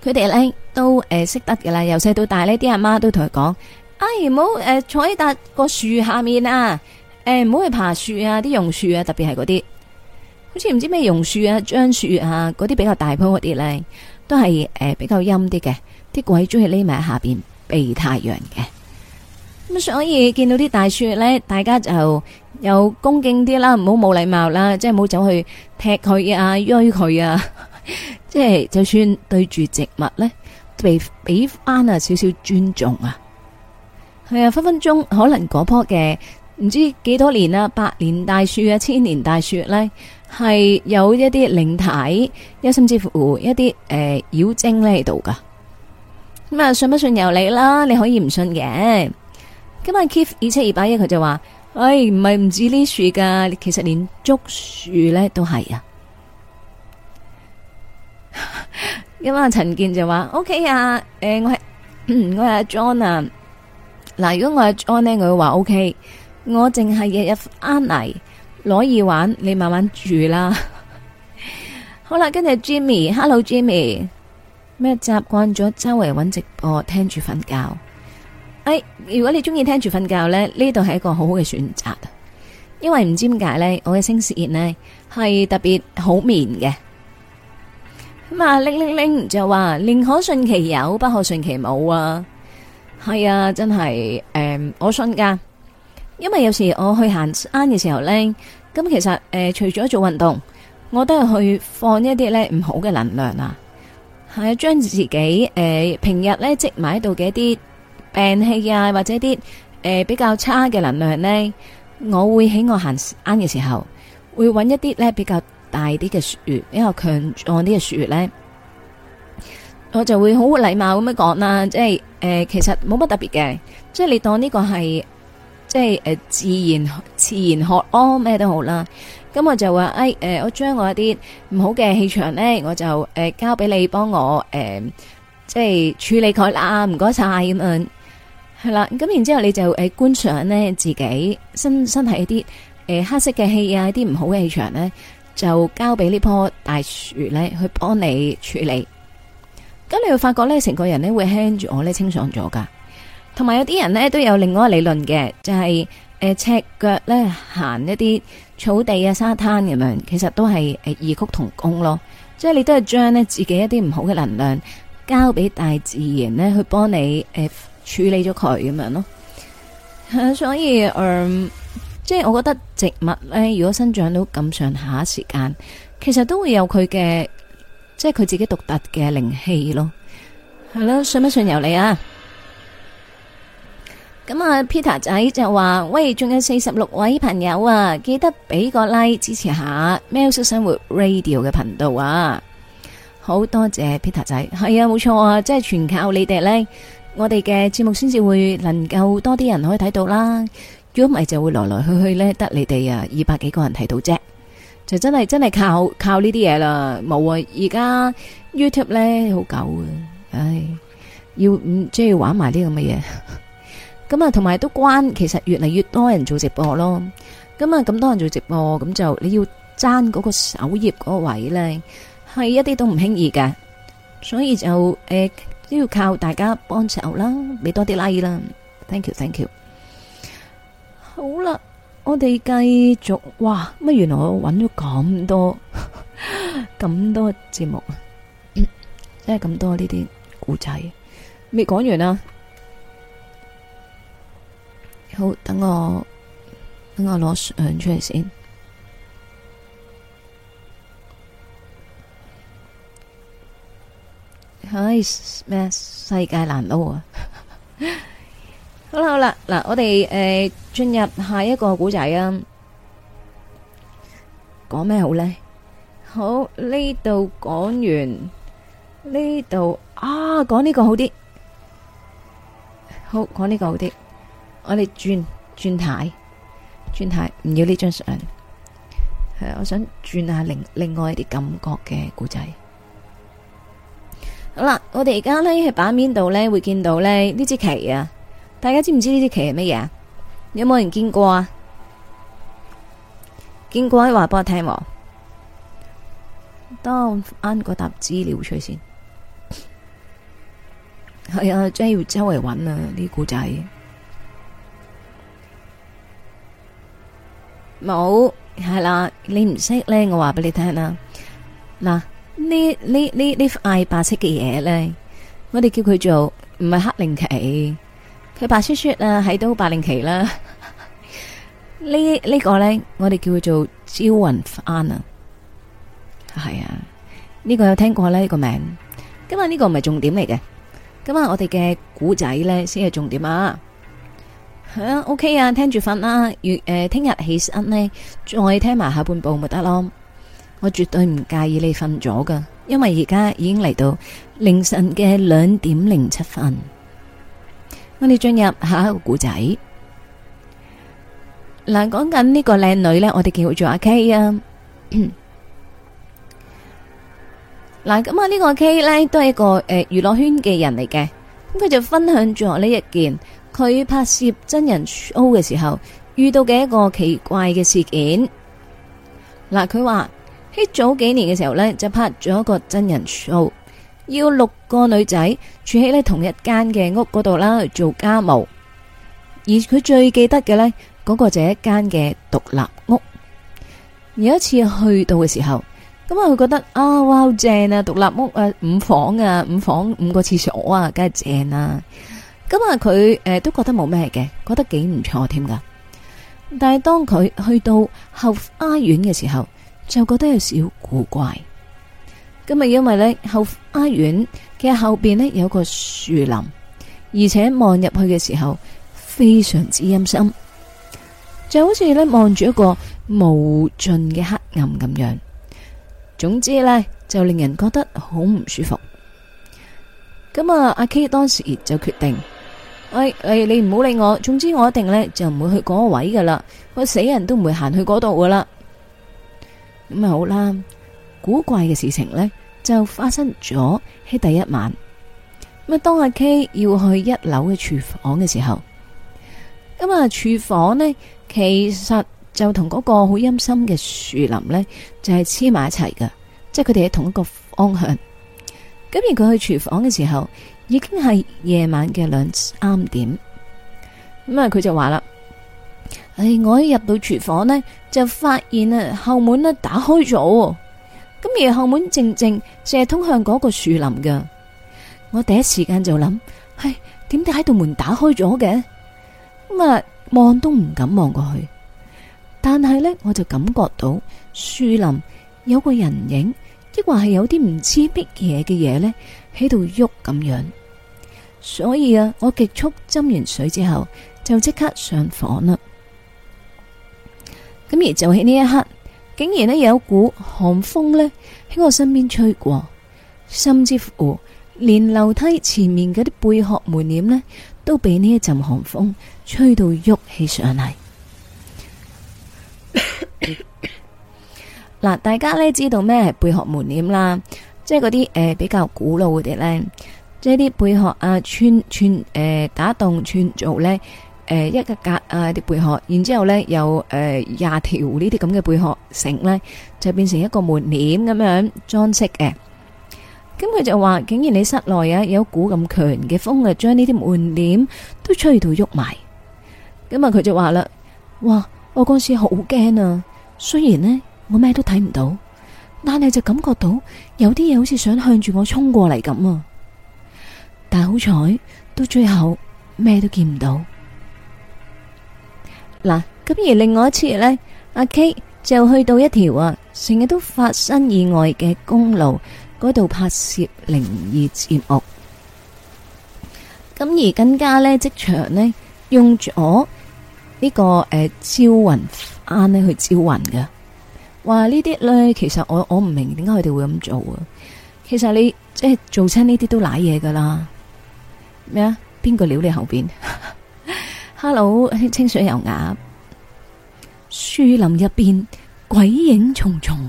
佢哋咧都誒、呃、識得㗎啦。由細到大呢，啲阿媽都同佢講：哎，唔好誒坐喺達個樹下面啊，誒唔好去爬樹啊，啲榕樹啊，特別係嗰啲好似唔知咩榕樹啊、樟樹啊，嗰啲比較大棵嗰啲咧。都係誒比較陰啲嘅，啲鬼中意匿埋喺下邊避太陽嘅。咁所以見到啲大樹咧，大家就又恭敬啲啦，唔好冇禮貌啦，即係唔好走去踢佢啊、追佢啊，即 係、就係、就算對住植物咧，俾俾翻啊少少尊重啊。係啊，分分鐘可能嗰棵嘅唔知幾多年啦，百年大樹啊，千年大樹咧。係有一啲靈體、又甚至乎一啲誒、呃、妖精呢喺度噶，咁、嗯、啊，信不信由你啦，你可以唔信嘅。今晚 Kif 二七二八一佢就話，唉、哎，唔係唔止呢樹噶，其實連竹樹咧都係、 okay、啊。今晚陳建就話，O K 啊，誒我係我係阿 John 啊，嗱如果我係 John 呢，我會話 O K，我淨係日日啱嚟。」攞耳環，你慢慢住啦。 好啦，跟住 Jimmy，Hello Jimmy，咩習慣咗周圍搵直播聽住瞓覺？哎，如果你中意聽住瞓覺咧，呢度係一個好好嘅選擇。因為唔知點解咧，我嘅聲線呢係特別好綿嘅。咁啊，拎拎拎就話寧可信其有，不可信其冇啊。係啊，真係誒、嗯，我信噶。因為有時我去行山嘅時候呢，咁其實誒、呃、除咗做運動，我都係去放一啲咧唔好嘅能量啦，係將自己誒、呃、平日咧積埋喺度嘅一啲病氣啊，或者啲誒、呃、比較差嘅能量呢，我會喺我行山嘅時候，會揾一啲咧比較大啲嘅樹，比較強壯啲嘅樹呢，我就會好禮貌咁樣講啦，即係誒、呃、其實冇乜特別嘅，即係你當呢個係。即係誒，自然自然學安咩都好啦。咁我就話誒，誒、哎呃，我將我一啲唔好嘅氣場咧，我就誒、呃、交俾你幫我誒、呃，即係處理佢啦。唔該晒咁樣係啦。咁然之後你就誒觀賞咧自己身身體一啲誒黑色嘅氣啊，一啲唔好嘅氣場咧，就交俾呢棵大樹咧去幫你處理。咁你會發覺咧，成個人咧會輕住我咧清爽咗噶。同埋有啲人呢都有另外一個理論嘅，就係、是、誒赤腳呢行一啲草地啊沙灘咁樣，其實都係誒異曲同工咯。即係你都係將呢自己一啲唔好嘅能量交俾大自然呢去幫你誒處理咗佢咁樣咯。所以嗯、呃，即係我覺得植物呢，如果生長到咁上下時間，其實都會有佢嘅，即係佢自己獨特嘅靈氣咯。係啦，信不信由你啊！咁啊，Peter 仔就話，喂，仲有四十六位朋友啊，記得俾個 like 支持下《喵式生活 Radio》嘅頻道啊。好多謝 Peter 仔，係啊，冇錯啊，即係全靠你哋呢。我哋嘅節目先至會能夠多啲人可以睇到啦。如果唔係，就會來來去去呢，得你哋啊二百幾個人睇到啫。就真係真係靠靠呢啲嘢啦，冇啊。而家 YouTube 呢，好舊啊，唉，要唔即係要玩埋呢咁嘅嘢。 咁啊，同埋都關，其實越嚟越多人做直播咯。咁啊，咁多人做直播，咁就你要爭嗰個首頁嗰個位呢，係一啲都唔輕易嘅。所以就誒，都要靠大家幫手啦，俾多啲 like 啦。Thank you，thank you。好啦，我哋繼續。哇，乜原來我揾咗咁多咁多節目，真係咁多呢啲古仔未講完啊！好，等我等我攞相出嚟先。唉，咩世界難撈啊！好啦好啦，嗱我哋誒進入下一個古仔啊。講咩好呢？好，呢度講完呢度啊，講呢個好啲。好，講呢個好啲。我哋轉轉台，轉台唔要呢張相，係我想轉下另另外一啲感覺嘅古仔。好啦，我哋而家咧喺版面度咧會見到咧呢支旗啊！大家知唔知呢支旗係乜嘢啊？有冇人見過啊？見過可以話俾我聽我。當啱嗰沓資料出去先，係啊，真係要周圍搵啊呢古仔。冇係啦，你唔識咧，我話俾你聽啦。嗱，呢呢呢呢副白色嘅嘢咧，我哋叫佢做唔係黑靈旗，佢白雪雪啊，係都白靈旗啦。呢呢個咧，我哋叫佢做招雲幡啊。係啊，呢個有聽過咧呢個名。今日呢個唔係重點嚟嘅，今日我哋嘅古仔咧先係重點啊。係啊，OK 啊，聽住瞓啦。如誒，聽日起身咧，再聽埋下半部，咪得咯。我絕對唔介意你瞓咗噶，因為而家已經嚟到凌晨嘅兩點零七分。我哋進入下一個故仔。嗱，講緊呢個靚女咧，我哋叫做阿 K 啊。嗱，咁啊，呢個 K 咧都係一個誒娛樂圈嘅人嚟嘅，咁佢就分享咗呢一件。佢拍攝真人 show 嘅時候遇到嘅一個奇怪嘅事件。嗱，佢話喺早幾年嘅時候呢，就拍咗一個真人 show，要六個女仔住喺同一間嘅屋嗰度啦，做家務。而佢最記得嘅呢，嗰、嗰個就係一間嘅獨立屋。有一次去到嘅時候，咁啊，佢覺得啊、哦，哇，好正啊，獨立屋啊，五房啊，五房五個廁所啊，梗係正啊。咁啊，佢誒都覺得冇咩嘅，覺得幾唔錯添㗎。但係當佢去到後花園嘅時候，就覺得有少古怪。咁啊，因為呢，後花園嘅後邊呢有個樹林，而且望入去嘅時候非常之陰森，就好似呢望住一個無盡嘅黑暗咁樣。總之呢，就令人覺得好唔舒服。咁啊，阿 K 當時就決定。誒、哎、誒、哎，你唔好理我，總之我一定呢，就唔會去嗰個位噶啦，我死人都唔會行去嗰度噶啦。咁咪好啦，古怪嘅事情呢，就發生咗喺第一晚。咁當阿 K 要去一樓嘅廚房嘅時候，咁啊，廚房呢，其實就同嗰個好陰森嘅樹林呢，就係黐埋一齊噶，即係佢哋喺同一個方向。咁而佢去廚房嘅時候。已經係夜晚嘅兩三點，咁啊佢就話啦：，唉、哎，我一入到廚房呢，就發現啊後門咧打開咗，咁而後門靜靜淨係通向嗰個樹林噶。我第一時間就諗：，唉、哎，點解喺度門打開咗嘅？咁、嗯、啊，望都唔敢望過去，但係呢，我就感覺到樹林有個人影，亦或係有啲唔知乜嘢嘅嘢呢。喺度喐咁樣，所以啊，我極速斟完水之後，就即刻上房啦。咁而就喺呢一刻，竟然呢有股寒風呢喺我身邊吹過，甚至乎連樓梯前面嗰啲貝殼門簾呢，都畀呢一陣寒風吹到喐起上嚟。嗱，大家呢知道咩係貝殼門簾啦？即係嗰啲誒比較古老嗰啲咧，即係啲貝殼啊串串誒打洞串做咧誒一格格啊啲貝殼，然之後咧有誒廿條呢啲咁嘅貝殼繩咧，就變成一個門簾咁樣裝飾嘅。咁佢就話，竟然你室內啊有股咁強嘅風啊，將呢啲門簾都吹到郁埋。咁啊佢就話啦，哇！我嗰時好驚啊，雖然呢我咩都睇唔到。但係就感覺到有啲嘢好似想向住我衝過嚟咁啊！但係好彩到最後咩都見唔到。嗱，咁而另外一次呢，阿 K 就去到一條啊，成日都發生意外嘅公路嗰度拍攝靈異節目。咁而更加呢，即場呢用咗呢個誒招魂幡呢去招魂㗎。話呢啲咧，其實我我唔明點解佢哋會咁做啊！其實你即係做親呢啲都瀨嘢噶啦，咩啊？邊個撩你後邊 ？Hello，清水油鴨，樹林入邊鬼影重重，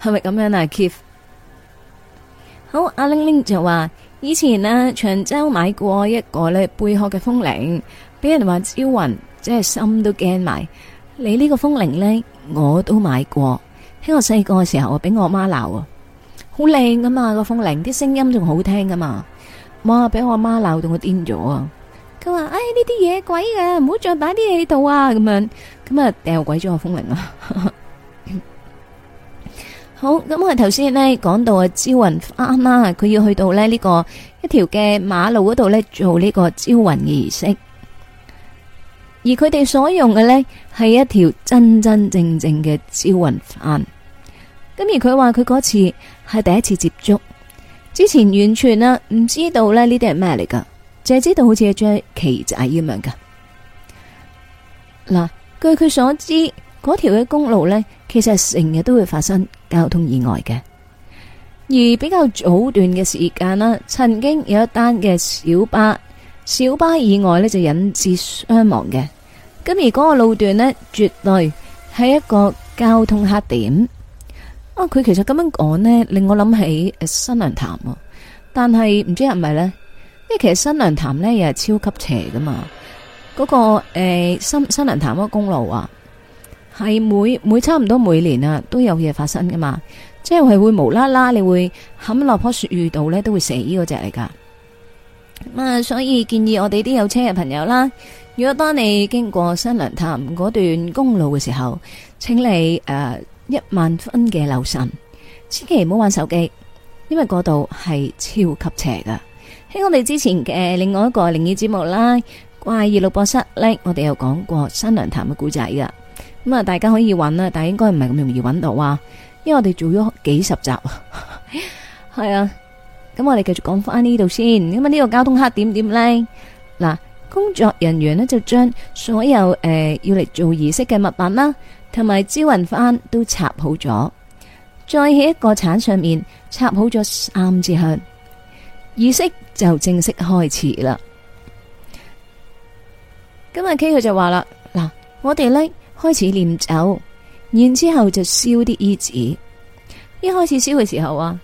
係咪咁樣啊？Keith，好阿玲玲就話以前咧，啊，長洲買過一個咧貝殼嘅風鈴，俾人話招魂，即係心都驚埋。你呢個風鈴咧？我都買過，喺我細個嘅時候啊，俾我媽鬧啊，好靚噶嘛，個風鈴，啲聲音仲好聽噶嘛，哇！俾我媽鬧到我癲咗啊，佢話：，唉，呢啲嘢鬼啊，唔好再擺啲喺度啊！咁樣，咁啊掉鬼咗個風鈴啊。好，咁我頭先咧講到啊招魂，啱啱啊佢要去到咧呢個一條嘅馬路嗰度咧做呢個招魂嘅儀式。而佢哋所用嘅呢，係一條真真正正嘅招魂幡。咁而佢話佢嗰次係第一次接觸，之前完全啊唔知道咧呢啲係咩嚟噶，淨係知道好似係張旗仔一樣噶。嗱，據佢所知，嗰條嘅公路呢，其實成日都會發生交通意外嘅，而比較早段嘅時間啦，曾經有一單嘅小巴。小巴意外呢，就引致傷亡嘅，咁而嗰個路段呢，絕對係一個交通黑點。啊，佢其實咁樣講呢，令我諗起新娘潭，但係唔知係咪呢？因為其實新娘潭呢，又係超級斜噶嘛，嗰、那個誒、欸、新新娘潭嗰公路啊，係每每差唔多每年啊都有嘢發生噶嘛，即係會無啦啦你會冚落棵雪，遇到呢都會死嗰隻嚟噶。咁、嗯、啊，所以建議我哋啲有車嘅朋友啦，如果當你經過新娘潭嗰段公路嘅時候，請你誒、呃、一萬分嘅留神，千祈唔好玩手機，因為嗰度係超級邪噶。喺我哋之前嘅另外一個靈異節目啦，怪異錄播室呢，我哋有講過新娘潭嘅古仔噶。咁啊，大家可以揾啦，但係應該唔係咁容易揾到啊，因為我哋做咗幾十集，係 啊。咁我哋繼續講翻呢度先，咁啊呢個交通黑點，點呢？嗱工作人員呢就將所有誒要嚟做儀式嘅物品啦，同埋招魂幡都插好咗，再喺一個鏟上面插好咗三支香，儀式就正式開始啦。今日 K 佢就話啦，嗱我哋呢開始念酒，然之後就燒啲衣紙。」一開始燒嘅時候啊，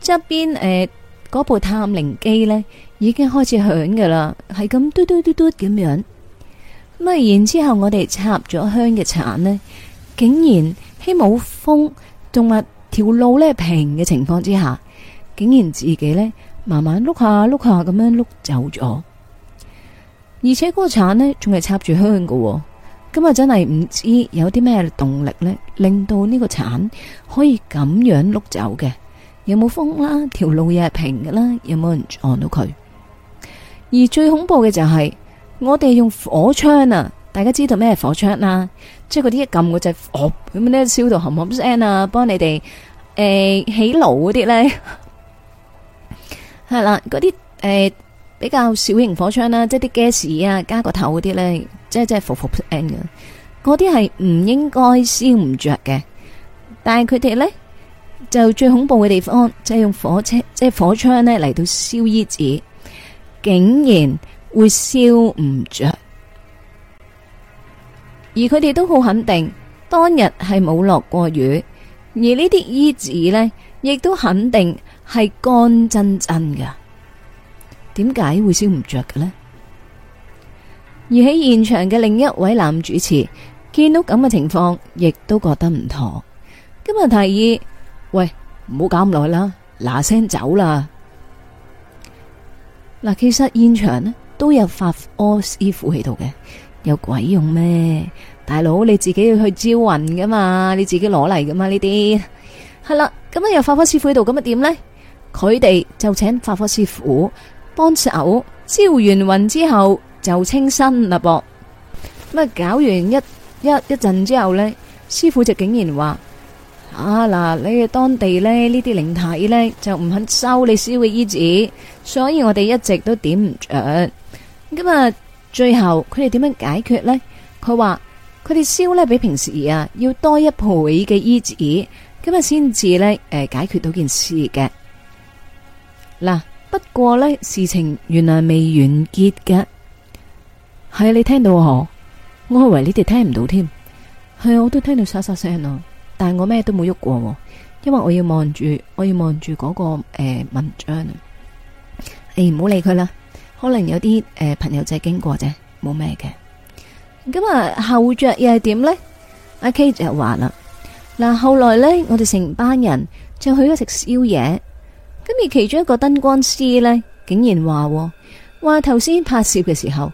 側邊誒。呃嗰部探靈機呢已經開始響噶啦，係咁嘟嘟嘟嘟咁樣。咁啊，然之後我哋插咗香嘅鏟呢，竟然喺冇風，同埋條路呢平嘅情況之下，竟然自己呢慢慢碌下碌下咁樣碌走咗。而且嗰個鏟呢仲係插住香噶，咁啊真係唔知有啲咩動力呢令到呢個鏟可以咁樣碌走嘅。有冇風啦？條路又係平嘅啦，有冇人撞到佢？而最恐怖嘅就係我哋用火槍啊！大家知道咩係火槍啦？即係嗰啲一撳嗰隻哦咁樣咧，燒到冚冚聲啊！幫你哋誒起爐嗰啲呢係啦，嗰啲誒比較小型火槍啦，即係啲 gas 啊加個頭嗰啲呢，即係即係浮浮聲嘅。嗰啲係唔應該燒唔着嘅，但係佢哋呢。就最恐怖嘅地方，就係、是、用火車即係、就是、火槍呢嚟到燒衣紙，竟然會燒唔着。而佢哋都好肯定當日係冇落過雨，而呢啲衣紙呢，亦都肯定係乾真真嘅。點解會燒唔着嘅呢？而喺現場嘅另一位男主持見到咁嘅情況，亦都覺得唔妥，今日提議。喂，唔好搞咁耐啦，嗱聲走啦。嗱，其實現場呢都有法科師傅喺度嘅，有鬼用咩？大佬你自己要去招魂噶嘛，你自己攞嚟噶嘛呢啲。係啦，咁樣又法科師傅喺度咁樣點呢？佢哋就請法科師傅幫手招完魂之後就清身啦噃。咁搞完一一一陣之後呢？師傅就竟然話。啊嗱，你哋當地呢呢啲靈體呢，就唔肯收你燒嘅衣紙，所以我哋一直都點唔着。咁啊，最後佢哋點樣解決呢？佢話佢哋燒呢，燒比平時啊要多一倍嘅衣紙，咁啊先至呢，誒、呃、解決到件事嘅。嗱、啊，不過呢，事情原來未完結嘅，係、啊、你聽到啊？我以為你哋聽唔到添，係、啊、我都聽到沙沙聲啊！但係我咩都冇喐過，因為我要望住，我要望住嗰個誒、呃、文章你誒，唔好理佢啦，可能有啲誒、呃、朋友仔經過啫，冇咩嘅。咁啊，後着又係點呢？阿 K 就話啦，嗱，後來呢，我哋成班人就去咗食宵夜，咁而其中一個燈光師呢，竟然話話頭先拍攝嘅時候，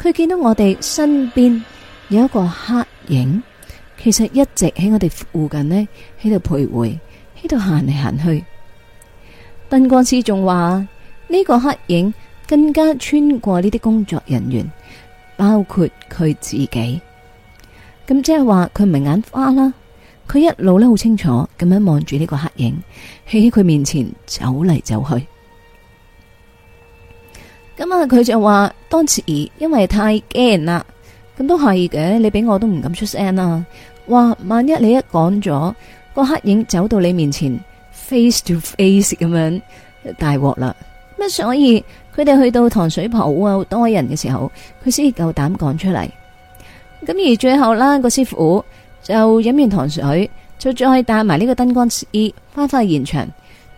佢見到我哋身邊有一個黑影。其實一直喺我哋附近呢，喺度徘徊，喺度行嚟行去。燈光師仲話呢個黑影更加穿過呢啲工作人員，包括佢自己。咁即係話佢唔係眼花啦，佢一路咧好清楚咁樣望住呢個黑影，喺佢面前走嚟走去。咁啊，佢就話當時因為太驚啦，咁都係嘅。你俾我都唔敢出聲啦。哇！萬一你一講咗，個黑影走到你面前，face to face 咁樣大鑊啦。咁所以佢哋去到糖水鋪啊，多人嘅時候，佢先夠膽講出嚟。咁而最後啦，個師傅就飲完糖水，就再帶埋呢個燈光師翻返去現場，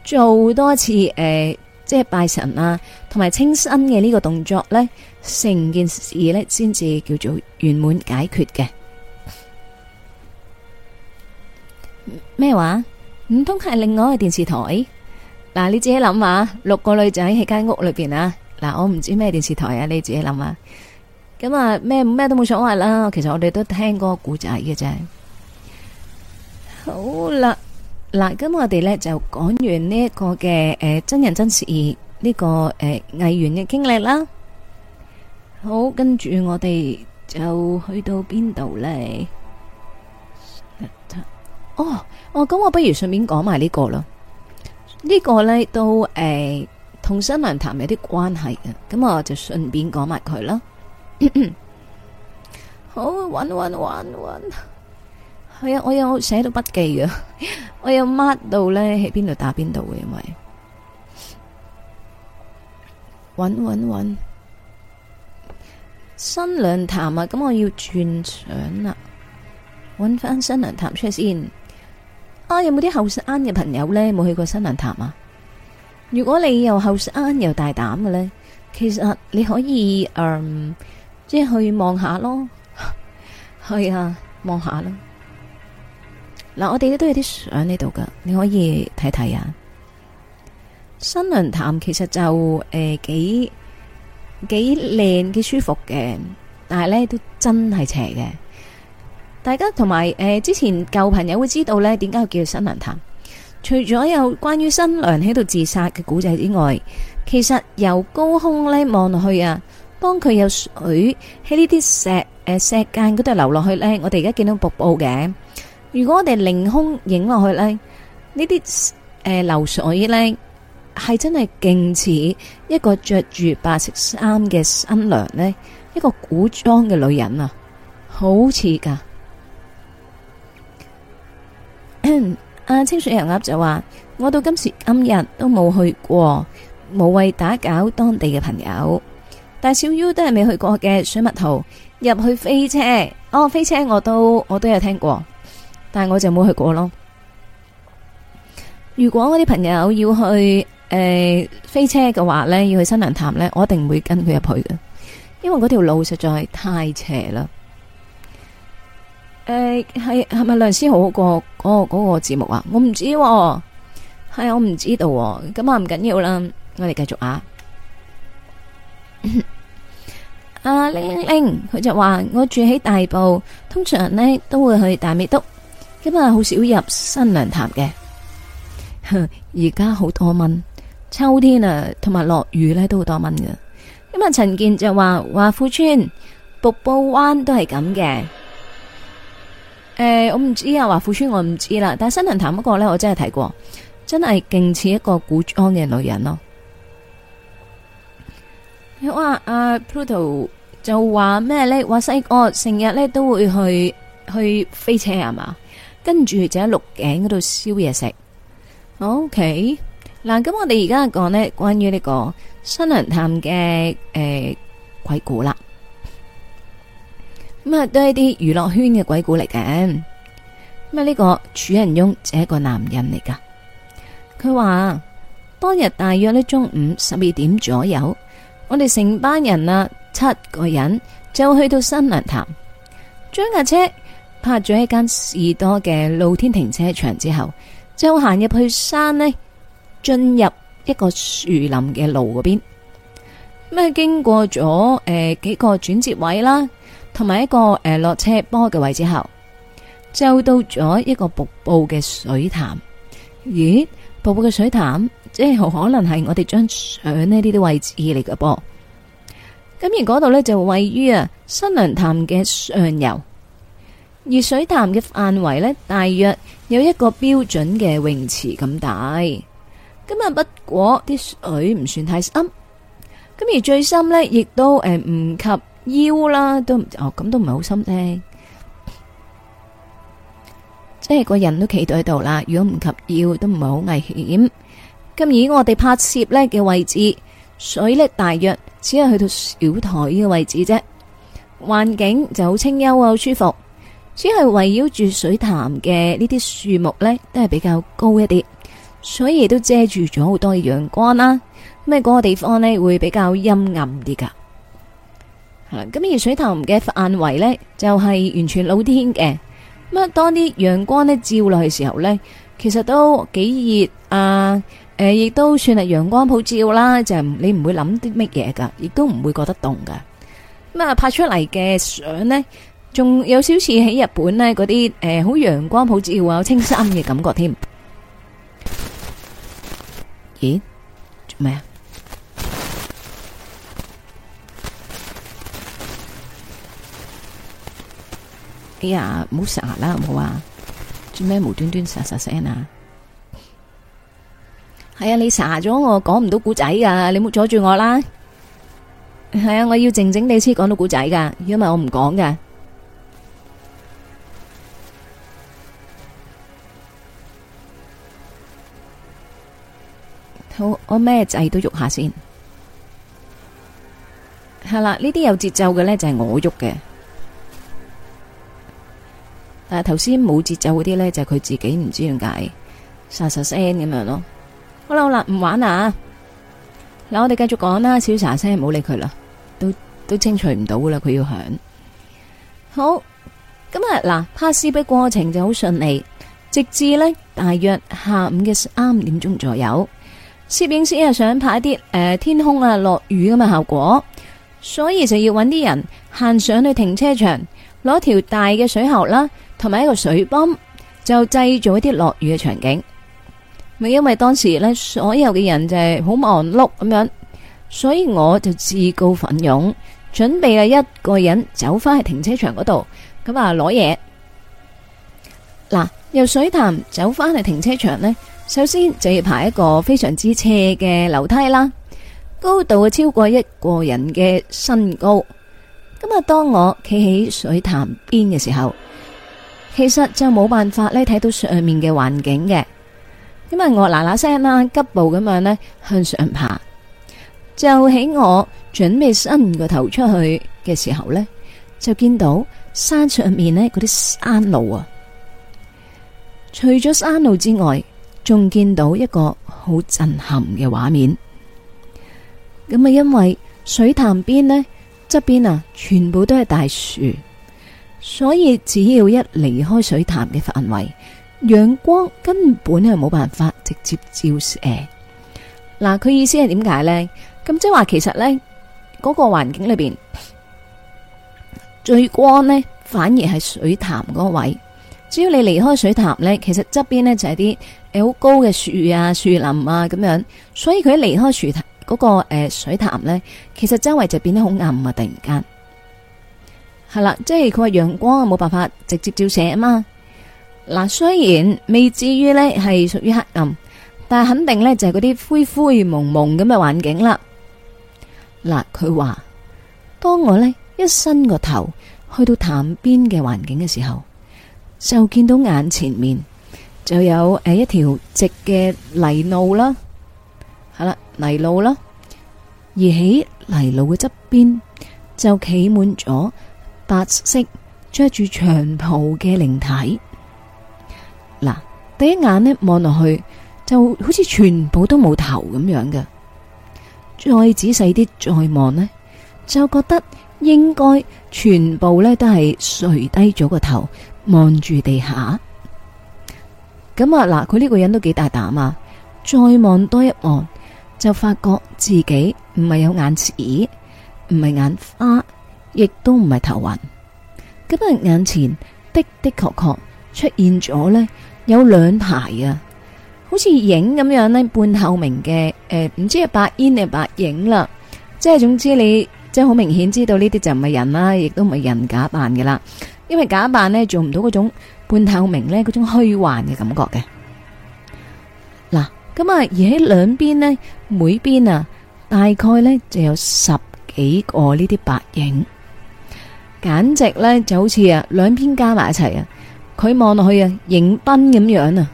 做多一次誒、呃，即係拜神啊，同埋清新嘅呢個動作呢，成件事呢先至叫做圓滿解決嘅。咩話？唔通係另外嘅電視台？嗱，你自己諗下。六個女仔喺間屋裏邊啊。嗱，我唔知咩電視台啊。你自己諗下。咁啊，咩咩都冇所謂啦。其實我哋都聽嗰個古仔嘅啫。好啦，嗱，咁我哋呢就講完呢一個嘅誒真人真事呢個誒藝員嘅經歷啦。好，跟住我哋就去到邊度呢？.哦，哦，咁我不如順便講埋呢個咯，呢、這個呢，都誒同、欸、新娘潭有啲關係嘅，咁我就順便講埋佢啦。好，揾揾揾揾，係啊，我有寫到筆記嘅， 我有 mark 到呢，喺邊度打邊度嘅，因為揾揾揾新娘潭啊，咁我要轉場啦，揾翻新娘潭出嚟先。啊，有冇啲後生嘅朋友呢？冇去過新娘潭啊？如果你又後生又大膽嘅呢，其實你可以，嗯、呃，即係去望下咯，去 啊，望下咯。嗱、啊，我哋都有啲相呢度噶，你可以睇睇啊。新娘潭其實就誒、呃、幾幾靚，幾舒服嘅，但係呢都真係邪嘅。大家同埋、呃、之前舊朋友會知道呢點解叫佢新娘潭？除咗有關於新娘喺度自殺嘅古仔之外，其實由高空呢望落去啊，當佢有水喺呢啲石、呃、石間嗰度流落去呢，我哋而家見到瀑布嘅。如果我哋凌空影落去呢，呢啲、呃、流水呢，係真係勁似一個着住白色衫嘅新娘呢一個古裝嘅女人啊，好似噶～阿 清水油鴨就話：我到今時今日都冇去過，無謂打攪當地嘅朋友。但小 U 都係未去過嘅，水蜜桃入去飛車哦，飛車我都我都有聽過，但係我就冇去過咯。如果我啲朋友要去誒、呃、飛車嘅話呢，要去新娘潭呢，我一定唔會跟佢入去嘅，因為嗰條路實在太斜啦。誒，係係咪梁思浩個嗰個嗰個節目啊？我唔知，係我唔知道，咁啊唔緊要啦，我哋繼續啊！阿玲玲佢就話，我住喺大埔，通常呢都會去大美督，今日好少入新娘潭嘅。而家好多蚊，秋天啊同埋落雨呢都好多蚊噶。今日陳健就話，華富村瀑布灣都係咁嘅。誒，我唔知啊，華富村我唔知啦，但係新娘潭嗰個咧，我真係睇過，真係勁似一個古裝嘅女人咯。好啊，阿 Pluto 就話咩咧？話，細個成日咧，都會去去飛車係嘛，跟住就喺鹿頸嗰度燒嘢食。OK，嗱，咁我哋而家講呢，關於呢個新娘潭嘅誒、呃、鬼故啦。咁咪都係啲娛樂圈嘅鬼故嚟嘅。咁咪、這、呢個主人翁就係一個男人嚟噶。佢話當日大約呢，中午十二點左右，我哋成班人啊，七個人就去到新娘潭，將架車泊咗喺間士多嘅露天停車場之後，就行入去山呢，進入一個樹林嘅路嗰邊。咁咪經過咗誒、呃、幾個轉折位啦，同埋一個誒落車波嘅位置後，就到咗一個瀑布嘅水潭。咦，瀑布嘅水潭，即係好可能係我哋張相呢啲啲位置嚟嘅噃。咁而嗰度呢，就位於啊新娘潭嘅上游，而水潭嘅範圍呢，大約有一個標準嘅泳池咁大。咁啊，不過啲水唔算太深，咁而最深呢，亦都誒唔及腰啦，都唔哦咁都唔係好深啫，即係個人都企到喺度啦。如果唔及腰都唔係好危險。咁而我哋拍攝呢嘅位置，水呢大約只係去到小台呢個位置啫。環境就好清幽啊，好舒服。只係圍繞住水潭嘅呢啲樹木呢，都係比較高一啲，所以都遮住咗好多陽光啦。咁、那、嗰個地方呢，會比較陰暗啲噶。咁熱水潭嘅範圍呢，就係完全露天嘅。咁啊，當啲陽光照落去時候呢，其實都幾熱啊！誒，亦都算係陽光普照啦，就係，你唔會諗啲乜嘢噶，亦都唔會覺得凍噶。咁啊，拍出嚟嘅相呢，仲有少少似喺日本呢嗰啲誒，好陽光普照啊，清新嘅感覺添。咦？做咩啊？哎呀，唔好查啦，好唔好啊？做咩無端端查查聲啊？係啊，你查咗我講唔到古仔噶，你冇阻住我啦。係啊，我要靜靜哋先講到古仔噶，如果唔係我唔講噶。好，我咩掣都喐下先。係啦，呢啲有節奏嘅呢就係我喐嘅。但係頭先冇節奏嗰啲呢，就佢自己唔知點解，沙沙聲咁樣咯。好啦好啦，唔玩啦。嗱，我哋繼續講啦，小沙聲，唔好理佢啦，都都清除唔到啦，佢要響。好，咁啊嗱，拍攝嘅過程就好順利，直至呢，大約下午嘅三點鐘左右，攝影師又想拍一啲誒、呃、天空啊落雨咁嘅效果，所以就要搵啲人行上去停車場，攞條大嘅水喉啦。同埋一個水泵，就製造一啲落雨嘅場景。咪因為當時呢，所有嘅人就係好忙碌咁樣，所以我就自告奮勇，準備啊一個人走翻去停車場嗰度，咁啊攞嘢。嗱，由水潭走翻去停車場呢，首先就要爬一個非常之斜嘅樓梯啦，高度啊超過一個人嘅身高。咁啊，當我企喺水潭邊嘅時候。其實就冇辦法呢，睇到上面嘅環境嘅，因為我嗱嗱聲啦，急步咁樣呢向上爬。就喺我準備伸個頭出去嘅時候呢，就見到山上面呢嗰啲山路啊。除咗山路之外，仲見到一個好震撼嘅畫面。咁啊，因為水潭邊呢側邊啊，全部都係大樹。所以只要一離開水潭嘅範圍，陽光根本係冇辦法直接照射。嗱，佢意思係點解呢？咁即係話其實呢嗰個環境裏邊最光呢反而係水潭嗰位。只要你離開水潭呢，其實側邊呢就係啲誒好高嘅樹啊、樹林啊咁樣。所以佢一離開水潭嗰個誒水潭呢，其實周圍就變得好暗啊！突然間。係啦，即係佢話陽光冇辦法直接照射啊嘛。嗱，雖然未至於呢係屬於黑暗，但係肯定呢就係嗰啲灰灰蒙蒙咁嘅環境啦。嗱，佢話當我呢一伸個頭去到潭邊嘅環境嘅時候，就見到眼前面就有誒一條直嘅泥路啦。係啦，泥路啦，而喺泥路嘅側邊就企滿咗，白色着住長袍嘅靈體，嗱，第一眼呢望落去，就好似全部都冇頭咁樣嘅。再仔細啲再望呢，就覺得應該全部呢都係垂低咗個頭，望住地下。咁啊嗱，佢呢個人都幾大膽啊！再望多一望，就發覺自己唔係有眼屎，唔係眼花。亦都唔係頭暈，咁啊，眼前的的確確出現咗呢，有兩排啊，好似影咁樣呢半透明嘅，誒、呃，唔知係白煙定白影啦，即係總之你即係好明顯知道呢啲就唔係人啦，亦都唔係人假扮嘅啦，因為假扮呢做唔到嗰種半透明呢嗰種虛幻嘅感覺嘅。嗱，咁啊，而喺兩邊呢，每邊啊，大概呢就有十幾個呢啲白影。簡直呢，就好似啊，兩邊加埋一齊啊，佢望落去啊，迎賓咁樣啊。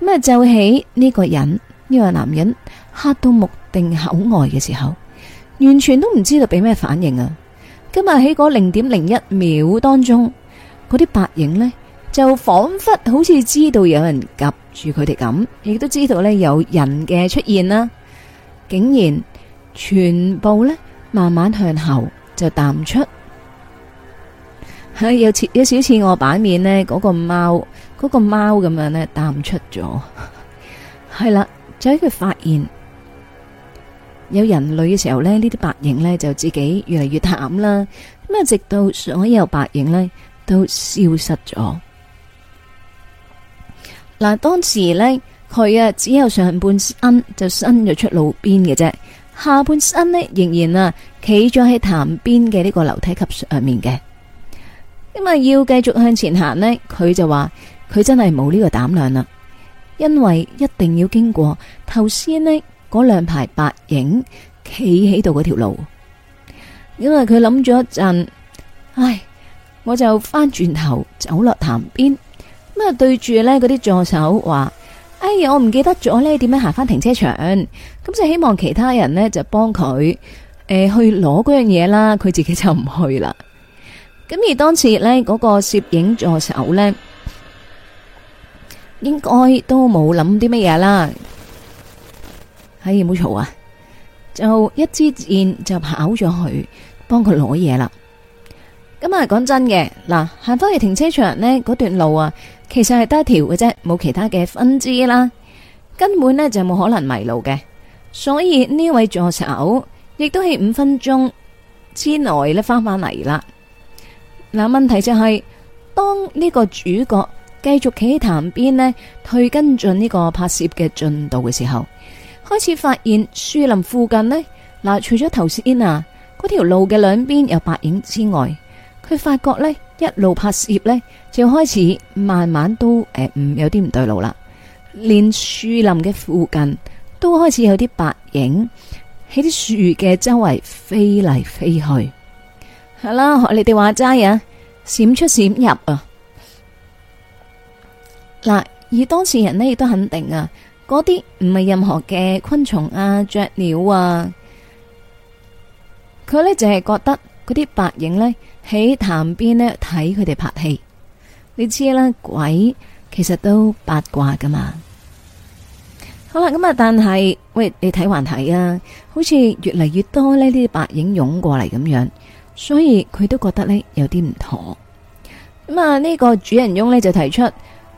咁啊，就喺呢個人呢，呢個男人吓到目定口呆嘅時候，完全都唔知道俾咩反應啊。今日喺嗰零點零一秒當中，嗰啲白影呢，就仿佛好似知道有人夾住佢哋咁，亦都知道呢有人嘅出現啦，竟然全部呢慢慢向後。就淡出，係有似有少似我版面呢嗰個貓嗰個貓咁樣呢淡出咗，係啦。就喺佢發現有人類嘅時候呢，呢啲白影呢就自己越嚟越淡啦。咁啊，直到所有白影呢都消失咗。嗱，當時呢，佢啊只有上半身就伸咗出路邊嘅啫，下半身呢仍然啊。企咗喺潭邊嘅呢個樓梯級上面嘅，因為要繼續向前行呢，佢就話佢真係冇呢個膽量啦，因為一定要經過頭先呢嗰兩排白影企喺度嗰條路。因為佢諗咗一陣，唉，我就翻轉頭走落潭邊，咁啊對住呢嗰啲助手話，哎呀，我唔記得咗呢點樣行翻停車場，咁就希望其他人呢就幫佢。誒，去攞嗰樣嘢啦，佢自己就唔去啦。咁而當時呢，嗰個攝影助手呢，應該都冇諗啲乜嘢啦。哎，唔好嘈啊！就一支箭就跑咗去幫佢攞嘢啦。咁啊，講真嘅，嗱，行翻去停車場呢，嗰段路啊，其實係得一條嘅啫，冇其他嘅分支啦，根本呢就冇可能迷路嘅。所以呢位助手。亦都係五分鐘之內咧，翻返嚟啦。嗱，問題就係、是、當呢個主角繼續企喺潭邊呢去跟進呢個拍攝嘅進度嘅時候，開始發現樹林附近呢，嗱，除咗頭先啊嗰條路嘅兩邊有白影之外，佢發覺呢一路拍攝呢，就開始慢慢都誒唔、呃、有啲唔對路啦，連樹林嘅附近都開始有啲白影。喺啲樹嘅周圍飛嚟飛去，係啦，學你哋話齋啊，閃出閃入啊！嗱，而當事人呢亦都肯定啊，嗰啲唔係任何嘅昆蟲啊、雀鳥啊，佢呢淨係覺得嗰啲白影呢喺潭邊呢睇佢哋拍戲，你知啦，鬼其實都八卦噶嘛。好啦，咁啊，但係喂，你睇還睇啊？好似越嚟越多呢啲白影湧過嚟咁樣，所以佢都覺得呢有啲唔妥。咁啊，呢個主人翁呢就提出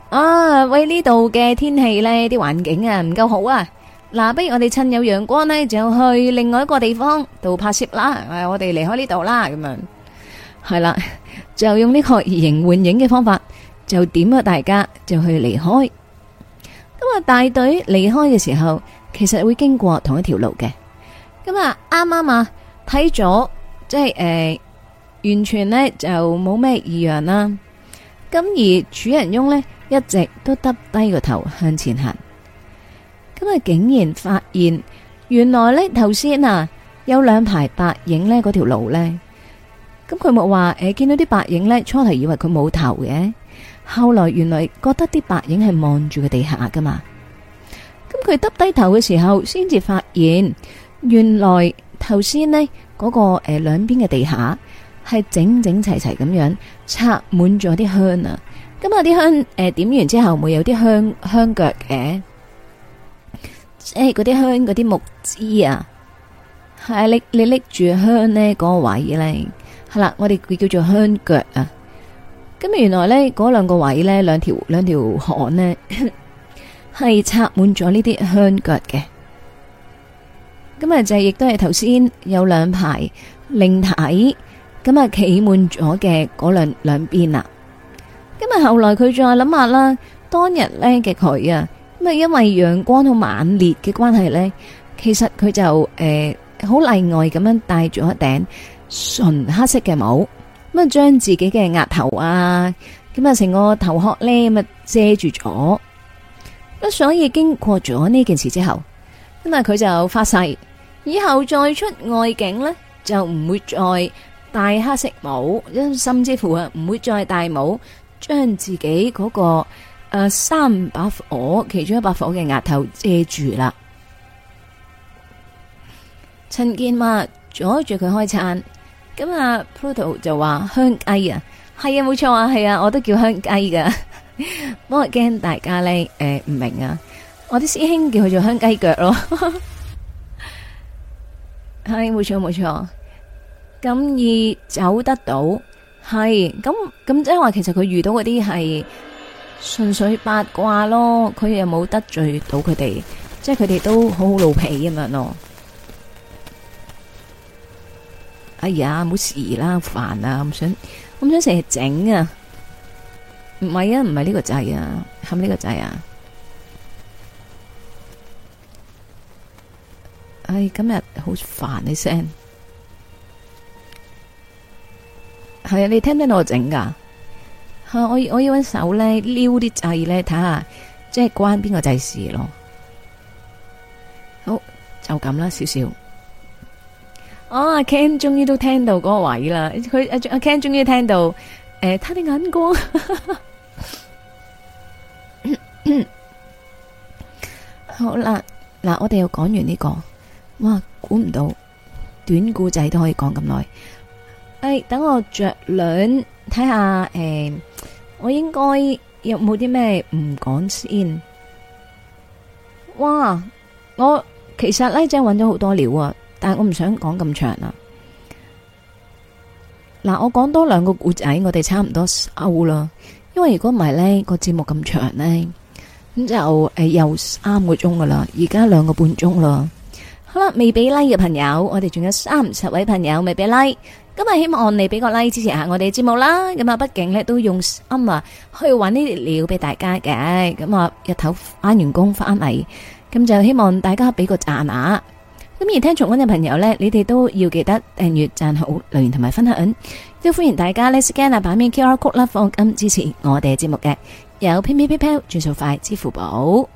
啊，喂，呢度嘅天氣呢，啲環境啊唔夠好啊，嗱，不如我哋趁有陽光呢，就去另外一個地方度拍攝啦。我哋離開呢度啦，咁樣係啦，就用呢個移形換影嘅方法，就點啊，大家就去離開。咁啊，大隊離開嘅時候，其實會經過同一條路嘅。咁啊，啱啱啊，睇咗即係誒，完全呢就冇咩異樣啦。咁而主人翁呢，一直都耷低個頭向前行。咁啊，竟然發現原來呢頭先啊有兩排白影呢嗰條路呢。咁佢咪話誒見到啲白影呢，初頭以為佢冇頭嘅。後來原來覺得啲白影係望住個地下噶嘛，咁佢耷低頭嘅時候，先至發現原來頭先呢嗰個誒兩邊嘅地下係整整齊齊咁樣插滿咗啲香啊！咁啊啲香誒點完之後會有啲香香腳嘅，即係嗰啲香嗰啲木枝啊，係拎你拎住香呢嗰個位咧，係啦，我哋佢叫做香腳啊。咁啊，原來咧嗰兩個位咧，兩條兩條巷咧，係插滿咗呢啲香腳嘅。咁啊，就係亦都係頭先有兩排令體，咁啊企滿咗嘅嗰兩兩邊啦。咁啊，後來佢再諗下啦，當日咧嘅佢啊，咁啊，因為陽光好猛烈嘅關係咧，其實佢就誒好例外咁樣戴住一頂純黑色嘅帽。咁啊，將自己嘅額頭啊，咁啊，成個頭殼呢，咁啊遮住咗。咁所以經過咗呢件事之後，咁啊，佢就發誓以後再出外景呢，就唔會再戴黑色帽，甚至乎啊，唔會再戴帽將自己嗰個誒三把火其中一把火嘅額頭遮住啦。陳建話阻住佢開餐。咁啊，Pluto 就話香雞啊，係啊，冇錯啊，係啊，我都叫香雞噶，不過我驚大家咧，誒唔明啊，我啲師兄叫佢做香雞腳咯，係冇錯冇錯，咁易走得到，係，咁咁即係話，其實佢遇到嗰啲係純粹八卦咯，佢又冇得罪到佢哋，即係佢哋都好好老皮咁樣咯。哎呀，冇事啦，煩啊，唔想，我唔想成日整啊，唔係啊，唔係呢個掣啊，係咪呢個掣啊？唉、哎，今日好煩你聲，係啊，你聽唔聽到我整噶？吓、啊，我我要搵手咧，撩啲掣咧，睇下即係關邊個掣事咯。好，就咁啦，少少。哦、oh，Ken 終於都聽到嗰位啦，佢阿阿 Ken 終於聽到，誒、呃，佢啲眼光， 咳咳，好啦，嗱，我哋又講完呢、這個，哇，估唔到短故仔都可以講咁耐，誒、哎，等我着輪睇下，誒、呃，我應該有冇啲咩唔講先？哇，我其實呢真係揾咗好多料啊！但我唔想講咁長啊！嗱，我講多兩個故仔，我哋差唔多收啦。因為如果唔係咧，個節目咁長咧，咁就誒又三個鐘噶啦。而家兩個半鐘咯。好啦，未俾 like 嘅朋友，我哋仲有三十位朋友未俾 like。咁就希望你俾個 like 支持下我哋節目啦。咁啊，畢竟咧都用心啊去揾呢啲料俾大家嘅。咁啊，日頭翻完工翻嚟，咁就希望大家俾個讚啊！咁而聽重温嘅朋友呢，你哋都要記得訂閱、贊好、留言同埋分享，亦都歡迎大家呢 scan 啊，版面 QR code 啦，放音支持我哋嘅節目嘅，有 PayMe PayPal 轉數快，支付寶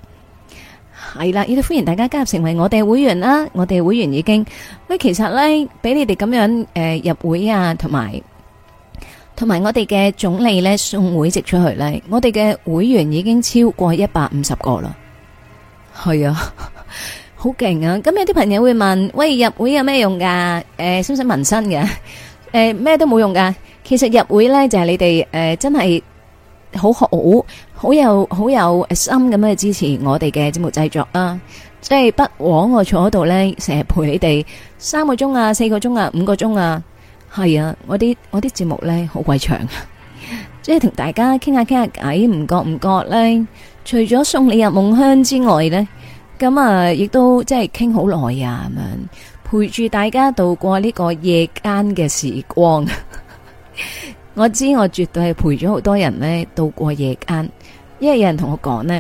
係啦，亦都歡迎大家加入成為我哋會員啦，我哋會員已經，喂，其實呢，俾你哋咁樣誒入會啊，同埋同埋我哋嘅總理呢，送會籍出去呢。我哋嘅會員已經超過一百五十個啦，係啊。好勁啊！咁有啲朋友會問：喂，入會有咩用噶？誒，使唔使紋身嘅？誒，咩都冇用噶。其實入會呢，就係你哋誒，真係好好好，好有好有心咁去支持我哋嘅節目製作啊。即係不枉我坐喺度呢，成日陪你哋三個鐘啊，四個鐘啊，五個鐘啊。係啊，我啲我啲節目呢好鬼長，即係同大家傾下傾下偈，唔覺唔覺呢。除咗送你入夢鄉之外呢。咁啊，亦都即係傾好耐啊，咁樣陪住大家度過呢個夜間嘅時光。 我知我絕對係陪咗好多人呢度過夜間，因為有人同我講呢：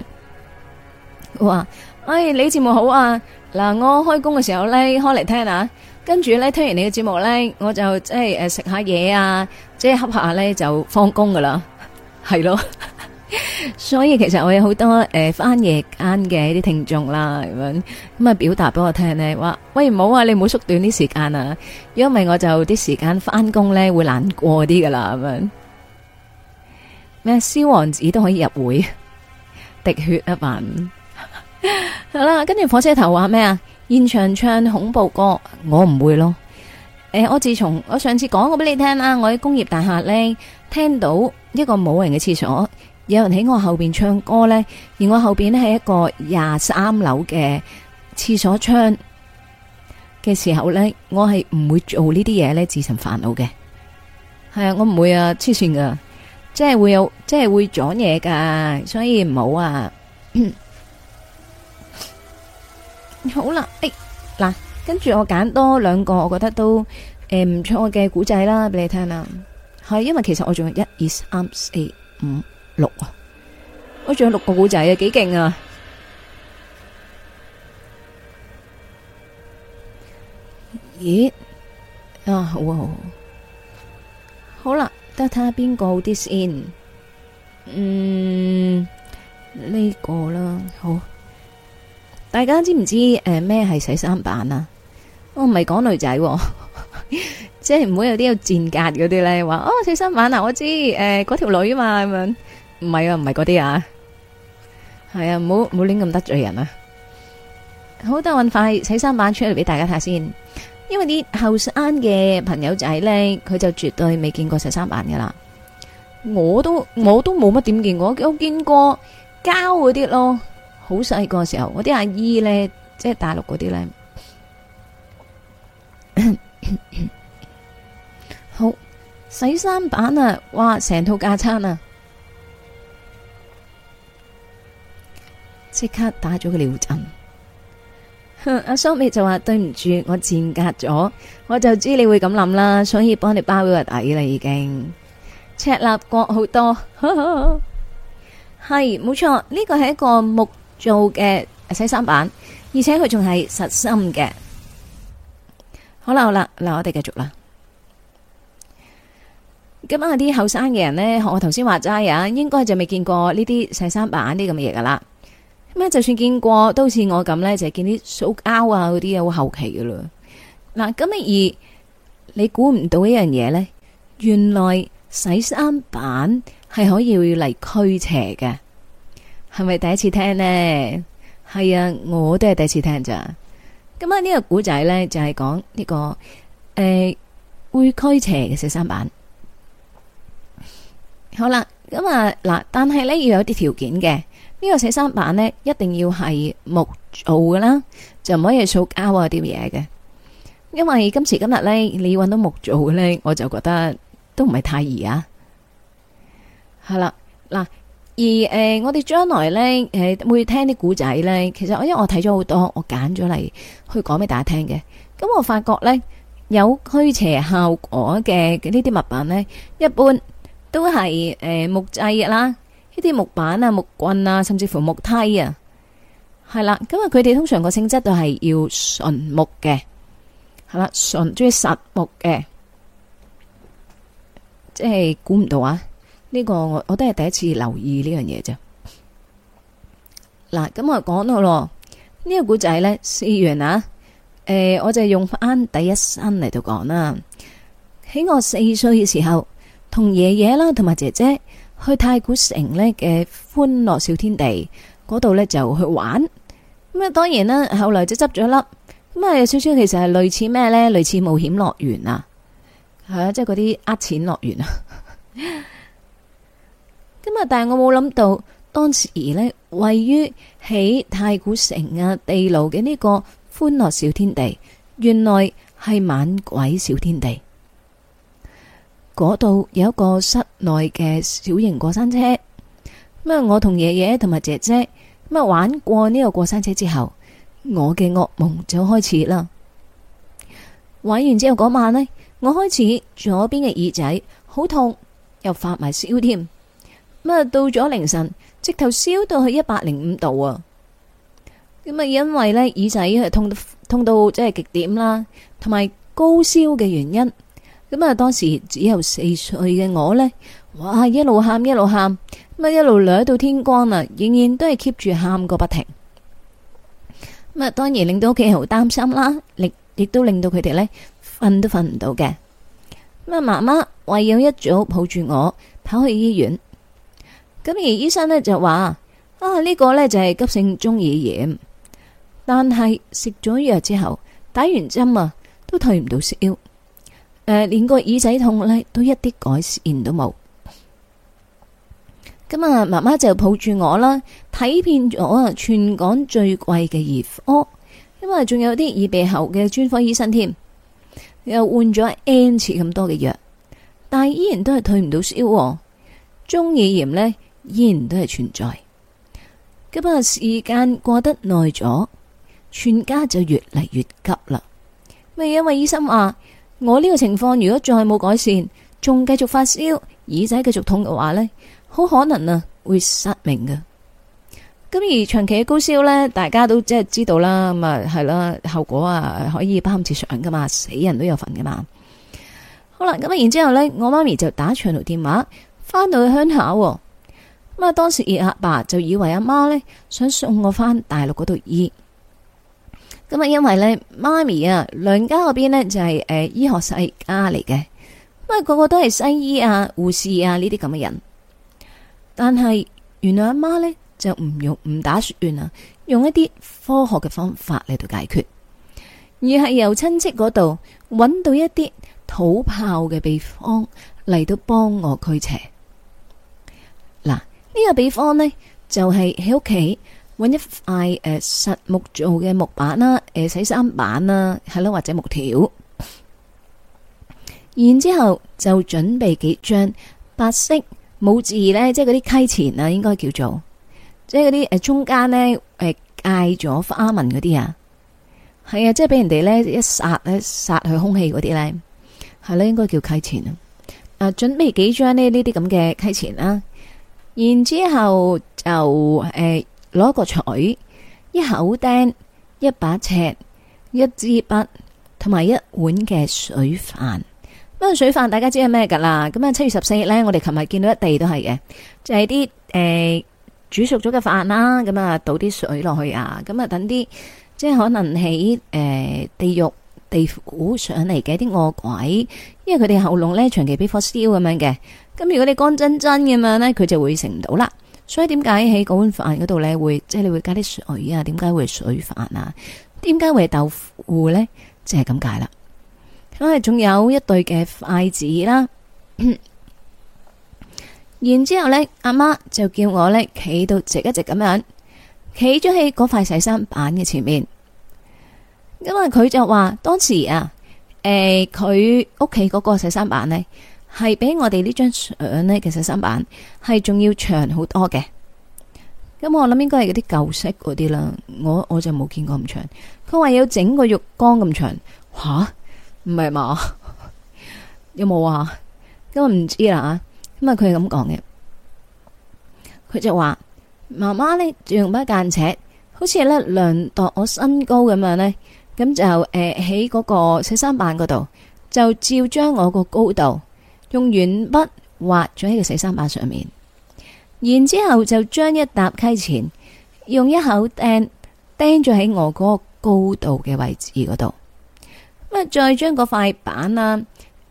「佢話：哎，你節目好啊！」嗱，我開工嘅時候呢，開嚟聽啊，跟住呢，聽完你嘅節目呢，我就即係誒食下嘢啊，即係恰下呢就放工噶啦，係咯。 所以其實我有好多誒、呃、返夜間嘅一啲聽眾啦，咁樣咁啊表達俾我聽呢？話喂唔好啊，你唔好縮短啲時間啊，如果唔係我就啲時間返工咧會難過啲噶啦，咁樣咩？蕭王子都可以入會 滴血一晚，好 啦、嗯，跟住火車頭話咩啊？現場唱恐怖歌，我唔會咯。誒、呃，我自從我上次講過俾你聽啦，我喺工業大廈咧聽到一個冇人嘅廁所。有人喺我後邊唱歌呢，而我後邊呢係一個廿三樓嘅廁所窗嘅時候呢，我係唔會做呢啲嘢呢，自尋煩惱嘅係啊，我唔會啊，黐線噶，即係會有，即係會撞嘢噶，所以唔好啊。好啦，誒嗱，跟住我揀多兩個，我覺得都誒唔錯嘅古仔啦，俾你聽啦。係因為其實我仲有一二三四五。六啊！我仲有六個古仔啊，幾勁啊！咦啊好，好啦，得睇下邊個好啲先。嗯，呢個啦，好。大家知唔知誒咩係洗衫板啊？我唔係講女仔，即係唔會有啲有賤格嗰啲咧，話哦洗衫板啊！我知誒嗰條女啊嘛咁樣。唔係啊，唔係嗰啲啊，係啊，唔好唔好亂咁得罪人啊！好，等我搵塊洗衫板出嚟俾大家睇先，因為啲後生嘅朋友仔咧，佢就絕對未見過洗衫板噶啦。我都我都冇乜點見過，我見過膠嗰啲咯，好細個時候，我啲阿姨咧，即係大陸嗰啲咧。好，洗衫板啊！哇，成套架餐啊！即刻打咗個尿陣，阿蘇美就話：對唔住，我間隔咗，我就知你會咁諗啦，所以幫你包咗個底啦。已經赤立國好多係冇錯，呢個係一個木造嘅洗衫板，而且佢仲係實心嘅。好啦，好啦，嗱，我哋繼續啦。咁啊，啲後生嘅人呢，我頭先話齋啊，應該就未見過呢啲洗衫板啲咁嘅嘢噶啦。咩？就算見過都好似我咁咧，就係見啲塑膠啊嗰啲啊，好後期嘅喇。嗱，咁啊而你估唔到一樣嘢咧，原來洗衫板係可以嚟驅邪嘅，係咪第一次聽呢？係啊，我都係第一次聽咋。咁啊，呢個古仔咧就係講呢個誒會驅邪嘅洗衫板。好啦，咁啊嗱，但係咧要有啲條件嘅。呢個寫生板咧，一定要係木做噶啦，就唔可以係塑膠啊啲嘢嘅。因為今時今日咧，你搵到木做嘅咧，我就覺得都唔係太易啊。係啦，嗱，而誒，我哋將來咧，誒會聽啲古仔咧。其實我因為我睇咗好多，我揀咗嚟,去講俾大家聽嘅。咁我發覺咧，有驅邪效果嘅呢啲物品咧，一般都係誒木製嘅啦。啲木板啊、木棍啊，甚至乎木梯啊，係啦。今日佢哋通常個性質都係要純木嘅，係啦，純鍾意實木嘅。即係估唔到啊！呢、這個我我都係第一次留意呢樣嘢啫。嗱，咁我講到咯，呢個古仔呢，四樣啊。誒、欸，我就用翻第一身嚟到講啦。喺我四歲嘅時候，同爺爺啦，同埋姐姐。去太古城呢嘅歡樂小天地嗰度呢，那裏就去玩，咁啊當然啦，後來就執咗粒。咁啊有少少其實係類似咩呢？類似冒險樂園啊，吓即係嗰啲呃錢樂園啊，咁 啊但係我冇諗到當時呢，位於喺太古城啊地牢嘅呢個歡樂小天地，原來係猛鬼小天地。嗰度有一個室內嘅小型過山車，咁啊，我同爺爺同埋姐姐咁啊玩過呢個過山車之後，我嘅噩夢就開始啦。玩完之後嗰晚呢，我開始左邊嘅耳仔好痛，又發埋燒添。咁啊，到咗凌晨，直頭燒到去一百零五度啊！咁啊，因為呢耳仔痛痛到即係極點啦，同埋高燒嘅原因。咁啊！當時只有四歲嘅我呢，哇一路喊一路喊，咁一路掠到天光啦，仍然都係 keep 住喊個不停。咁啊，當然令到屋企人好擔心啦，亦都令到佢哋呢瞓都瞓唔到嘅。咁啊，媽媽唯有一早抱住我跑去醫院，咁而醫生呢就話：啊呢個呢就係急性中耳炎，但係食咗藥之後打完針啊都退唔到燒。誒，連個耳仔痛咧都一啲改善都冇，咁啊，媽媽就抱住我啦，睇遍咗啊全港最貴嘅耳科，因為仲有啲耳鼻喉嘅專科醫生添，又換咗 N 次咁多嘅藥，但係依然都係退唔到燒，中耳炎呢依然都係存在，咁啊，時間過得耐咗，全家就越嚟越急啦，咪因為醫生話。我呢個情況如果再係冇改善，仲繼續發燒，耳仔繼續痛嘅話呢，好可能啊會失明嘅。咁而長期嘅高燒呢，大家都即係知道啦。咁啊係啦，後果啊可以不堪設想噶嘛，死人都有份噶嘛。好啦，咁啊然之後呢，我媽咪就打長途電話翻到去鄉下。咁啊當時阿爸，爸就以為阿媽呢，想送我翻大陸嗰度醫。咁啊，因為咧，媽咪啊，娘家嗰邊呢就係誒醫學世家嚟嘅，咁啊個個都係西醫啊、護士啊呢啲咁嘅人。但係原來阿媽呢就唔用唔打算斷啊，用一啲科學嘅方法嚟到解決，而係由親戚嗰度揾到一啲土炮嘅秘方嚟到幫我驅邪。嗱，呢個秘方呢就係喺屋企。搵一塊誒、呃、實木做嘅木板、呃、板啦，誒洗衫板啦，係咯，或者木條。然之後就準備幾張白色冇字咧，即係嗰啲溪錢、啊呃呃啊、啦，應該叫做即係嗰啲誒中間呢，誒界咗花紋嗰啲啊，係啊，即係俾人哋咧一殺咧殺去空氣嗰啲咧，係咯，應該叫溪錢。啊。啊，準備幾張呢呢啲咁嘅溪錢啦，然之後就誒。呃攞個鎚，一口釘，一把尺，一支筆，同埋一碗嘅水飯。咁啊，水飯大家知係咩噶啦？咁啊，七月十四日咧，我哋琴日見到一地都係嘅，就係啲誒煮熟咗嘅飯啦。咁啊，倒啲水落去啊，咁啊，等啲即係可能喺誒、呃、地獄地府上嚟嘅啲餓鬼，因為佢哋喉嚨咧長期俾火燒咁樣嘅，咁如果你乾真真咁樣咧，佢就會食唔到啦。所以點解喺嗰碗飯嗰度咧會，即係你會加啲水啊？點解會水飯啊？點解會豆腐呢？即係咁解啦。咁係仲有一對嘅筷子啦。然之後呢，阿媽就叫我呢企，到直一直咁樣，企咗喺嗰塊洗衫板嘅前面。因為佢就話當時啊，誒、呃，佢屋企嗰個洗衫板呢，係比我哋呢張相呢，其實洗衫板係仲要長好多嘅。咁我諗應該係嗰啲舊式嗰啲啦。我我就冇見過咁長。佢話要整個浴缸咁長吓，唔係嘛？ 有冇啊？咁我唔知啦啊。咁啊，佢係咁講嘅。佢就話媽媽呢，用把間尺，好似呢量度我身高咁樣呢。」咁就誒喺嗰個洗衫板嗰度就照將我個高度。用鉛筆畫咗喺個洗衫板上面，然之後就將一沓溪錢用一口釘釘咗喺我嗰個高度嘅位置嗰、呃、度，咁啊再將嗰塊板啊，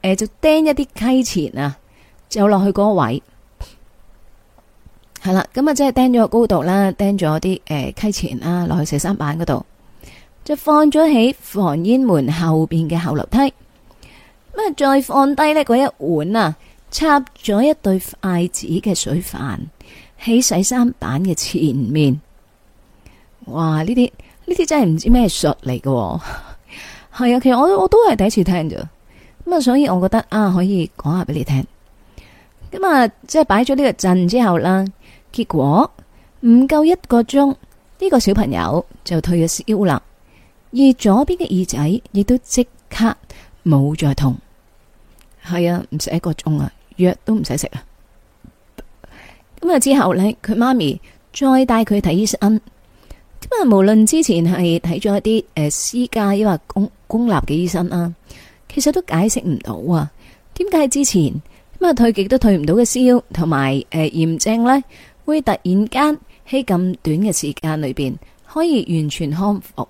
誒就釘一啲溪錢啊，就落去嗰個位，係啦，咁啊即係釘咗個高度啦，釘咗啲誒溪錢啦落去洗衫板嗰度，就放咗喺防煙門後邊嘅後樓梯。咁啊，再放低呢嗰一碗啊，插咗一對筷子嘅水飯喺洗衫板嘅前面。哇！呢啲呢啲真係唔知咩術嚟嘅，係 啊，其實我我都係第一次聽啫。咁啊，所以我覺得啊，可以講下俾你聽。咁、嗯、啊，即係擺咗呢個陣之後啦，結果唔夠一個鐘，呢、這個小朋友就退咗燒啦，而左邊嘅耳仔亦都即刻。冇再痛，係啊，唔使一個鐘啊，藥都唔使食啊。咁啊之後咧，佢媽咪再帶佢去睇醫生。咁啊，無論之前係睇咗一啲誒、呃、私家抑或公公立嘅醫生啊，其實都解釋唔到啊。點解之前咁啊、呃、退極都退唔到嘅燒，同埋誒炎症咧，會突然間喺咁短嘅時間裏邊可以完全康復？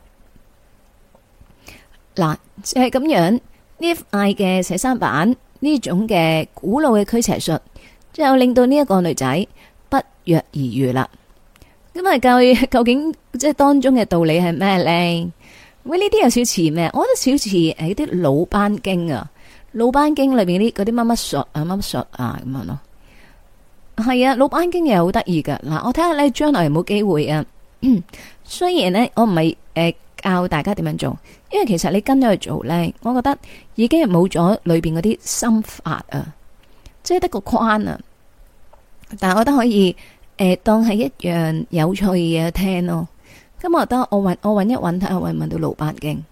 嗱，就係、是、咁樣。呢嗌嘅寫生板，呢種嘅古老嘅驅邪術，最後令到呢一個女仔不藥而癒啦。咁啊，究竟即係當中嘅道理係咩咧？喂，呢啲有少似咩？我覺得少似誒啲老班經啊，老班經裏邊啲嗰啲乜乜術啊，乜乜術啊咁樣咯。係啊，老班經又好得意噶。嗱，我睇下你將來有冇機會啊。嗯，雖然咧，我唔係誒教大家點樣做。因為其實你跟咗去做咧，我覺得已經係冇咗裏邊嗰啲心法啊，即係得個框啊。但係我覺得可以誒、呃，當係一樣有趣嘅嘢聽咯。咁、嗯、我覺得我搵我搵一搵，睇下搵唔搵到魯班經，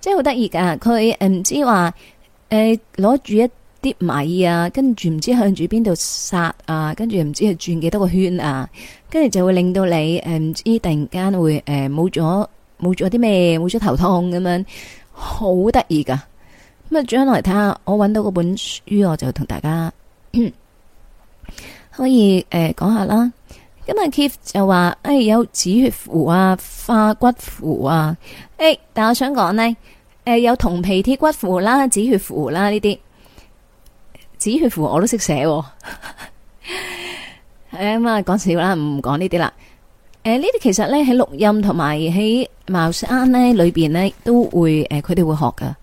即係好得意噶。佢誒唔知話誒攞住一啲米啊，跟住唔知向住邊度撒啊，跟住唔知係轉幾多個圈啊，跟住就會令到你誒唔知突然間會誒冇咗。呃冇咗啲咩，冇咗頭痛咁樣，好得意噶。咁啊，轉落來睇下，我揾到嗰本書，我就同大家可以誒講、呃、下啦。咁啊，Keith 就話誒、哎、有止血符啊、化骨符啊。誒、哎，但我想講呢，誒、呃、有銅皮鐵骨符啦、啊、止血符啦呢啲。止血符我都識寫，誒咁啊，講笑啦，唔講呢啲啦。誒，呢啲其實咧喺錄音同埋喺茅山呢裏邊呢，都會誒，佢哋會學噶，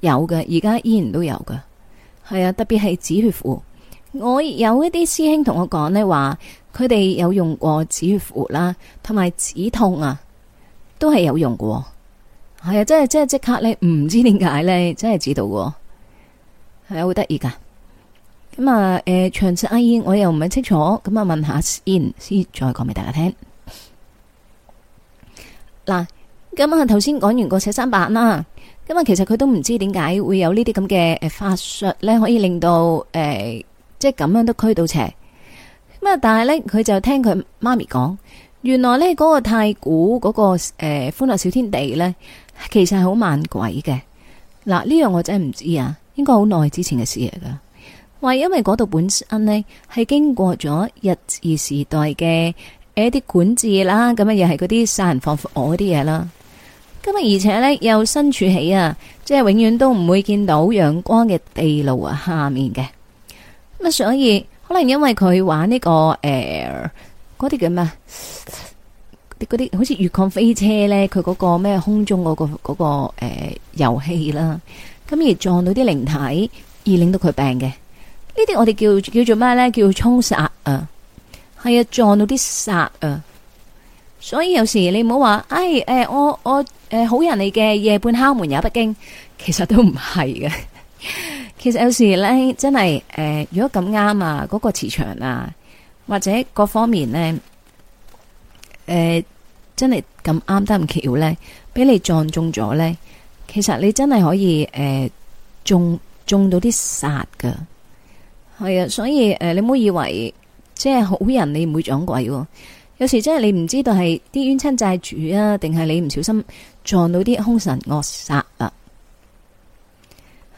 有嘅，而家依然都有噶，係啊，特別係止血符。我有一啲師兄同我講呢，話佢哋有用過止血符啦，同埋止痛啊，都係有用喎。係啊，真係真係即刻咧，唔知點解咧，真係知道喎。係啊，好得意噶。咁啊，誒，長赤阿姨，我又唔係清楚，咁啊，問下燕先，再講俾大家聽。嗱，咁啊，頭先講完個赤山伯啦，咁啊，其實佢都唔知點解會有呢啲咁嘅誒法術咧，可以令到誒、呃、即係咁樣都驅到邪。咁啊，但係咧，佢就聽佢媽咪講，原來咧嗰個太古嗰、那個誒、呃、歡樂小天地咧，其實係好猛鬼嘅。嗱，呢、這、樣、個、我真係唔知啊，應該好耐之前嘅事嚟噶。話因為嗰度本身呢，係經過咗日治時代嘅。誒，啲管治啦，咁啊，又係嗰啲殺人放火嗰啲嘢啦。咁啊，而且咧又身處起啊，即係永遠都唔會見到陽光嘅地牢啊下面嘅。咁啊，所以可能因為佢玩呢、這個誒，嗰啲叫咩？啲嗰啲好似越礦飛車咧，佢嗰個咩空中嗰、那個嗰、那個誒遊戲啦。咁、欸、而撞到啲靈體而令到佢病嘅，呢啲我哋叫叫做咩咧？叫衝殺啊！係啊，撞到啲煞啊！所以有時你唔好話，哎誒，我我誒好人嚟嘅，夜半敲門也不驚」，其實都唔係嘅。 其實有時咧，真係誒、呃，如果咁啱啊，嗰、嗰個磁場啊，或者各方面咧，誒、呃，真係咁啱得咁巧咧，俾你撞中咗咧，其實你真係可以誒、呃，中中到啲煞噶。係啊，所以誒、呃，你唔好以為。即係好人，你唔會撞鬼啊。有時真係你唔知道係啲冤親債主啊，定係你唔小心撞到啲凶神惡煞啊。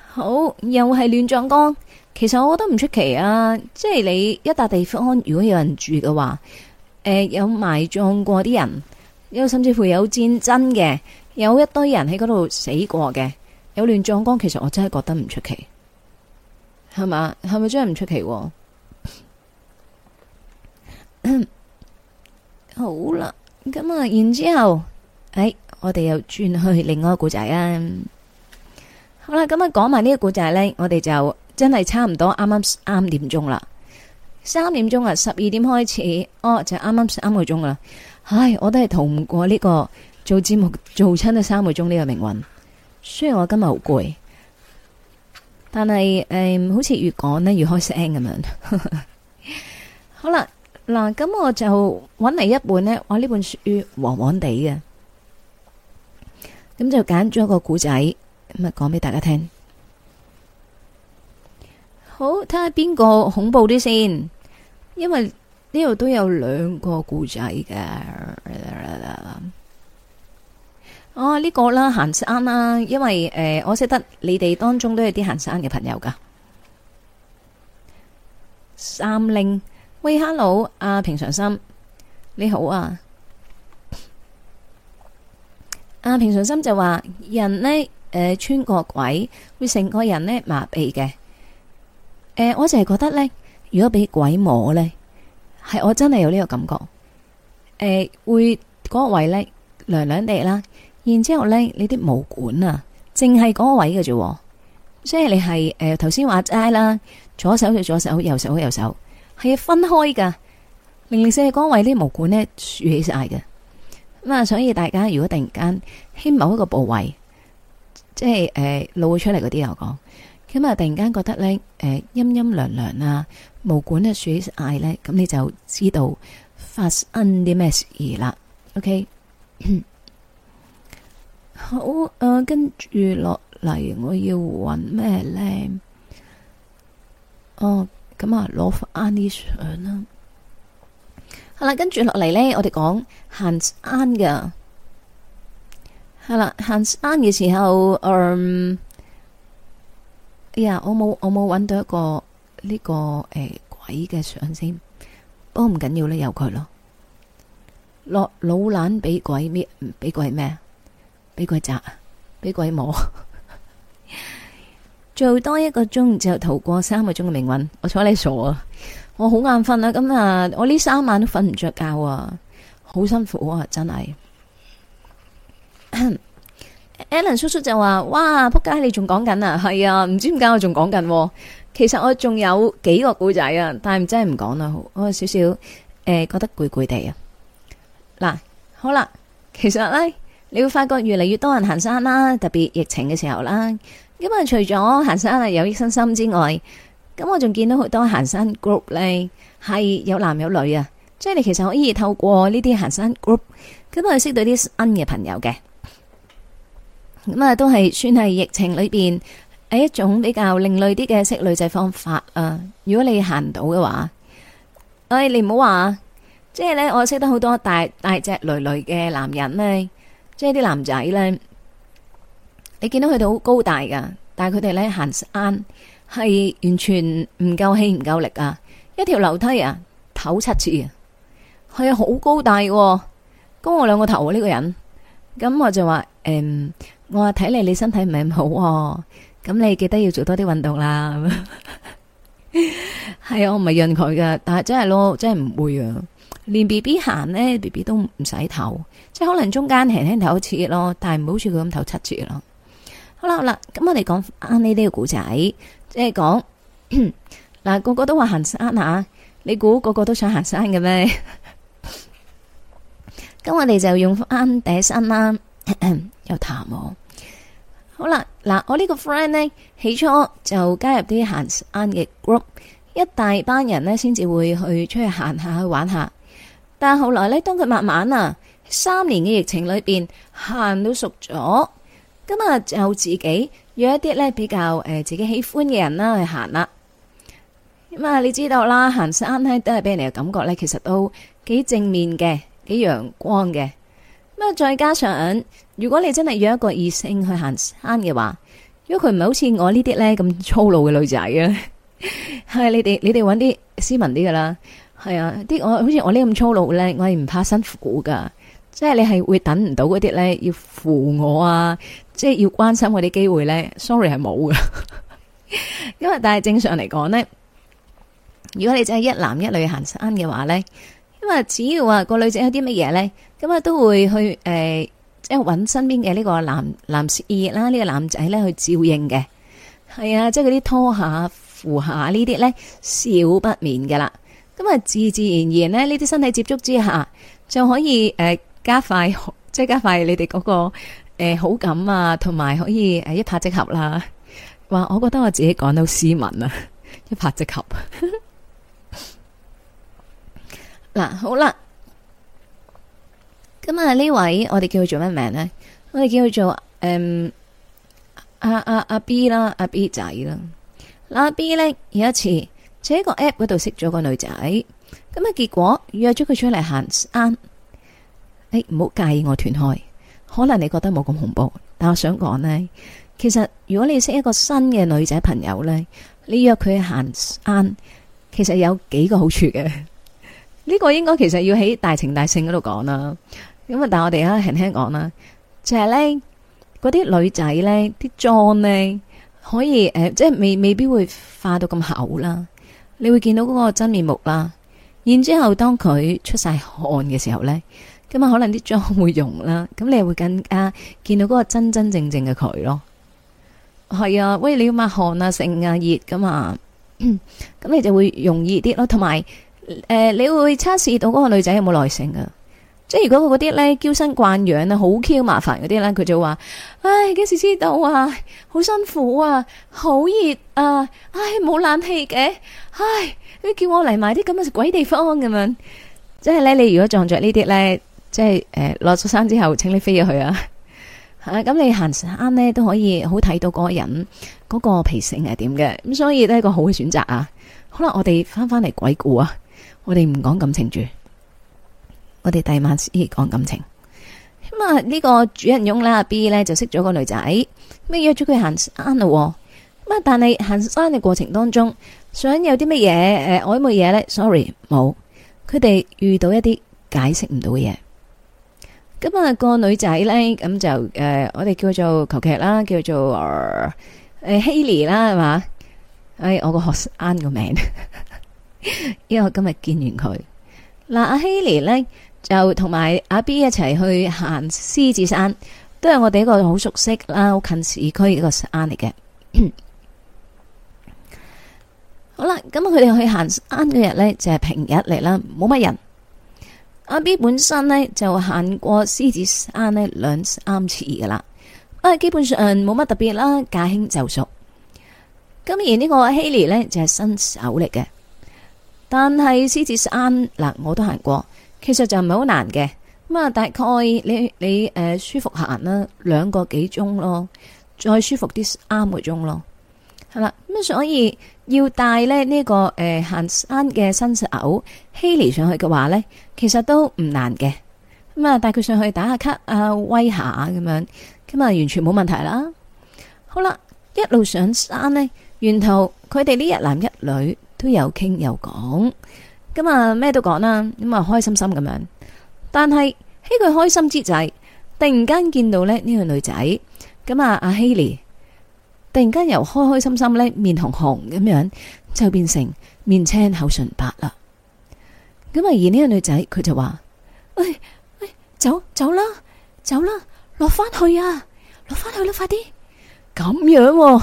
好又係亂葬崗，其實我覺得唔出奇啊。即係你一笪地方，如果有人住嘅話，誒、呃、有埋葬過啲人，又甚至乎有戰爭嘅，有一堆人喺嗰度死過嘅，有亂葬崗，其實我真係覺得唔出奇，係嘛？係咪真係唔出奇啊？ 好啦，咁啊，然之後，誒、哎，我哋又轉去另外個故仔啊。好啦，咁啊，講埋呢個故仔呢，我哋就真係差唔多啱啱啱點鐘啦，三點鐘啊，十二點開始，哦，就啱啱三個鐘啦。唉，我都係逃唔過呢、呢個做節目做親都三個鐘呢個命運。雖然我今日好攰，但係誒、嗯，好似越講呢越開聲咁樣。好啦。嗱，咁我就揾嚟一本呢，哇呢本書黃黃地嘅，咁就揀咗一個故仔咁啊，講俾大家聽。好，睇下邊個恐怖啲先，因為呢度都有兩個故仔嘅。哦，呢個啦，行山啦，因為誒，我識得你哋當中都有啲行山嘅朋友噶，三令。喂，hello，阿平常心，你好啊！阿平常心就話人咧，誒，穿過鬼會成個人咧麻痹嘅。誒，我就係覺得咧，如果俾鬼摸咧，係我真係有呢個感覺。誒，會嗰個位咧涼涼地啦，然之後咧你啲毛管啊，淨係嗰個位嘅啫。即係你係誒頭先話齋啦，左手就左手，右手就右手。係分開噶，零零四係講為啲毛管咧豎起晒嘅。咁啊，所以大家如果突然間喺某一個部位，即係誒、呃、露出嚟，嗰啲又講，咁啊突然間覺得咧誒陰陰涼涼啊，毛管咧豎起晒咧，咁你就知道發生啲咩事啦。OK， 好，誒、呃，跟住落嚟我要揾咩咧？哦。咁啊，攞返啲相啦。好啦，跟住落嚟呢，我哋講行山㗎。係啦，行山嘅時候，嗯，哎、yeah, 呀，我冇我冇揾到一個呢、這個誒、欸、鬼嘅相先，不過唔緊要咧，由佢咯。落老懶俾鬼咩？俾鬼咩？俾鬼扎？俾鬼摸？ 做多一個鐘就逃過三個鐘嘅命運，我睬你傻啊！我好眼瞓啊，咁啊，我呢三晚都瞓唔着覺啊，好辛苦啊，真係。 Alan 叔叔就話：哇，仆街！你仲講緊啊？係啊，唔知點解我仲講緊。其實我仲有幾個故仔啊，但係真係唔講啦，我有少少誒，覺得攰攰地啊。嗱，好啦，其實呢，你會發覺越嚟越多人行山啦，特別疫情嘅時候啦。咁啊，除咗行山啊有益身心之外，咁我仲見到好多行山 group 咧，係有男有女啊。即係你其實可以透過呢啲行山 group，咁可以識到啲新嘅朋友嘅。咁啊，都係算係疫情裏邊係一種比較另類啲嘅識女仔方法啊。如果你行唔到嘅話，哎，你唔好話，即係咧，我識得好多大大隻女女嘅男人咧，即係啲男仔咧。你見到佢哋好高大噶，但係佢哋咧，行山係完全唔夠氣唔夠力啊！一條樓梯啊，唞七次啊，係呀好高大，高我兩個頭呢、啊這個人。咁我就話，誒、嗯，我話睇嚟你身體唔係咁好喎、啊。咁你記得要做多啲運動啦。係 啊，我唔係訓佢噶，但係真係咯，真係唔會啊。連 B B 行呢 B B 都唔使唞，即係可能中間輕輕唞一次咯，但係唔好似佢咁唞七次咯。啦啦，咁我哋講啱呢啲嘅古仔，即係講嗱，個個都話行山啊，你估個個都想行山嘅咩？咁 我哋就用啱第身啦，又談我。好啦，嗱，我呢個 friend 呢，起初就加入啲行山嘅 group，一大班人呢先至會去出去行下、去玩下。但後來呢，當佢慢慢啊，三年嘅疫情裏邊，行到熟咗。咁啊，就自己約一啲咧，比較誒自己喜歡嘅人啦去行啦。咁啊，你知道啦，行山咧，都係俾人嘅感覺咧，其實都幾正面嘅，幾陽光嘅。咁啊，再加上如果你真係約一個異性去行山嘅話，如果佢唔係好似我呢啲咧咁粗魯嘅女仔啊，係 你哋你哋搵啲斯文啲噶啦。係啊，啲我好似我呢咁粗魯咧，我係唔怕辛苦噶，即係你係會等唔到嗰啲咧要扶我啊。即係要關心嗰啲機會咧，Sorry 係冇㗎！因 為但係正常嚟講咧，如果你真係一男一女行山嘅話咧，因為只要話個女仔有啲乜嘢咧，咁啊都會去即係揾身邊嘅呢個男男士啦，呢、呢個男仔咧去照應嘅，係啊，即係嗰啲拖下扶下呢啲咧少不免㗎啦，咁啊自自然然咧呢啲身體接觸之下就可以、呃、加快即係、即係、加快你哋嗰、嗰個。誒，好感啊，同埋可以誒一拍即合啦。話我覺得我自己講到斯文啊，一拍即合。嗱， 好啦，咁啊呢位我哋叫佢做咩名呢？我哋叫佢做誒阿阿阿 B 啦，阿、啊、B 仔啦。嗱，B 呢有一次就喺個 app 嗰度識咗個女仔，咁啊結果約咗佢出嚟行山。你唔好介意我斷開。可能你覺得冇咁恐怖，但我想講呢，其實如果你識一個新嘅女仔朋友呢，你約佢去行山，其實有幾個好處嘅。呢 個應該其實要喺大情大性嗰度講啦。咁啊，但係我哋啊輕輕講啦，就係、是、呢嗰啲女仔呢啲妝呢，可以誒、呃，即係未未必會化到咁厚啦。你會見到嗰個真面目啦。然之後當佢出晒汗嘅時候呢。咁啊，可能啲妝會融啦，咁你又會更加見到嗰個真真正正嘅佢咯。係啊，喂，你要抹汗啊、成啊、熱㗎嘛，咁 你就會容易啲咯。同埋，誒、呃，你會測試到嗰個女仔有冇耐性啊？即係如果佢嗰啲咧嬌生慣養啊、好 Q，麻煩嗰啲咧，佢就話，唉，幾時知道啊？好辛苦啊，好熱啊，唉，冇冷氣嘅，唉，你叫我嚟埋啲咁嘅鬼地方咁樣。即係咧，你如果撞着呢啲咧。即係誒，落咗山之後，請你飛入去啊！吓 咁、啊，你行山咧都可以好睇到嗰個人嗰、嗰個脾性係點嘅，咁所以都係個好嘅選擇啊。好啦，我哋翻翻嚟鬼故啊，我哋唔講感情住，我哋第二晚先講感情。咁啊，呢、呢個主人翁啦阿 B 咧就識咗個女仔，咩、嗯、約咗佢行山咯。咁啊，嗯、但係行山嘅過程當中，想有啲乜嘢誒曖昧嘢咧？Sorry，冇。佢哋遇到一啲解釋唔到嘅嘢。咁啊，個女仔咧，咁就誒、呃，我哋叫做球劇啦，叫做誒，希、呃、莉、呃、啦，係嘛？誒、哎，我個學生個名， 因為我今日見完佢。嗱，阿希莉咧就同埋阿 B 一齊去行獅子山，都係我哋一個好熟悉啦，好近市區一個山嚟嘅。 好啦，咁佢哋去行山嗰日咧就係、是、平日嚟啦，冇乜人。阿 B 本身咧就行過獅子山呢兩三次噶啦，基本上冇乜特別啦，駕輕就熟。今年呢個希尼咧就係、是、新手嚟嘅，但係獅子山嗱我都行過，其實就唔係好難嘅。咁啊，大概你你誒舒服行啦，兩個幾鐘咯，再舒服啲三個鐘咯，係啦。咁所以。要帶咧呢個誒行山嘅新手希利上去嘅話咧，其實都唔難嘅。咁啊帶佢上去打下卡啊威下咁樣，咁啊完全冇問題啦。好啦，一路上山咧，沿途佢哋呢一男一女都有傾有講，咁啊咩都講啦，咁啊開心心咁樣，但係喺佢開心之際，突然間見到咧呢個女仔，咁啊阿希利。突然間由開開心心咧，面紅紅咁樣，就變成面青口唇白啦。咁啊，而呢個女仔佢就話：喂、哎，誒、哎，走走啦，走啦，落翻去啊，落翻去啦、啊，快啲！咁樣，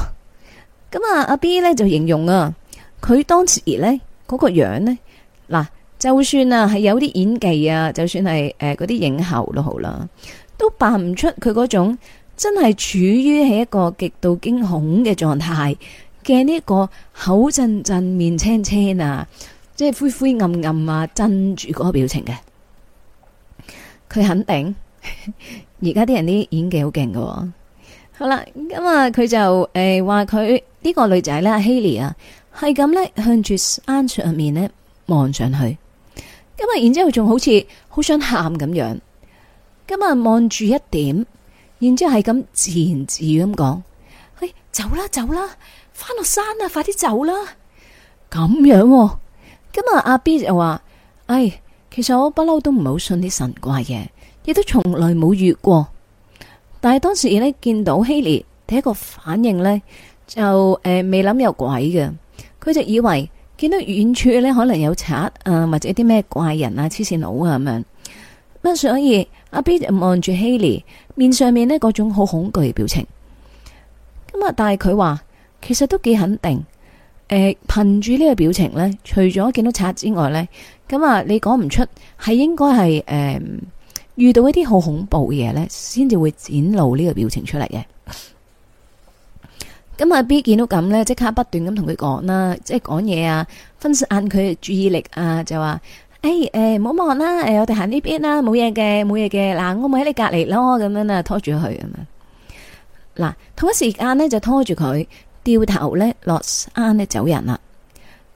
咁啊，阿 B 呢，就形容啊，佢當時呢，嗰個樣呢，嗱，就算啊係有啲演技啊，就算係誒嗰啲影后都好啦，都扮唔出佢嗰種。真係處於喺一個極度驚恐嘅狀態嘅呢一個口震震、面青青啊，即係灰灰暗暗啊，震住嗰個表情嘅，佢肯定。而家啲人啲演技好勁喎。好啦，咁啊，佢就誒話佢呢個女仔咧，阿希 y 啊，係咁咧向住山上面咧望上去。咁啊，然之後仲好似好想喊咁樣。咁啊，望住一點。然之後係咁自言自語咁講，哎，走啦走啦，翻落山啦，快啲走啦！咁樣，哦，咁啊阿 B 就話：唉、哎，其實我不嬲都唔係好信啲神怪嘢，亦都從來冇遇過。但係當時呢，見到希利第一個反應呢，就誒未諗有鬼嘅，佢就以為見到遠處呢，可能有賊啊、呃，或者啲咩怪人啊、痴線佬啊咁樣。咁所以阿 B 就望住希利，面上面呢，各種好恐懼嘅表情，咁啊！但係佢話其實都幾肯定，誒、呃，憑住呢個表情咧，除咗見到賊之外咧，咁啊，你講唔出係應該係誒遇到一啲好恐怖嘢，咧，先至會展露呢個表情出嚟嘅。咁 阿 b 見到咁咧，即刻不斷咁同佢講啦，即係講嘢啊，分散佢嘅注意力啊，就話。誒、欸、誒，唔好望啦，誒，我哋行呢邊啦，冇嘢嘅，冇嘢嘅，嗱，我咪喺你隔離咯，咁樣啦，拖住佢啊，嗱，同一時間呢，就拖住佢，掉頭咧落山咧走人啦，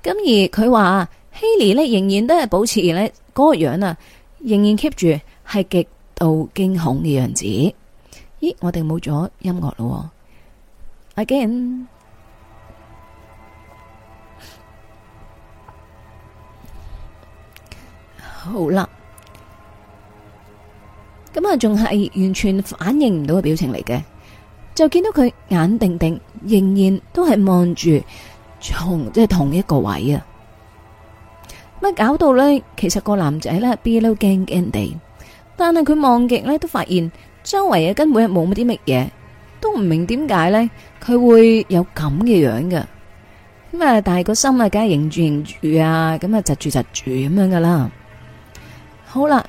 咁而佢話，希利呢，仍然都係保持呢個樣啊，仍然 keep 住係極度驚恐嘅樣子，咦，我哋冇咗音樂咯，again。好啦，咁啊，仲係完全反應唔到嘅表情嚟嘅，就見到佢眼定定，仍然都係望住同即係同一個位啊。乜搞到呢，其實個男仔咧，睇落驚驚哋，但係佢望極呢都發現周圍啊根本係冇乜啲乜嘢，都唔明點解呢，佢會有咁嘅樣噶。咁啊，但係個心啊，梗係凝住凝住啊，咁啊窒住窒住咁樣噶啦。好啦，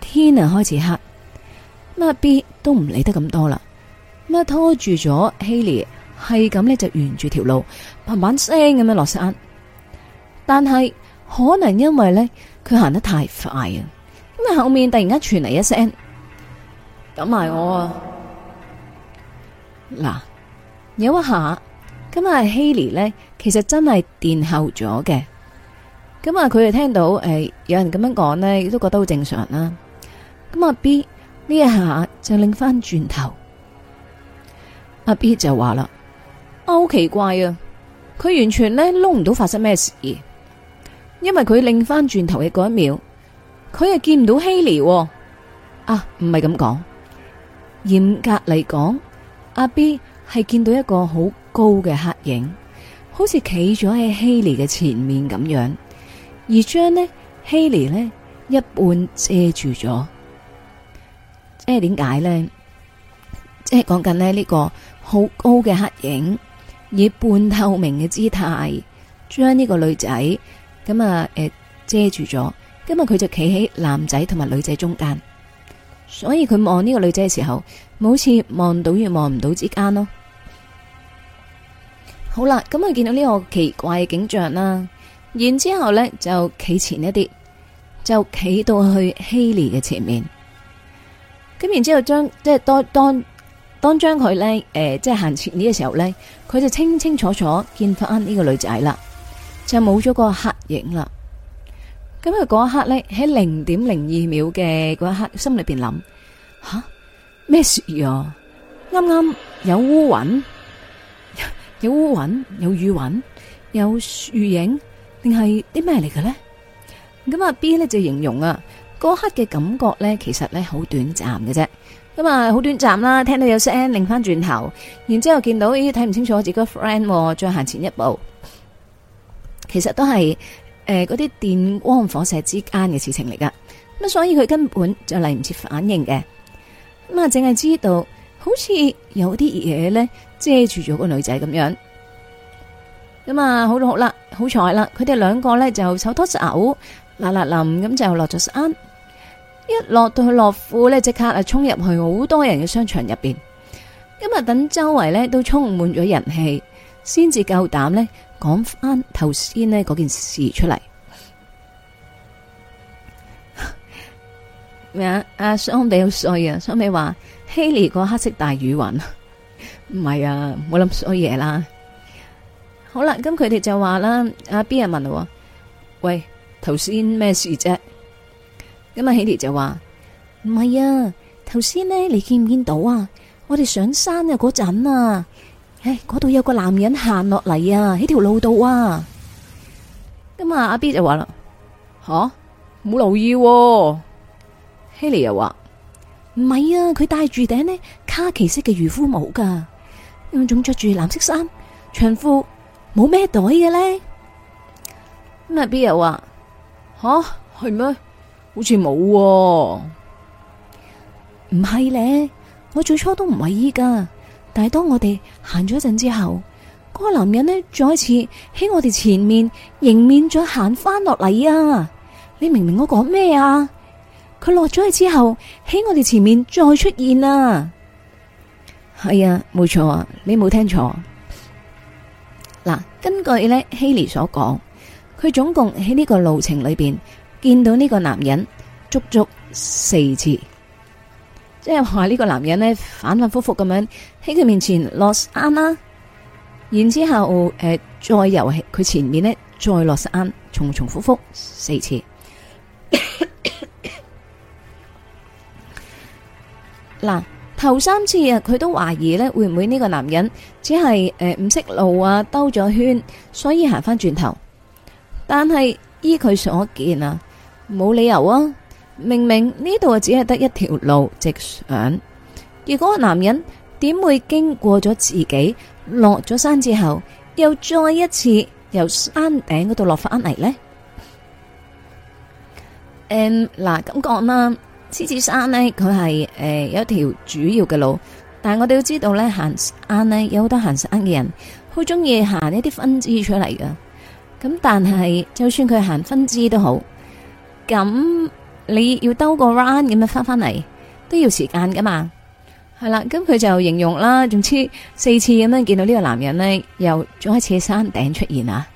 天啊開始黑，乜 B 都唔理得咁多啦，乜拖住咗希利係咁咧就沿住條路嘭嘭聲咁樣落山，但係可能因為咧佢行得太快啊，咁啊後面突然間傳嚟一聲，等埋我啊，嗱有一下，咁啊希利咧其實真係墊後咗嘅。咁啊！佢就聽到誒，有人咁樣講咧，都覺得好正常啦。咁阿 B 呢一下就擰翻轉頭，阿 B 就話啦：，啊，好奇怪啊！佢完全咧，撈唔到發生咩事，因為佢擰翻轉頭嘅嗰一秒，佢又見唔到希利，啊。啊，唔係咁講，嚴格嚟講，阿 B 係見到一個好高嘅黑影，好似企咗喺希利嘅前面咁樣。而將呢希尼咧一半遮住咗，即係點解咧？即係講緊咧呢個好高嘅黑影，以半透明嘅姿態，將呢個女仔咁啊誒遮住咗。今日佢就企喺男仔同埋女仔中間，所以佢望呢個女仔嘅時候，好似望到與望唔到之間咯。好啦，咁啊見到呢個奇怪嘅景象啦。然之後咧，就企前一啲，就企到去希利嘅前面。咁然之後將即係當當當將佢咧，誒，即係行前呢嘅時候咧，佢就清清楚楚見翻呢個女仔啦，就冇咗個黑影啦。咁佢嗰一刻咧，喺零點零二秒嘅嗰一刻，心裏邊諗吓咩事啊？啱啱、啊、有烏雲，有烏雲，有雨雲，有樹影。定係啲咩嚟嘅呢？咁啊 B 呢就形容啊，嗰刻嘅感覺呢其實呢好短暫嘅啫。咁啊，好短暫啦，聽到有聲，擰翻轉頭，然之後見到咦，睇唔清楚自己個 friend，再行前一步，其實都係誒嗰啲電光火石之間嘅事情嚟噶。咁所以佢根本就嚟唔切反應嘅。咁啊，淨係知道好似有啲嘢呢遮住咗個女仔咁樣。咁啊，好啦好啦，好彩啦！佢哋兩個呢就手拖手，嗱嗱臨，咁就落咗山。一落到他庫，去落庫呢，即刻啊衝入去好多人嘅商場入邊。今日等周圍呢都充滿咗人氣，先至夠膽呢講翻頭先呢嗰件事出嚟。咩啊？阿桑美好衰啊！桑美話希麗個黑色大雨雲，唔係啊，冇諗衰嘢啦。好啦，咁佢哋就話啦，阿 B 啊問，喂，頭先咩事啫？咁啊，希利就話唔係啊，頭先呢你見唔見到啊？我哋上山啊嗰陣啊，唉、哎，嗰度有個男人行落嚟啊，喺條路度啊。咁啊，阿 B 就話啦，吓、啊，冇留意。希利又話唔係啊，佢、啊、戴住頂呢卡其色嘅漁夫帽噶，仲着住藍色衫長褲。冇咩袋嘅咧，咩必邊啊？話吓係咩？好似冇、啊，唔係咧。我最初都唔懷疑噶，但係當我哋行咗一陣之後，嗰、那個男人呢再次喺我哋前面迎面再行翻落嚟啊！你明唔明我講咩啊？佢落咗去之後，喺我哋前面再出現啊！係、哎、啊，冇錯，你冇聽錯。嗱，根據咧希利所講，佢總共喺呢個路程裏邊見到呢個男人足足四次，即係話呢個男人咧反反复复咁樣喺佢面前落山啦，然之後誒再由佢前面咧再落山，重重複複四次。嗱。 頭三次啊，佢都懷疑咧會唔會呢個男人只係誒唔識路啊，兜咗圈，所以行翻轉頭。但係依佢所見啊，冇理由啊！明明呢度只係得一條路直上，如果個男人點會經過咗自己落咗山之後，又再一次由山頂嗰度落翻嚟？呢嗯，嗱，咁講啦。獅子山呢，佢係誒有一條主要嘅路，但係我哋都知道咧，行山呢，有好多行山嘅人，好中意行一啲分支出嚟噶。咁但係就算佢行分支都好，咁你要兜個 round 咁樣翻返嚟，都要時間噶嘛。係啦，咁佢就形容啦，總之四次咁樣見到呢個男人呢，又再一次喺山頂出現啊。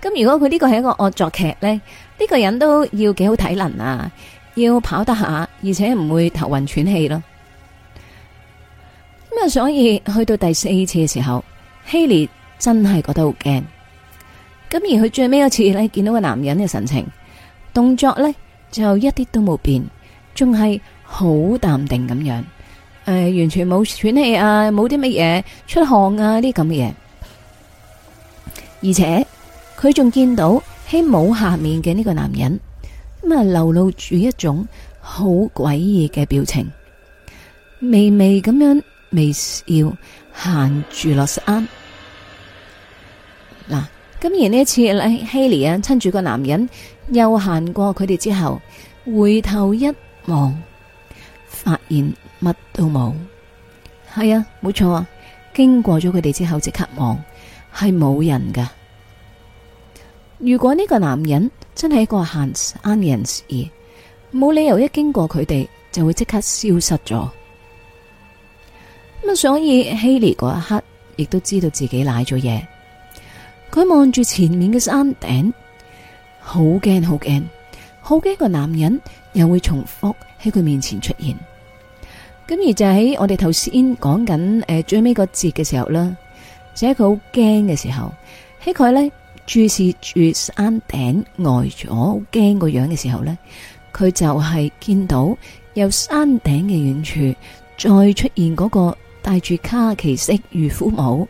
咁如果佢呢個係一個惡作劇呢，呢、呢個人都要幾好體能啊。要跑得下，而且唔會頭暈喘氣咯。咁啊，所以去到第四次嘅時候，希烈 真係覺得好驚。咁而佢最尾一次呢，見到個男人嘅神情，動作呢，就一啲都冇變，仲係好淡定咁樣，誒、呃，完全冇喘氣啊，冇啲乜嘢出汗啊，啲咁嘅嘢。而且佢仲見到喺舞下面嘅呢個男人。咁啊，流露住一種好詭異嘅表情，微微咁樣微笑，行住落山。嗱，咁而呢一次希利啊，親 住個男人，又行過佢哋之後，回頭一望，發現乜都冇。係 啊，冇錯啊，經過咗佢哋之後即刻望，係冇人㗎。如果呢個男人真係一個閒人，而冇理由一經過佢哋就會即刻消失咗。咁所以希烈嗰一刻亦都知道自己瀨咗嘢，佢望住前面嘅山頂，好驚好驚，好驚個男人又會重複喺佢面前出現。咁而就喺我哋頭先講緊誒最尾個節嘅時候啦，就係佢好驚嘅時候，喺佢呢。注視住山頂呆咗，驚好驚個樣嘅時候呢，佢就係見到由山頂嘅遠處再出現嗰個戴住卡其色漁夫帽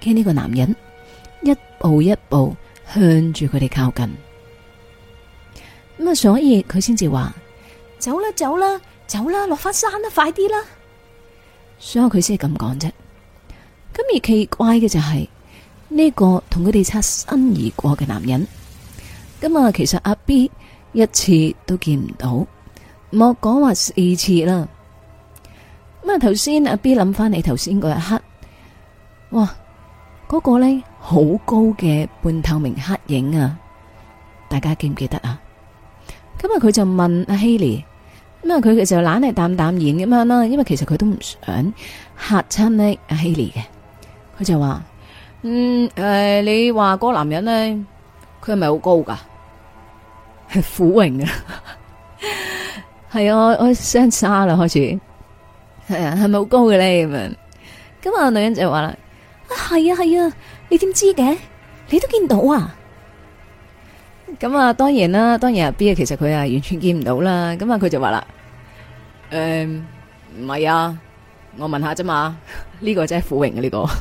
嘅呢個男人，一步一步向住佢哋靠近。咁啊，所以佢先至話：走啦，走啦，走啦，落翻山啦，快啲啦！所以佢先係咁講啫。咁而奇怪嘅就係、是。呢、這個同佢哋擦身而過嘅男人，咁啊，其實阿 B 一次都見唔到，莫講話四次啦。咁啊，頭先阿 B 諗翻你頭先嗰一刻，哇，嗰、那個呢，好高嘅半透明黑影啊！大家記唔記得啊？咁啊，佢就問阿希利，咁啊，佢其實懶係淡淡然咁樣啦，因為其實佢都唔想嚇親呢阿希利嘅，佢就話。嗯，誒、呃，你話嗰個男人咧，佢係咪好高噶？係虎榮啊，係啊，我我相差啦開始了，係啊，係咪好高嘅咧咁啊？咁啊，女人就話啦，啊係啊係啊，你點知嘅？你都見到啊？咁啊，當然啦，當然啊 B，其實佢啊完全見唔到啦。咁啊，佢就話啦，誒，唔係啊，我問下啫嘛，呢 個真係虎榮嘅呢個。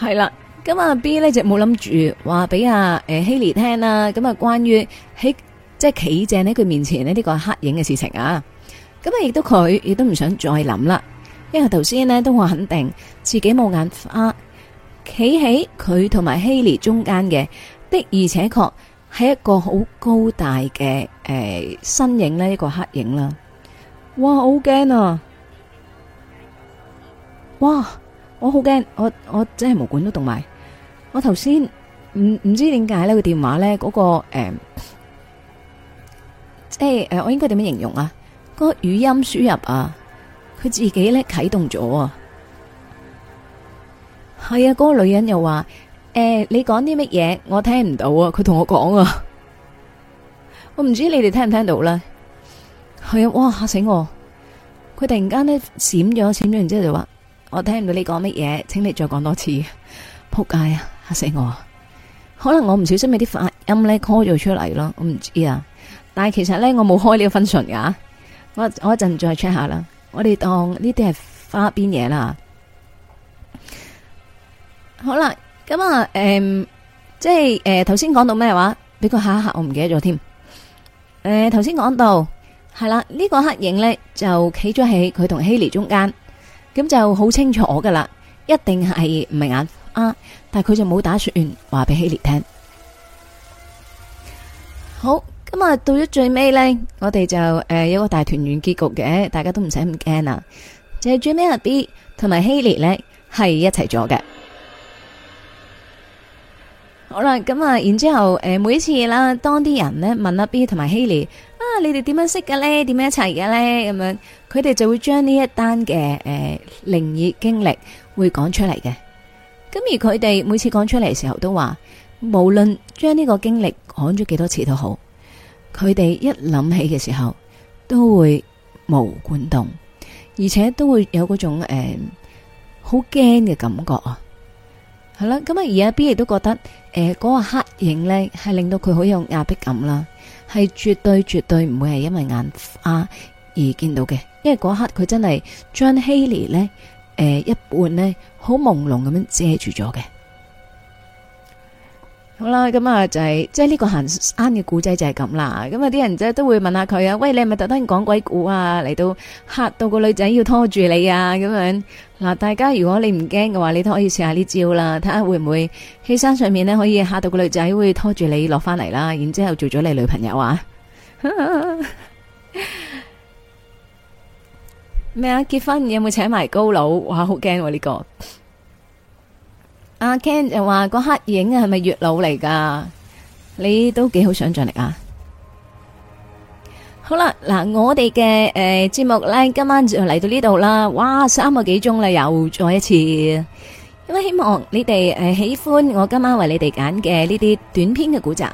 係啦，咁啊 B 呢就冇諗住話俾阿誒希利聽啦，咁啊關於喺即係企正喺佢面前呢呢個黑影嘅事情啊，咁啊亦都佢亦都唔想再諗啦，因為頭先呢都話肯定自己冇眼花，企喺佢同埋希利中間嘅的而且確係一個好高大嘅誒、呃、身影呢一、這個黑影啦，哇好驚啊，哇！我好驚，我我真係毛管都戙埋。我頭先唔唔知點解呢個電話呢嗰個誒，即係誒，我應該點樣形容啊？嗰個語音輸入啊，佢自己咧啟動咗啊。係啊，嗰個女人又話：誒，你講啲乜嘢？我聽唔到啊！佢同我講啊，我唔知你哋聽唔聽到啦。係啊，哇嚇死我！佢突然間呢，閃咗閃咗，然之後就話。我聽唔到你講乜嘢，請你再講多次。仆街啊，吓死我！可能我唔小心俾啲發音咧 call 咗出嚟咯，我唔知啊。但係其實咧，我冇開呢個 function 噶。我我一陣再 check 下啦。我哋當呢啲係花邊嘢啦。好啦，咁啊，誒，即係誒，頭先講到咩話？俾佢嚇一嚇，我唔記得咗添。誒、嗯，頭先講到係啦，呢、這個黑影咧就企咗喺佢同希利中間。咁就好清楚我噶啦，一定係唔明眼啊！但係佢就冇打算話俾希烈聽。好，咁啊到咗最尾呢，我哋就誒、呃、有一個大團圓結局嘅，大家都唔使咁驚啊！就係、是、最尾阿 B 同埋希烈呢係一齊咗嘅。好啦，咁啊然之後誒、呃、每次啦，當啲人呢問阿 B 同埋希烈。啊、你哋點樣識嘅咧？點樣一齊嘅咧？咁樣，佢哋就會將呢一單嘅誒靈異經歷會講出嚟嘅。咁而佢哋每次講出嚟時候都，都話無論將呢個經歷講咗幾多次都好，佢哋一諗起嘅時候，都會毛管戙，而且都會有嗰種誒好驚嘅感覺啊。係啦，咁啊，而阿 B 亦都覺得誒嗰、呃嗰個黑影呢係令到佢好有壓迫感啦。係絕對絕對唔會係因為眼花而見到嘅，因為嗰刻佢真係將希利呢誒、呃、一半呢好朦朧咁樣遮住咗嘅。好啦，咁、嗯、啊就係、是、即係呢個行山嘅古仔就係咁啦。咁啊啲人仔都會問下佢啊，喂，你係咪特登講鬼故啊？嚟到吓到個女仔要拖住你啊咁樣。嗱，大家如果你唔驚嘅話，你都可以試下呢招啦，睇下會唔會喺山上面咧可以吓到個女仔會拖住你落翻嚟啦。然之後做咗你女朋友啊？咩 啊？結婚有冇請埋高佬？哇，好驚喎呢個！阿 Ken 又話個黑影啊，係咪月老嚟噶？你都幾好想象力啊！好啦，嗱，我哋嘅誒節目咧，今晚就嚟到呢度啦。哇，三個幾鐘啦，又再一次。咁啊，希望你哋誒喜歡我今晚為你哋揀嘅呢啲短篇嘅古仔。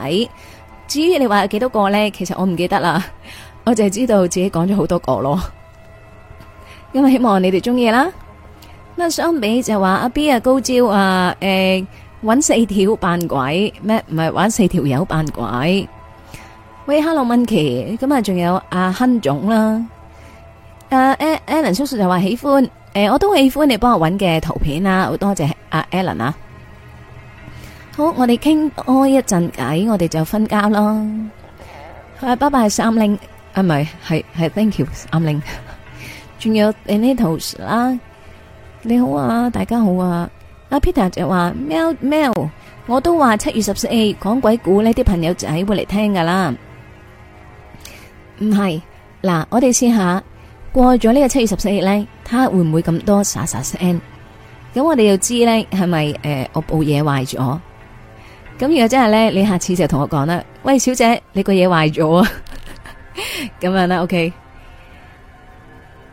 至於你話有幾多個咧，其實我唔記得啦，我就係知道自己講咗好多個咯。咁啊，希望你哋中意啦。嗱，相比就話阿 B 啊高招啊，誒，搵四條扮鬼咩？唔係玩四條友扮鬼。喂，Hello，文琪，咁啊，仲有阿亨總啦。誒誒，Alan 叔叔就話喜歡，誒，我都喜歡你幫我搵嘅圖片啊，好多謝阿 Alan 啊。好，我哋傾多一陣偈，我哋就瞓覺咯。啊，拜拜，三令，啊唔係，係係 Thank you，三令。仲有呢套啦。你好啊，大家好啊，阿 Peter 就話喵喵，我都話七月十四日講鬼故呢啲朋友仔會嚟聽噶啦。唔係，嗱，我哋試下過咗呢個七月十四日咧，睇下會唔會咁多沙沙聲。咁我哋就知咧係咪誒，我部嘢壞咗。咁如果真係咧，你下次就同我講啦。喂，小姐，你個嘢壞咗啊？咁 樣啦，OK。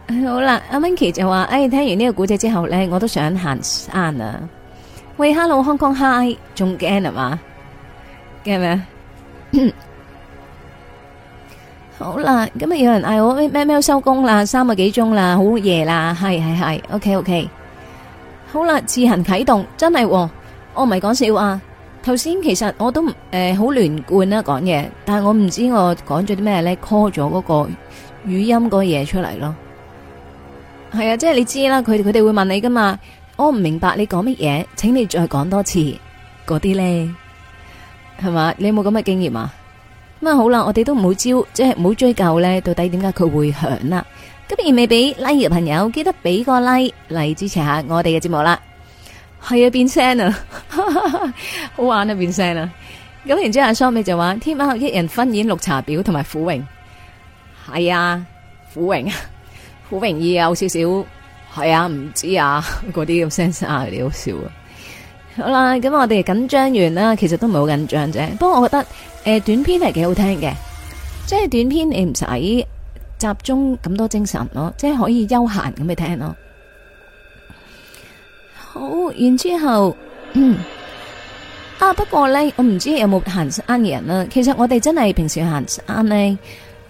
好啦，阿 Minky 就話：誒、哎，聽完呢個古仔之後咧，我都想行山啊！喂，Hello，Hong Kong，Hi，仲驚啊嘛？驚咩？ 好啦，咁啊，有人嗌我，咩咩收工啦，三個幾鐘啦，好夜啦，係係係，OK OK。好啦，自行啟動，真係、哦，我唔係講笑啊！頭先其實我都誒好連貫啦講嘢，但係我唔知我講咗啲咩咧，call 咗嗰個語音嗰嘢出嚟咯。係啊，即係你知啦，佢哋佢哋會問你噶嘛？我唔明白你講乜嘢，請你再講多次嗰啲咧，係嘛？你冇咁嘅經驗啊？咁、嗯、啊好啦，我哋都唔好招，即係唔好追究咧，到底點解佢會響啦、啊？今日未俾 like 嘅朋友，記得俾個 like 嚟支持下我哋嘅節目啦。係啊，變聲啊， 好玩啊，變聲啊！咁然之後，阿雙美就話：天喵學一人分演綠茶婊同埋傅榮，係啊，傅榮。好容易啊，有少少係啊，唔知啊，嗰啲咁 sense 啊，你好笑啊！好啦，咁我哋緊張完啦，其實都唔係好緊張啫。不過我覺得誒、呃，短篇係幾好聽嘅，即係短篇你唔使集中咁多精神咯，即係可以悠閒咁去聽咯。好，然之後、嗯、啊，不過咧，我唔知有冇行山嘅人啦。其實我哋真係平時行山咧。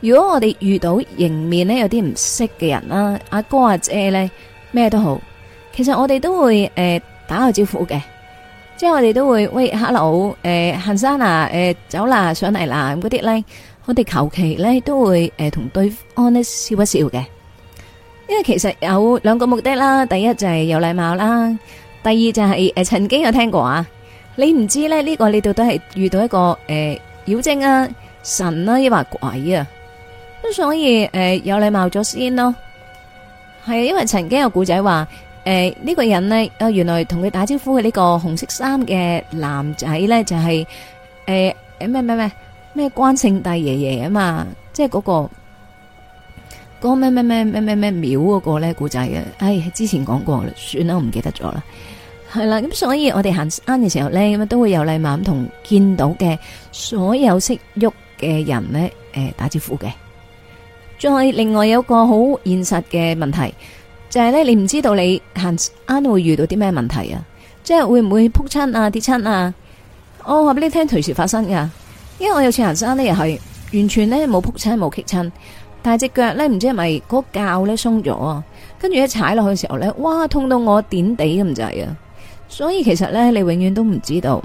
如果我哋遇到迎面咧有啲唔識嘅人啦，阿哥阿姐咧咩都好，其實我哋都會誒打個招呼嘅，即係我哋都會喂，hello，誒行山啊，誒走啦上嚟啦咁嗰啲咧，我哋求其咧都會誒同對方咧笑一笑嘅，因為其實有兩個目的啦，第一就係有禮貌啦，第二就係誒曾經有聽過啊，你唔知咧呢個你到底係遇到一個誒妖精啊神啊，抑或鬼啊？咁所以誒、呃、有禮貌咗先咯，係啊，因為曾經有古仔話誒呢個人呢，原來同佢打招呼嘅呢個紅色衫嘅男仔咧，就係誒誒咩咩咩咩關聖帝爺爺啊嘛，即係嗰個嗰個咩咩咩咩咩廟嗰個咧古仔啊。唉、哎，之前講過啦，算啦，我唔記得咗啦，係啦。咁所以我哋行山嘅時候咧，咁都會有禮貌咁同見到嘅所有識喐嘅人咧，誒、呃、打招呼嘅。再另外有一個好現實嘅問題，就係咧，你唔知道你行山會遇到啲咩問題是會不會啊？即係會唔會扑親啊跌親啊？我話俾你聽隨時發生噶，因為我有次行山呢，又係完全呢，冇扑親冇跌親，但係隻腳咧唔知係咪嗰臼咧鬆咗，跟住一踩落去嘅時候呢，哇痛到我點地咁滯啊！所以其實呢，你永遠都唔知道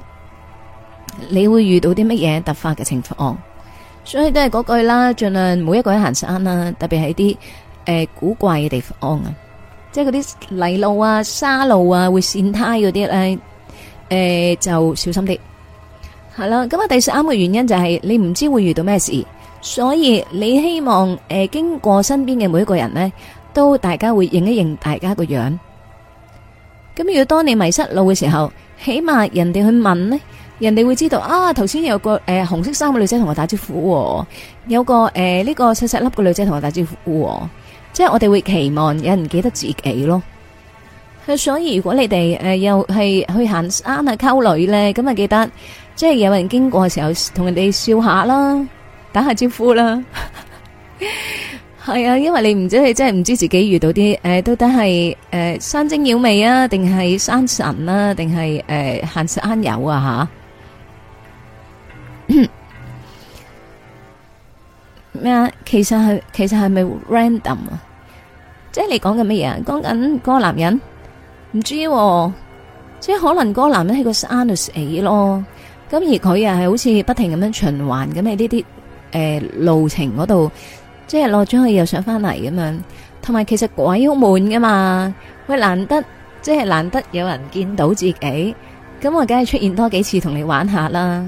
你會遇到啲乜嘢突發嘅情況。所以都係嗰句啦，盡量每一個人行山啦，特別係啲誒古怪嘅地方啊，即係嗰啲泥路啊、沙路啊會跣胎嗰啲咧，誒、呃、就小心啲。係啦，咁啊第三個原因就係、是、你唔知會遇到咩事，所以你希望誒、呃、經過身邊嘅每一個人呢，都大家會認一認大家個樣。咁如果當你迷失路嘅時候，起碼人哋去問呢。人哋會知道啊！頭先有個誒、呃、紅色衫嘅女仔同我打招呼，有個誒呢、呃這個細細粒嘅女仔同我打招呼，即係我哋會期望有人記得自己咯。所以如果你哋誒、呃、又係去行山啊、溝女咧，咁啊記得，即係有人經過嘅時候同人哋笑下啦，打下招呼啦。係 啊，因為你唔知你真係唔知自己遇到啲誒、呃、到底係誒山精妖魅啊，定係山神呀、啊，定係誒行山友啊吓。咩啊？ 其實係其實係咪 random 你說的什麼說的啊？即係你講緊乜嘢啊？講緊嗰個男人唔知，呃，即係可能嗰個男人喺個山度死咯。咁而佢又係好似不停咁樣循環咁喺呢啲誒路程嗰度，即係落咗去又上翻嚟咁樣。同埋其實鬼好悶噶嘛，喂難得即係難得有人見到自己，咁我梗係出現多幾次同你玩下啦。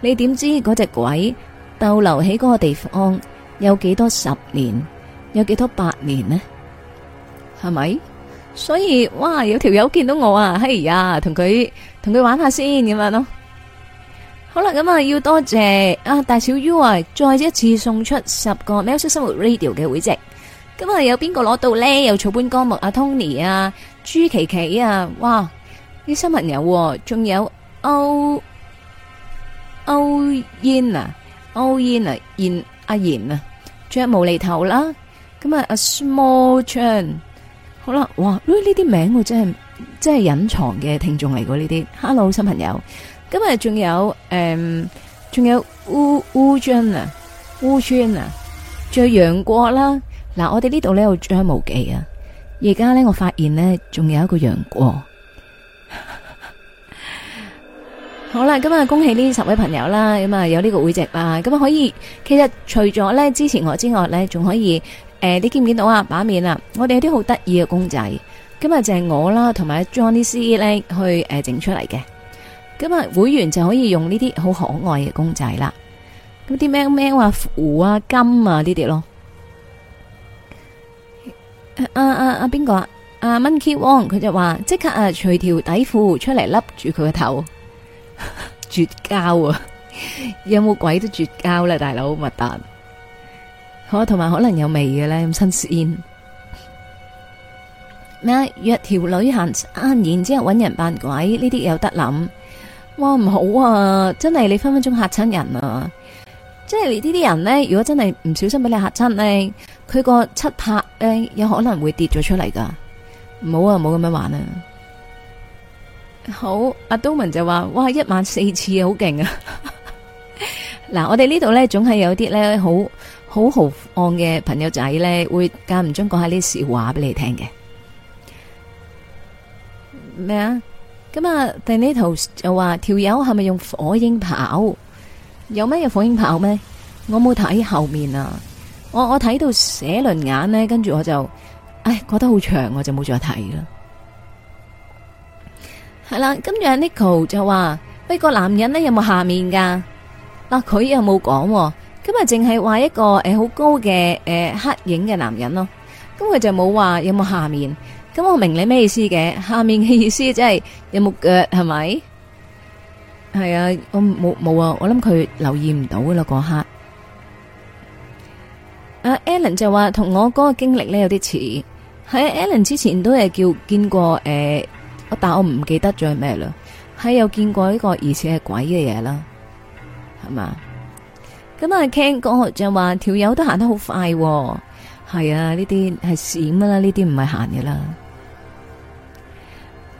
你點知嗰隻鬼逗留喺嗰個地方有幾多十年，有幾多八年咧？係咪？所以哇，有條友見到我啊，係啊，同佢同佢玩下先咁樣咯。好啦，咁啊要多謝啊大小 U 再一次送出十個喵式生活 Radio 嘅會籍。咁啊有邊個攞到咧？有草本歌目阿 Tony 啊，朱琪琪啊，哇，啲新朋友仲有歐。歐、哦、燕啊，歐、哦、燕啊，燕阿燕啊，張無厘頭啦。咁啊，a small 阿摩 n 好啦，哇，呢啲名我真係真係隱藏嘅聽眾嚟噶呢啲。Hello，新朋友，今日仲有誒，仲、嗯、有烏烏春啊，烏春啊，張楊過啦。嗱，我哋呢度咧有張無忌啊，而家咧我發現咧仲有一個楊過。好啦，今日恭喜呢十位朋友啦，咁啊有呢個會籍啦，咁啊可以。其實除咗咧支持我之外咧，仲可以誒、呃，你見唔見到啊？把面啦，我哋有啲好得意嘅公仔，咁啊就係我啦，同埋 Johnny C 咧去誒整出嚟嘅。咁啊會員就可以用呢啲好可愛嘅公仔啦。咁啲咩咩啊？符啊金啊呢啲咯。啊啊啊！邊個啊？阿 Monkey Wong 佢就話即刻啊，除條底褲出嚟，笠住佢個頭。 絕交啊、 有有絕交啊！有冇鬼都絕交咧，大佬密達？好，同埋可能有味嘅咧，咁新鮮咩？約條女行，然之後搵人扮鬼，呢啲有得諗。哇，唔好啊！真係你分分鐘吓親人啊！即係你呢啲人呢，如果真係唔小心俾你吓親呢，佢個七魄呢，有可能會跌咗出嚟噶。唔好啊，唔好咁樣玩啊！好，阿都文就話：哇，一晚四次好勁啊！嗱， 我哋呢度咧，總係有啲咧，好好豪放嘅朋友仔咧，會間唔中講下呢啲笑話俾你聽嘅。咩啊？咁啊，第呢圖就話條友係咪用火影跑？有咩嘢火影跑咩？我冇睇後面啊，我我睇到寫輪眼咧，跟住我就，唉，覺得好長，我就冇再睇啦。係啦，咁樣 Nico 就話，呢個男人咧有冇下面噶？嗱，佢又冇講，咁啊，淨係話一個誒好高嘅誒黑影嘅男人咯。咁佢就冇話有冇下面。咁我明你咩意思嘅？下面嘅意思即係有冇腳係咪？係啊，我冇冇啊，我諗佢留意唔到噶啦嗰刻。阿 Alan 就話同我嗰個經歷咧有啲似。喺 Alan 之前都係叫見過誒。但我唔記得咗係咩啦，係有見過呢個疑似係鬼嘅嘢啦，係嘛？咁啊，Ken 講就話條友都行得好快，係啊，呢啲係閃啦，呢啲唔係行嘅啦。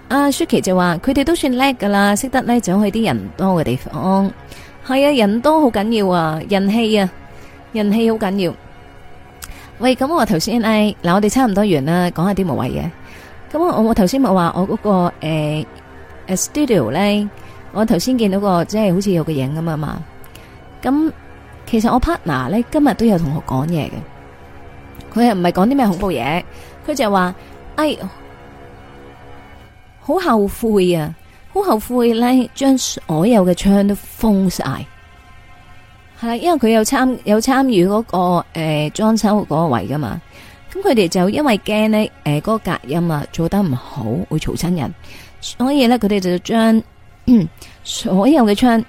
阿 Shuki 就話佢哋都算叻噶啦，識得咧走去啲人多嘅地方，係啊，人多好緊要啊，人氣啊，人氣好緊要。喂，咁我頭先誒，嗱，我哋差唔多完啦，講下啲無謂嘢。咁我我頭先咪話我嗰個誒誒 studio 咧，我頭先見到個即係好似有個影咁啊嘛。咁其實我 partner 咧今日都有同學講嘢嘅，佢又唔係講啲咩恐怖嘢，佢就係話哎，好後悔啊，好後悔咧將所有嘅窗都封晒，係啦，因為佢有參有參與嗰、那個誒、呃、裝修嗰個位噶嘛。咁佢哋就因為驚呢，誒嗰個隔音啊做得唔好，會嘈親人，所以呢，佢哋就將所有嘅窗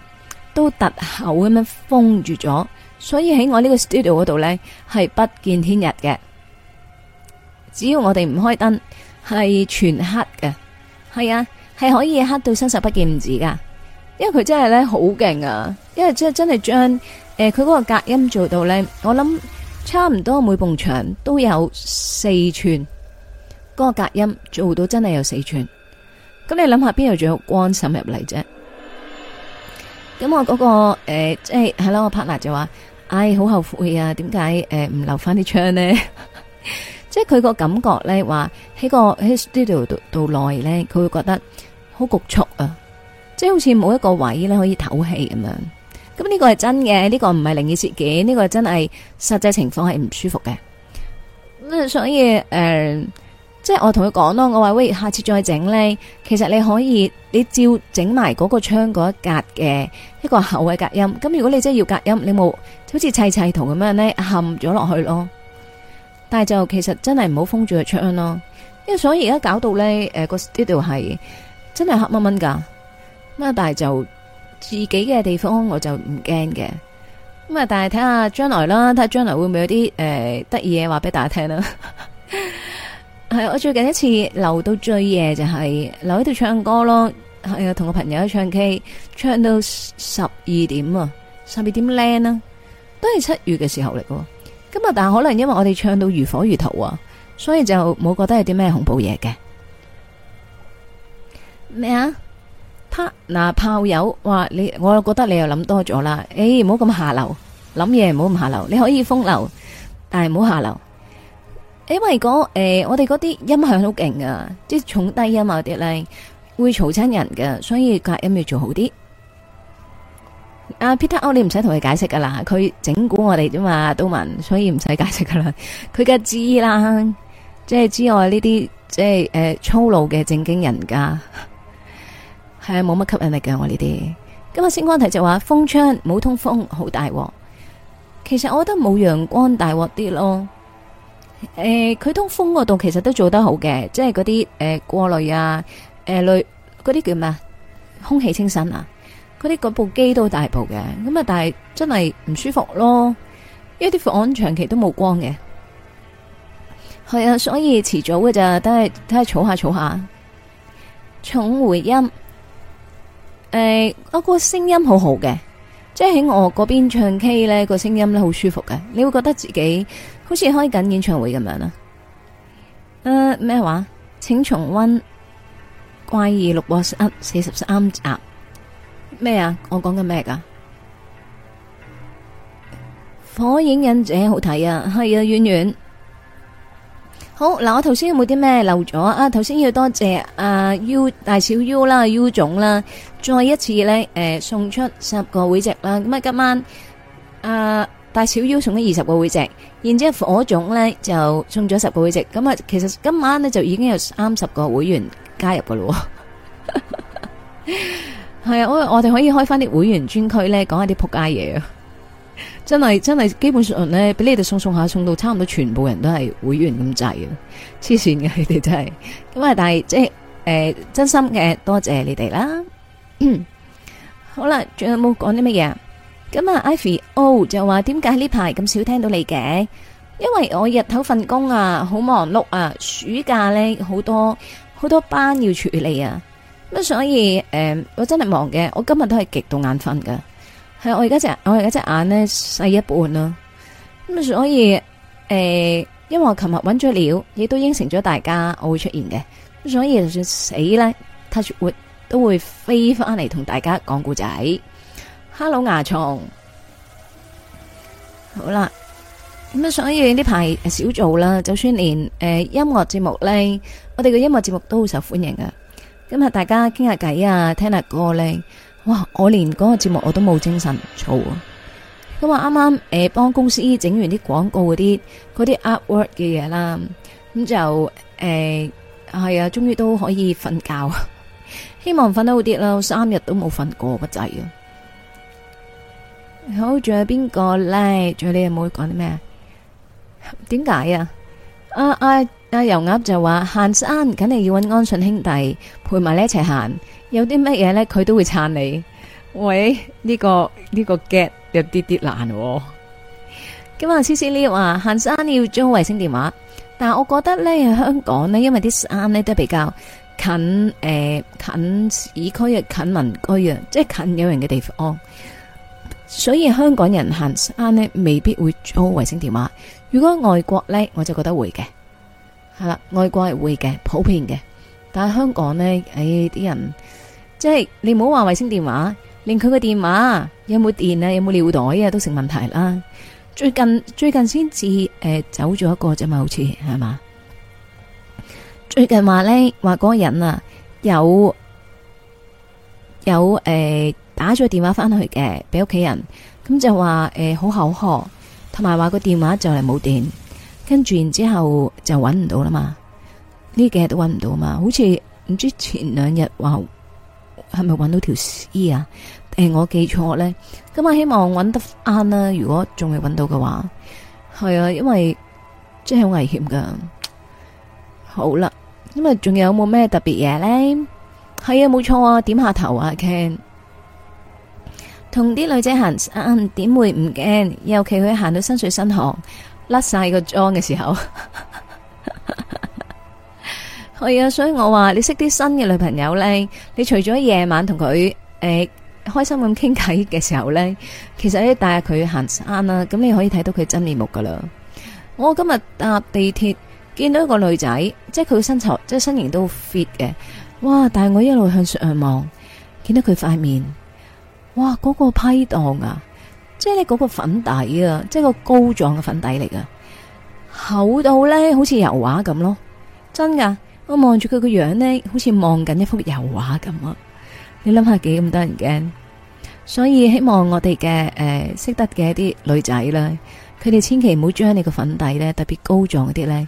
都突口咁樣封住咗，所以喺我呢個 studio 嗰度呢，係不見天日嘅，只要我哋唔開燈係全黑嘅，係啊係可以黑到伸手不見五指噶，因為佢真係呢好勁啊，因為係真係將誒佢嗰個隔音做到呢，我諗。差唔多每埲牆都有四吋，嗰個隔音做到真係有四吋。咁你諗下邊有仲有光滲入嚟啫？咁我嗰個誒，即係係啦，我 partner 就話：「哎，好後悔啊，點解誒唔留翻啲窗呢？」即係佢個感覺咧，話喺個喺 studio 度度內咧，佢會覺得好局促啊，即係好似冇一個位咧可以透氣咁樣。咁呢個係真嘅，呢個唔係靈異事件，呢個真係實際情況係唔舒服嘅。所以誒、呃，即係我同佢講咯，我話「喂，下次再整呢。」其實你可以你照整埋嗰個窗嗰一格嘅一個後位隔音。咁如果你真係要隔音，你冇好似砌砌圖咁樣呢，嵌咗落去咯。但係就其實真係唔好封住個窗咯，因為所以而家搞到呢誒、個 studio 係真係黑蚊蚊噶。咁但係就。自己嘅地方我就唔驚嘅，咁啊，但係睇下將來啦，睇下將來會唔會有啲誒得意嘢話俾大家聽啦。係 我最近一次留到最夜就係留喺度唱歌咯，係啊，同個朋友一唱 K，唱到十二點啊，十二點 l a 都係七月嘅時候嚟嘅。咁啊，但係可能因為我哋唱到如火如荼啊，所以就冇覺得係啲咩恐怖嘢嘅。咩啊？嗱、啊，炮友話你，我又覺得你又諗多咗啦。誒、欸，唔好咁下流，諗嘢唔好咁下流。你可以風流，但係唔好下流。欸、因為嗰、那、誒、個欸，我哋嗰啲音響好勁啊，即係重低音啊啲咧，會嘈親人噶，所以隔音要做好啲。阿、啊、Peter，o, 你唔使同佢解釋噶啦，佢整蠱我哋啫嘛，都文，所以唔使解釋噶啦。佢梗知啦，即係之外呢啲，即係誒、呃、粗魯嘅正經人家。係啊，冇乜吸引力嘅我呢啲。今日星光題就話風窗冇通風好大鑊。其實我覺得冇陽光大鑊啲咯。誒、欸，佢通風嗰度其實都做得好嘅，即係嗰啲誒過濾啊，誒濾嗰啲叫咩啊？空氣清新啊，嗰啲嗰部機都大部嘅。咁啊，但係真係唔舒服咯。因為啲房長期都冇光嘅，係、欸、啊，所以遲早嘅咋，都係都係儲下儲下。重回音。誒、哎，我個聲音好好嘅，即係喺我嗰邊唱 K 呢個聲音咧好舒服嘅，你會覺得自己好似開緊演唱會咁樣啊？誒、呃，咩話？請重溫《怪異錄播四十三集。咩啊？我講緊咩噶？《火影忍者》好睇啊，係啊，遠遠。好嗱，我頭先有冇啲咩漏咗啊？頭先要多謝阿、啊、U 大小 U 啦、U 總啦，再一次咧誒、呃、送出十個會籍啦。咁啊今晚啊大小 U 送咗二十個會籍，然之後火總咧就送咗十個會籍。咁啊其實今晚咧就已經有三十個會員加入噶咯。係啊，我我哋可以開翻啲會員專區咧，講下啲仆街嘢。真係真係，基本上咧，俾你哋送送下，送到差唔多全部人都係會員咁滯啊！黐線嘅你哋真係，咁 啊！但係即係誒、呃，真心嘅多謝你哋啦。 好啦，仲有冇講啲乜嘢？咁啊，Ivy O 就話點解呢排咁少聽到你嘅？因為我日頭份工啊，好忙碌啊，暑假咧好多好多班要處理啊，咁所以誒、呃，我真係忙嘅，我今日都係極度眼瞓噶。係、嗯、我而家隻我而家隻眼咧細一半啦，啊，咁所以誒、欸，因為我琴日揾咗料，亦都應承咗大家我會出現嘅，所以就算死咧 touch wood 都會飛翻嚟同大家講故仔。Hello 牙蟲，好啦，咁、嗯、啊所以呢排少做啦，就算連誒、欸、音樂節目咧，我哋嘅音樂節目都好受歡迎嘅，今日大家傾下偈啊，聽下歌咧。哇！我連嗰個節目我都冇精神做啊！今日啱啱誒幫公司整完啲廣告嗰啲嗰啲 artwork 嘅嘢啦，咁就誒係啊，終於都可以瞓覺，希望瞓得好啲啦！三日都冇瞓過個仔啊！好，仲有邊個咧？仲有你有冇講啲咩啊？點解啊？阿阿阿油鴨就話行山，肯定要揾安信兄弟陪埋你一齊行。有啲乜嘢咧，佢都會撐你。喂，呢、這個呢、這個 get 有啲啲難、哦。咁啊，C C L 話行山要租衛星電話，但係我覺得咧，香港呢，因為啲山咧都比較近，誒、呃，近市區嘅，近民居啊，即係近有人嘅地方，所以香港人行山咧，未必會租衛星電話。如果外國呢，我就覺得會嘅，係啦，外國係會嘅，普遍嘅。但係香港呢，誒、哎，啲人即係你唔好話衛星電話，連佢個電話有冇電啊，有冇尿袋啊，都成問題啦。最近最近先至誒走咗一個啫嘛，好似係嘛。最近話、呃、呢，話嗰個人啊有有誒、呃、打咗電話翻去嘅，俾屋企人，咁就話誒好口渴。同埋話個電話就嚟冇電，跟住然之後就揾唔到啦嘛，呢幾日都揾唔到嘛，好似唔知前兩日話係咪揾到條屍啊？誒、欸，我記錯咧。咁啊，希望揾得啱啦。如果仲未揾到嘅話，係啊，因為真係好危險噶。好啦，咁啊，仲有冇咩特別嘢咧？係啊，冇錯啊，點下頭啊，Ken。同啲女仔行山，點會唔驚？尤其佢行到身水身汗，甩晒個妝嘅時候，係 啊！所以我話你識啲新嘅女朋友呢，你除咗夜晚同佢誒開心咁傾偈嘅時候呢，其實你帶佢行山啦，咁你可以睇到佢真面目噶啦。我今日搭地鐵見到一個女仔，即係佢身材，即係身形都 fit 嘅，哇！但係我一路向上望，見到佢塊面。哇！嗰、那個批盪啊，即係你嗰個粉底啊，即係個膏狀嘅粉底嚟噶，厚到咧好似油畫咁咯，真噶！我望住佢個樣咧，好似望緊一幅油畫咁啊！你諗下幾咁得人驚，所以希望我哋嘅誒識得嘅一啲女仔啦，佢哋千祈唔好將你個粉底咧，特別膏狀嗰啲咧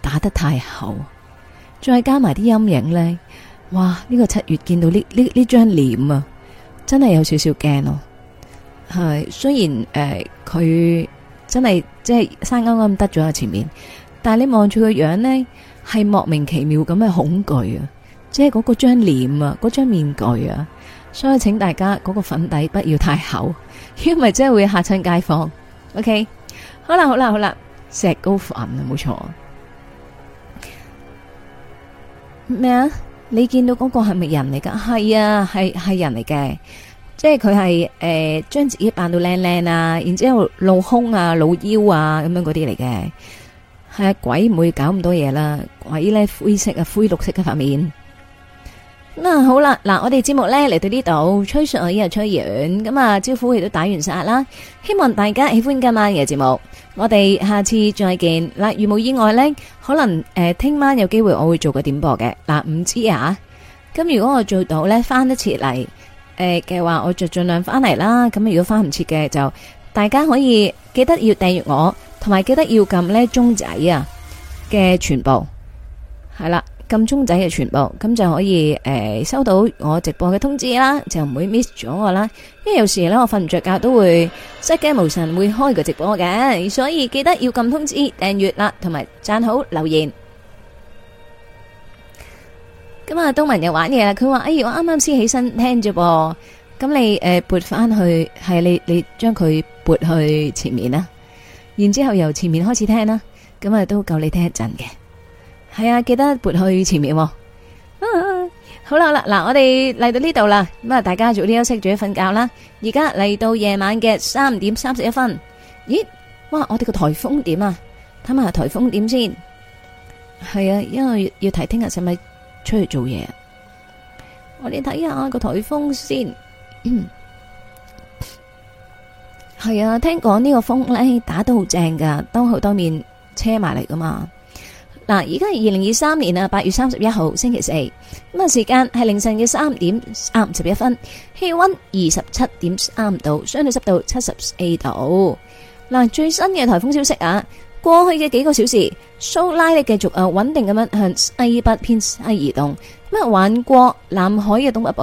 打得太厚，再加埋啲陰影咧，哇！呢、這個七月見到呢呢呢張臉啊！真係有少少驚咯，係雖然誒，佢、呃、真係即係生啱啱得咗喺前面，但係你望住個樣呢，係莫名其妙咁嘅恐懼啊！即係嗰個張臉啊，嗰張面具啊，所以請大家嗰、個粉底不要太厚，因為真係會嚇親街坊。OK，好啦好啦好啦，石膏粉啊，冇錯。咩啊？你見到嗰個係咪人嚟㗎？係啊，係係人嚟嘅，即係佢係誒將自己扮到靚靚啊，然之後露胸啊、露腰啊咁樣嗰啲嚟嘅。係啊，鬼唔會搞咁多嘢啦，鬼咧，灰色啊，灰綠色嘅塊面。咁、嗯、啊好啦，嗱我哋節目呢嚟,到呢度吹水啊，呢日吹完咁啊招呼亦都打完晒啦，希望大家喜歡今晚嘅節目，我哋下次再見。嗱，如無意外呢，可能誒呃、聽晚有機會我會做個點播嘅。嗱，唔知啊，咁如果我做到呢，翻得切嚟誒嘅話，我就盡量翻嚟啦。咁如果翻唔切嘅，就大家可以記得要訂閱我，同埋記得要撳呢鐘仔啊嘅全部係啦。撳鐘仔嘅全部，咁就可以誒、呃、收到我直播嘅通知啦，就唔會 miss 咗我啦。因為有時呢我瞓唔着覺都會失驚無神，會開個直播嘅，所以記得要撳通知、訂閱啦，同埋讚好留言。咁、嗯、啊，東文又玩嘢啦，佢話哎呀，我啱啱先起身聽啫噃。咁你誒撥翻去，係你你將佢撥去前面啦，然之後由前面開始聽啦。咁、嗯、啊都夠你聽一陣嘅。係啊，記得撥去前面。 好啦好啦，嗱，我哋嚟到呢度啦，咁啊，大家早啲休息，早啲瞓覺啦。而家嚟到夜晚嘅三點三十一分，咦？哇！我哋個颱風點啊？睇下颱風點先。係啊，因為要睇聽日使咪出去做嘢。我哋睇下個颱風先。係、嗯、啊，聽講呢個風咧打得好正噶，都好多面車埋嚟噶嘛。嗱，而家係二零二三年啊，八月三十一號星期四，咁啊時間係凌晨嘅三點三十一分，氣溫二十七點三度，相對濕度七十四度。嗱，最新嘅台風消息啊，過去嘅幾個小時，蘇拉呢繼續啊穩定咁樣向西北偏西移動，咁啊，橫過南海嘅東北部，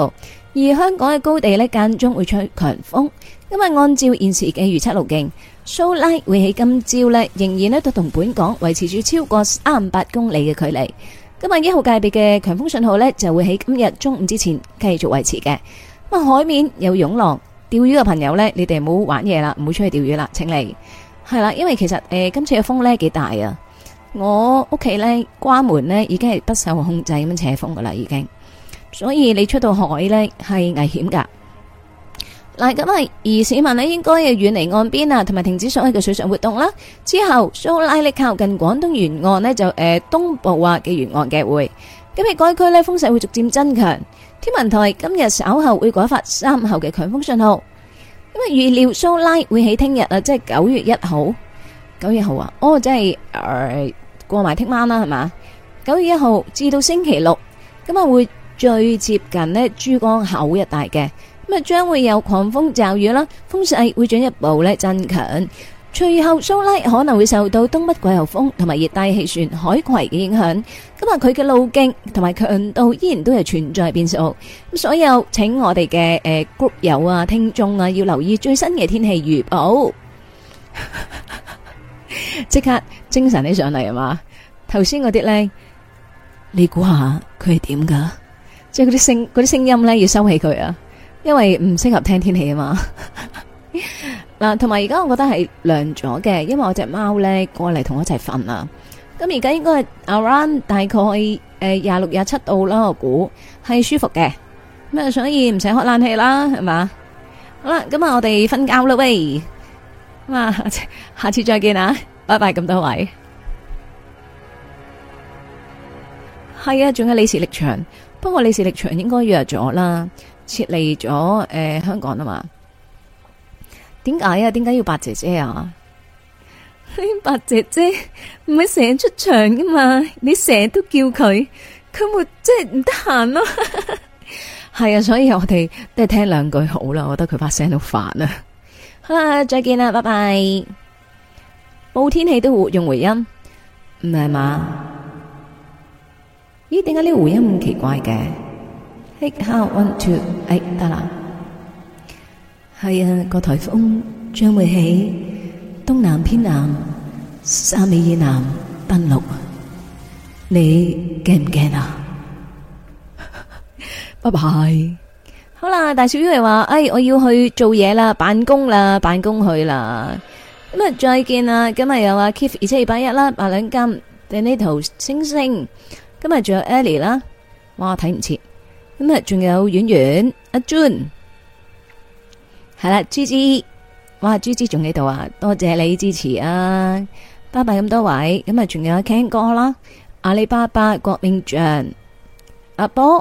而香港嘅高地呢，間中會吹強風。因為按照現時嘅預測路徑，蘇拉會喺今朝呢仍然呢都同本港維持住超過三十八公里嘅距離。今日一號界別嘅強風信號呢就會喺今日中午之前繼續維持嘅。咁海面有湧浪，釣魚嘅朋友呢你哋唔好玩嘢啦，唔好出去釣魚啦，請嚟係啦。因為其實誒、呃、今次嘅風呢幾大啊，我屋企呢關門呢已經係不受控制咁樣斜風噶啦已經，所以你出到海呢係危險噶。嗱，咁係，而市民咧應該要遠離岸邊啊，同埋停止所有嘅水上活動啦。之後，蘇拉咧靠近廣東沿岸咧，就誒東部啊嘅沿岸嘅會，今日該區咧風勢會逐漸增強。天文台今日稍後會改發三號嘅強風信號。咁啊預料蘇拉會喺聽日啊，即係九月一號，九月一號啊，哦，即係誒過埋聽晚啦，係嘛？九月一號至到星期六，咁咪會最接近咧珠江口一帶嘅。將會有狂風驟雨啦，風勢會進一步咧增強。隨後蘇拉可能會受到東北季候風同埋熱帶氣旋海葵嘅影響。今日佢嘅路徑同埋強度依然都係存在變數。咁所有，請我哋嘅誒 group 友啊、聽眾啊，要留意最新嘅天氣預報。即刻精神起上嚟啊嘛！頭先嗰啲呢，你估下佢係點噶？即係嗰啲聲、嗰啲聲音呢，要收起佢啊！因為唔適合聽天氣啊嘛，嗱，同埋而家我覺得係涼咗嘅，因為我隻貓咧過嚟同我一齊瞓啊，咁而家應該係 around 大概誒廿六廿七度啦，我估係舒服嘅，咁啊所以唔使開冷氣啦，係嘛？好啦，咁啊我哋瞓覺啦喂，咁啊下次再見啊，拜拜咁多位，係啊，仲有李氏力場，不過李氏力場應該弱咗啦。撤離咗誒，香港啊嘛？點解啊？點解要白姐姐啊？白姐姐唔係成日出場噶嘛？你成日都叫佢，佢咪即係唔得閒咯。係 啊，所以我哋都係聽兩句好啦。我覺得佢把聲都煩啊。好啦，再見啦，拜拜。報天氣都活用回音，唔係嘛？咦？點解呢回音咁奇怪嘅？One, two，哎得啦，係啊個颱風將會喺東南偏南三美以南登陸。你驚唔驚啊？拜拜好啦。大小魚嚟話：哎，我要去做嘢啦，辦公啦，辦公去啦。咁啊，再見啦。今日又阿 Kif，二七二八一啦，八兩金。定呢頭星星。今日仲有 Ellie 啦，哇睇唔切。咁啊，仲有演員阿 June，係啦，Gigi，哇，Gigi 仲喺度啊，多謝你支持啊，拜拜咁多位，咁啊，仲有阿 Ken 哥啦，阿里巴巴郭明章，阿波，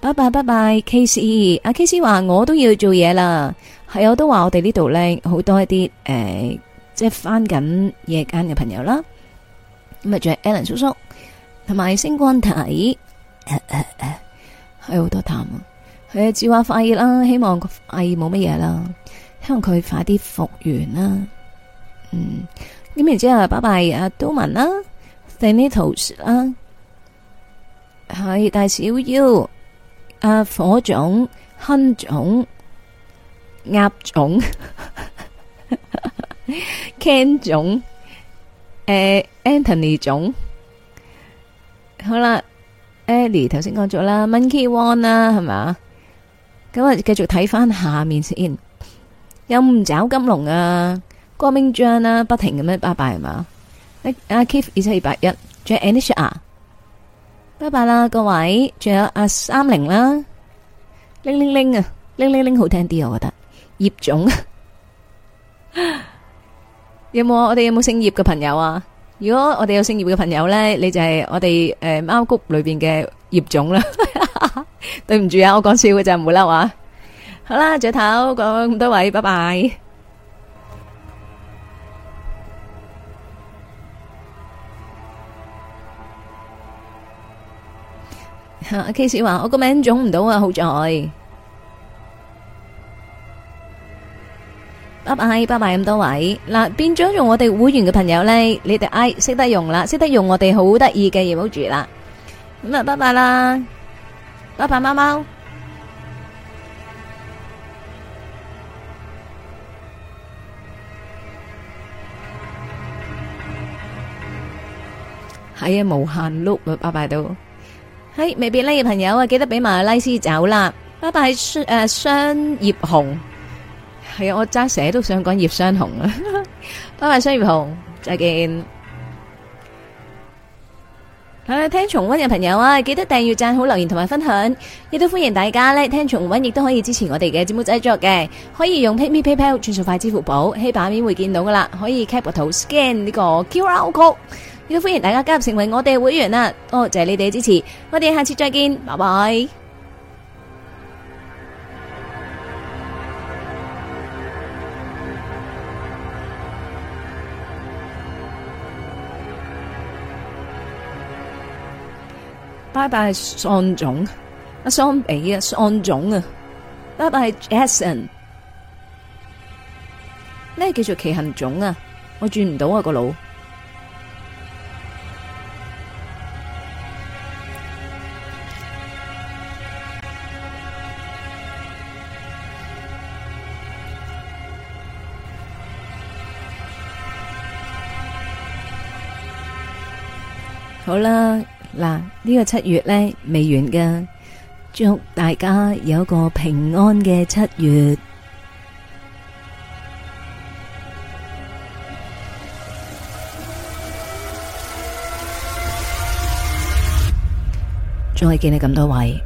拜拜拜拜，Casey，阿 Casey 話我都要做嘢啦，係我都話我哋呢度咧好多一啲誒，即係翻緊夜間嘅朋友啦，咁啊，仲有 Alan 叔叔同埋星光體。誒係好多痰啊！佢住話發熱啦，希望發熱冇乜嘢啦，希望佢快啲復原啦。嗯，咁然後之後，拜拜阿都文啦，Thanatos 啦，係大小 U，阿火種、亨種、鴨種、can 種，誒、啊、，Anthony 種，好啦。Ellie，頭先講咗啦，Monkey One 啦，係嘛？咁啊，繼續睇翻下面先。有五爪金龍啊，郭明將啦，不停咁樣拜拜係嘛？阿阿 Keith 二七二八一，Jack Anisha，拜拜啦各位，仲有阿三零啦，鈴鈴鈴啊，鈴鈴鈴好聽啲，我覺得葉總，有冇我哋有冇姓葉嘅朋友啊？如果我哋有姓葉嘅朋友咧，你就係我哋誒貓谷裏邊嘅葉總啦。對唔住啊，我講笑嘅就唔好嬲啊。好啦，最後講咁多位，拜拜。阿 K 師話：我個名總唔到啊，好在。拜拜，拜拜咁多位嗱，變咗用我哋會員嘅朋友咧，你哋唉識得用啦，識得用我哋好得意嘅嘢，好住啦，咁啊拜拜啦，拜拜貓貓，係啊、哎、無限碌啊拜拜到，係、哎、未必呢嘅朋友啊記得俾馬來拉斯走啦，拜拜商誒、呃、商業紅。係啊，我揸係成日都想講葉雙紅啊。 拜拜，雙葉紅，再見。誒，聽重温嘅朋友啊，記得訂閱、讚好、留言同埋分享，亦都歡迎大家咧聽重温，亦都可以支持我哋嘅節目製作嘅，可以用 PayMe、PayPal、轉數快、支付寶，喺版面會見到噶啦，可以 cap 圖、scan 呢個 QR code，亦都歡迎大家加入成為我哋會員啊！哦，謝你哋嘅支持，我哋下次再見，拜拜。拜拜，桑總，阿桑比啊，桑總啊，拜拜，Jason，咩叫做奇行種啊？我轉唔到啊個腦。好啦。嗱，呢個七月咧未完噶，祝大家有個平安嘅七月。再見你咁多位。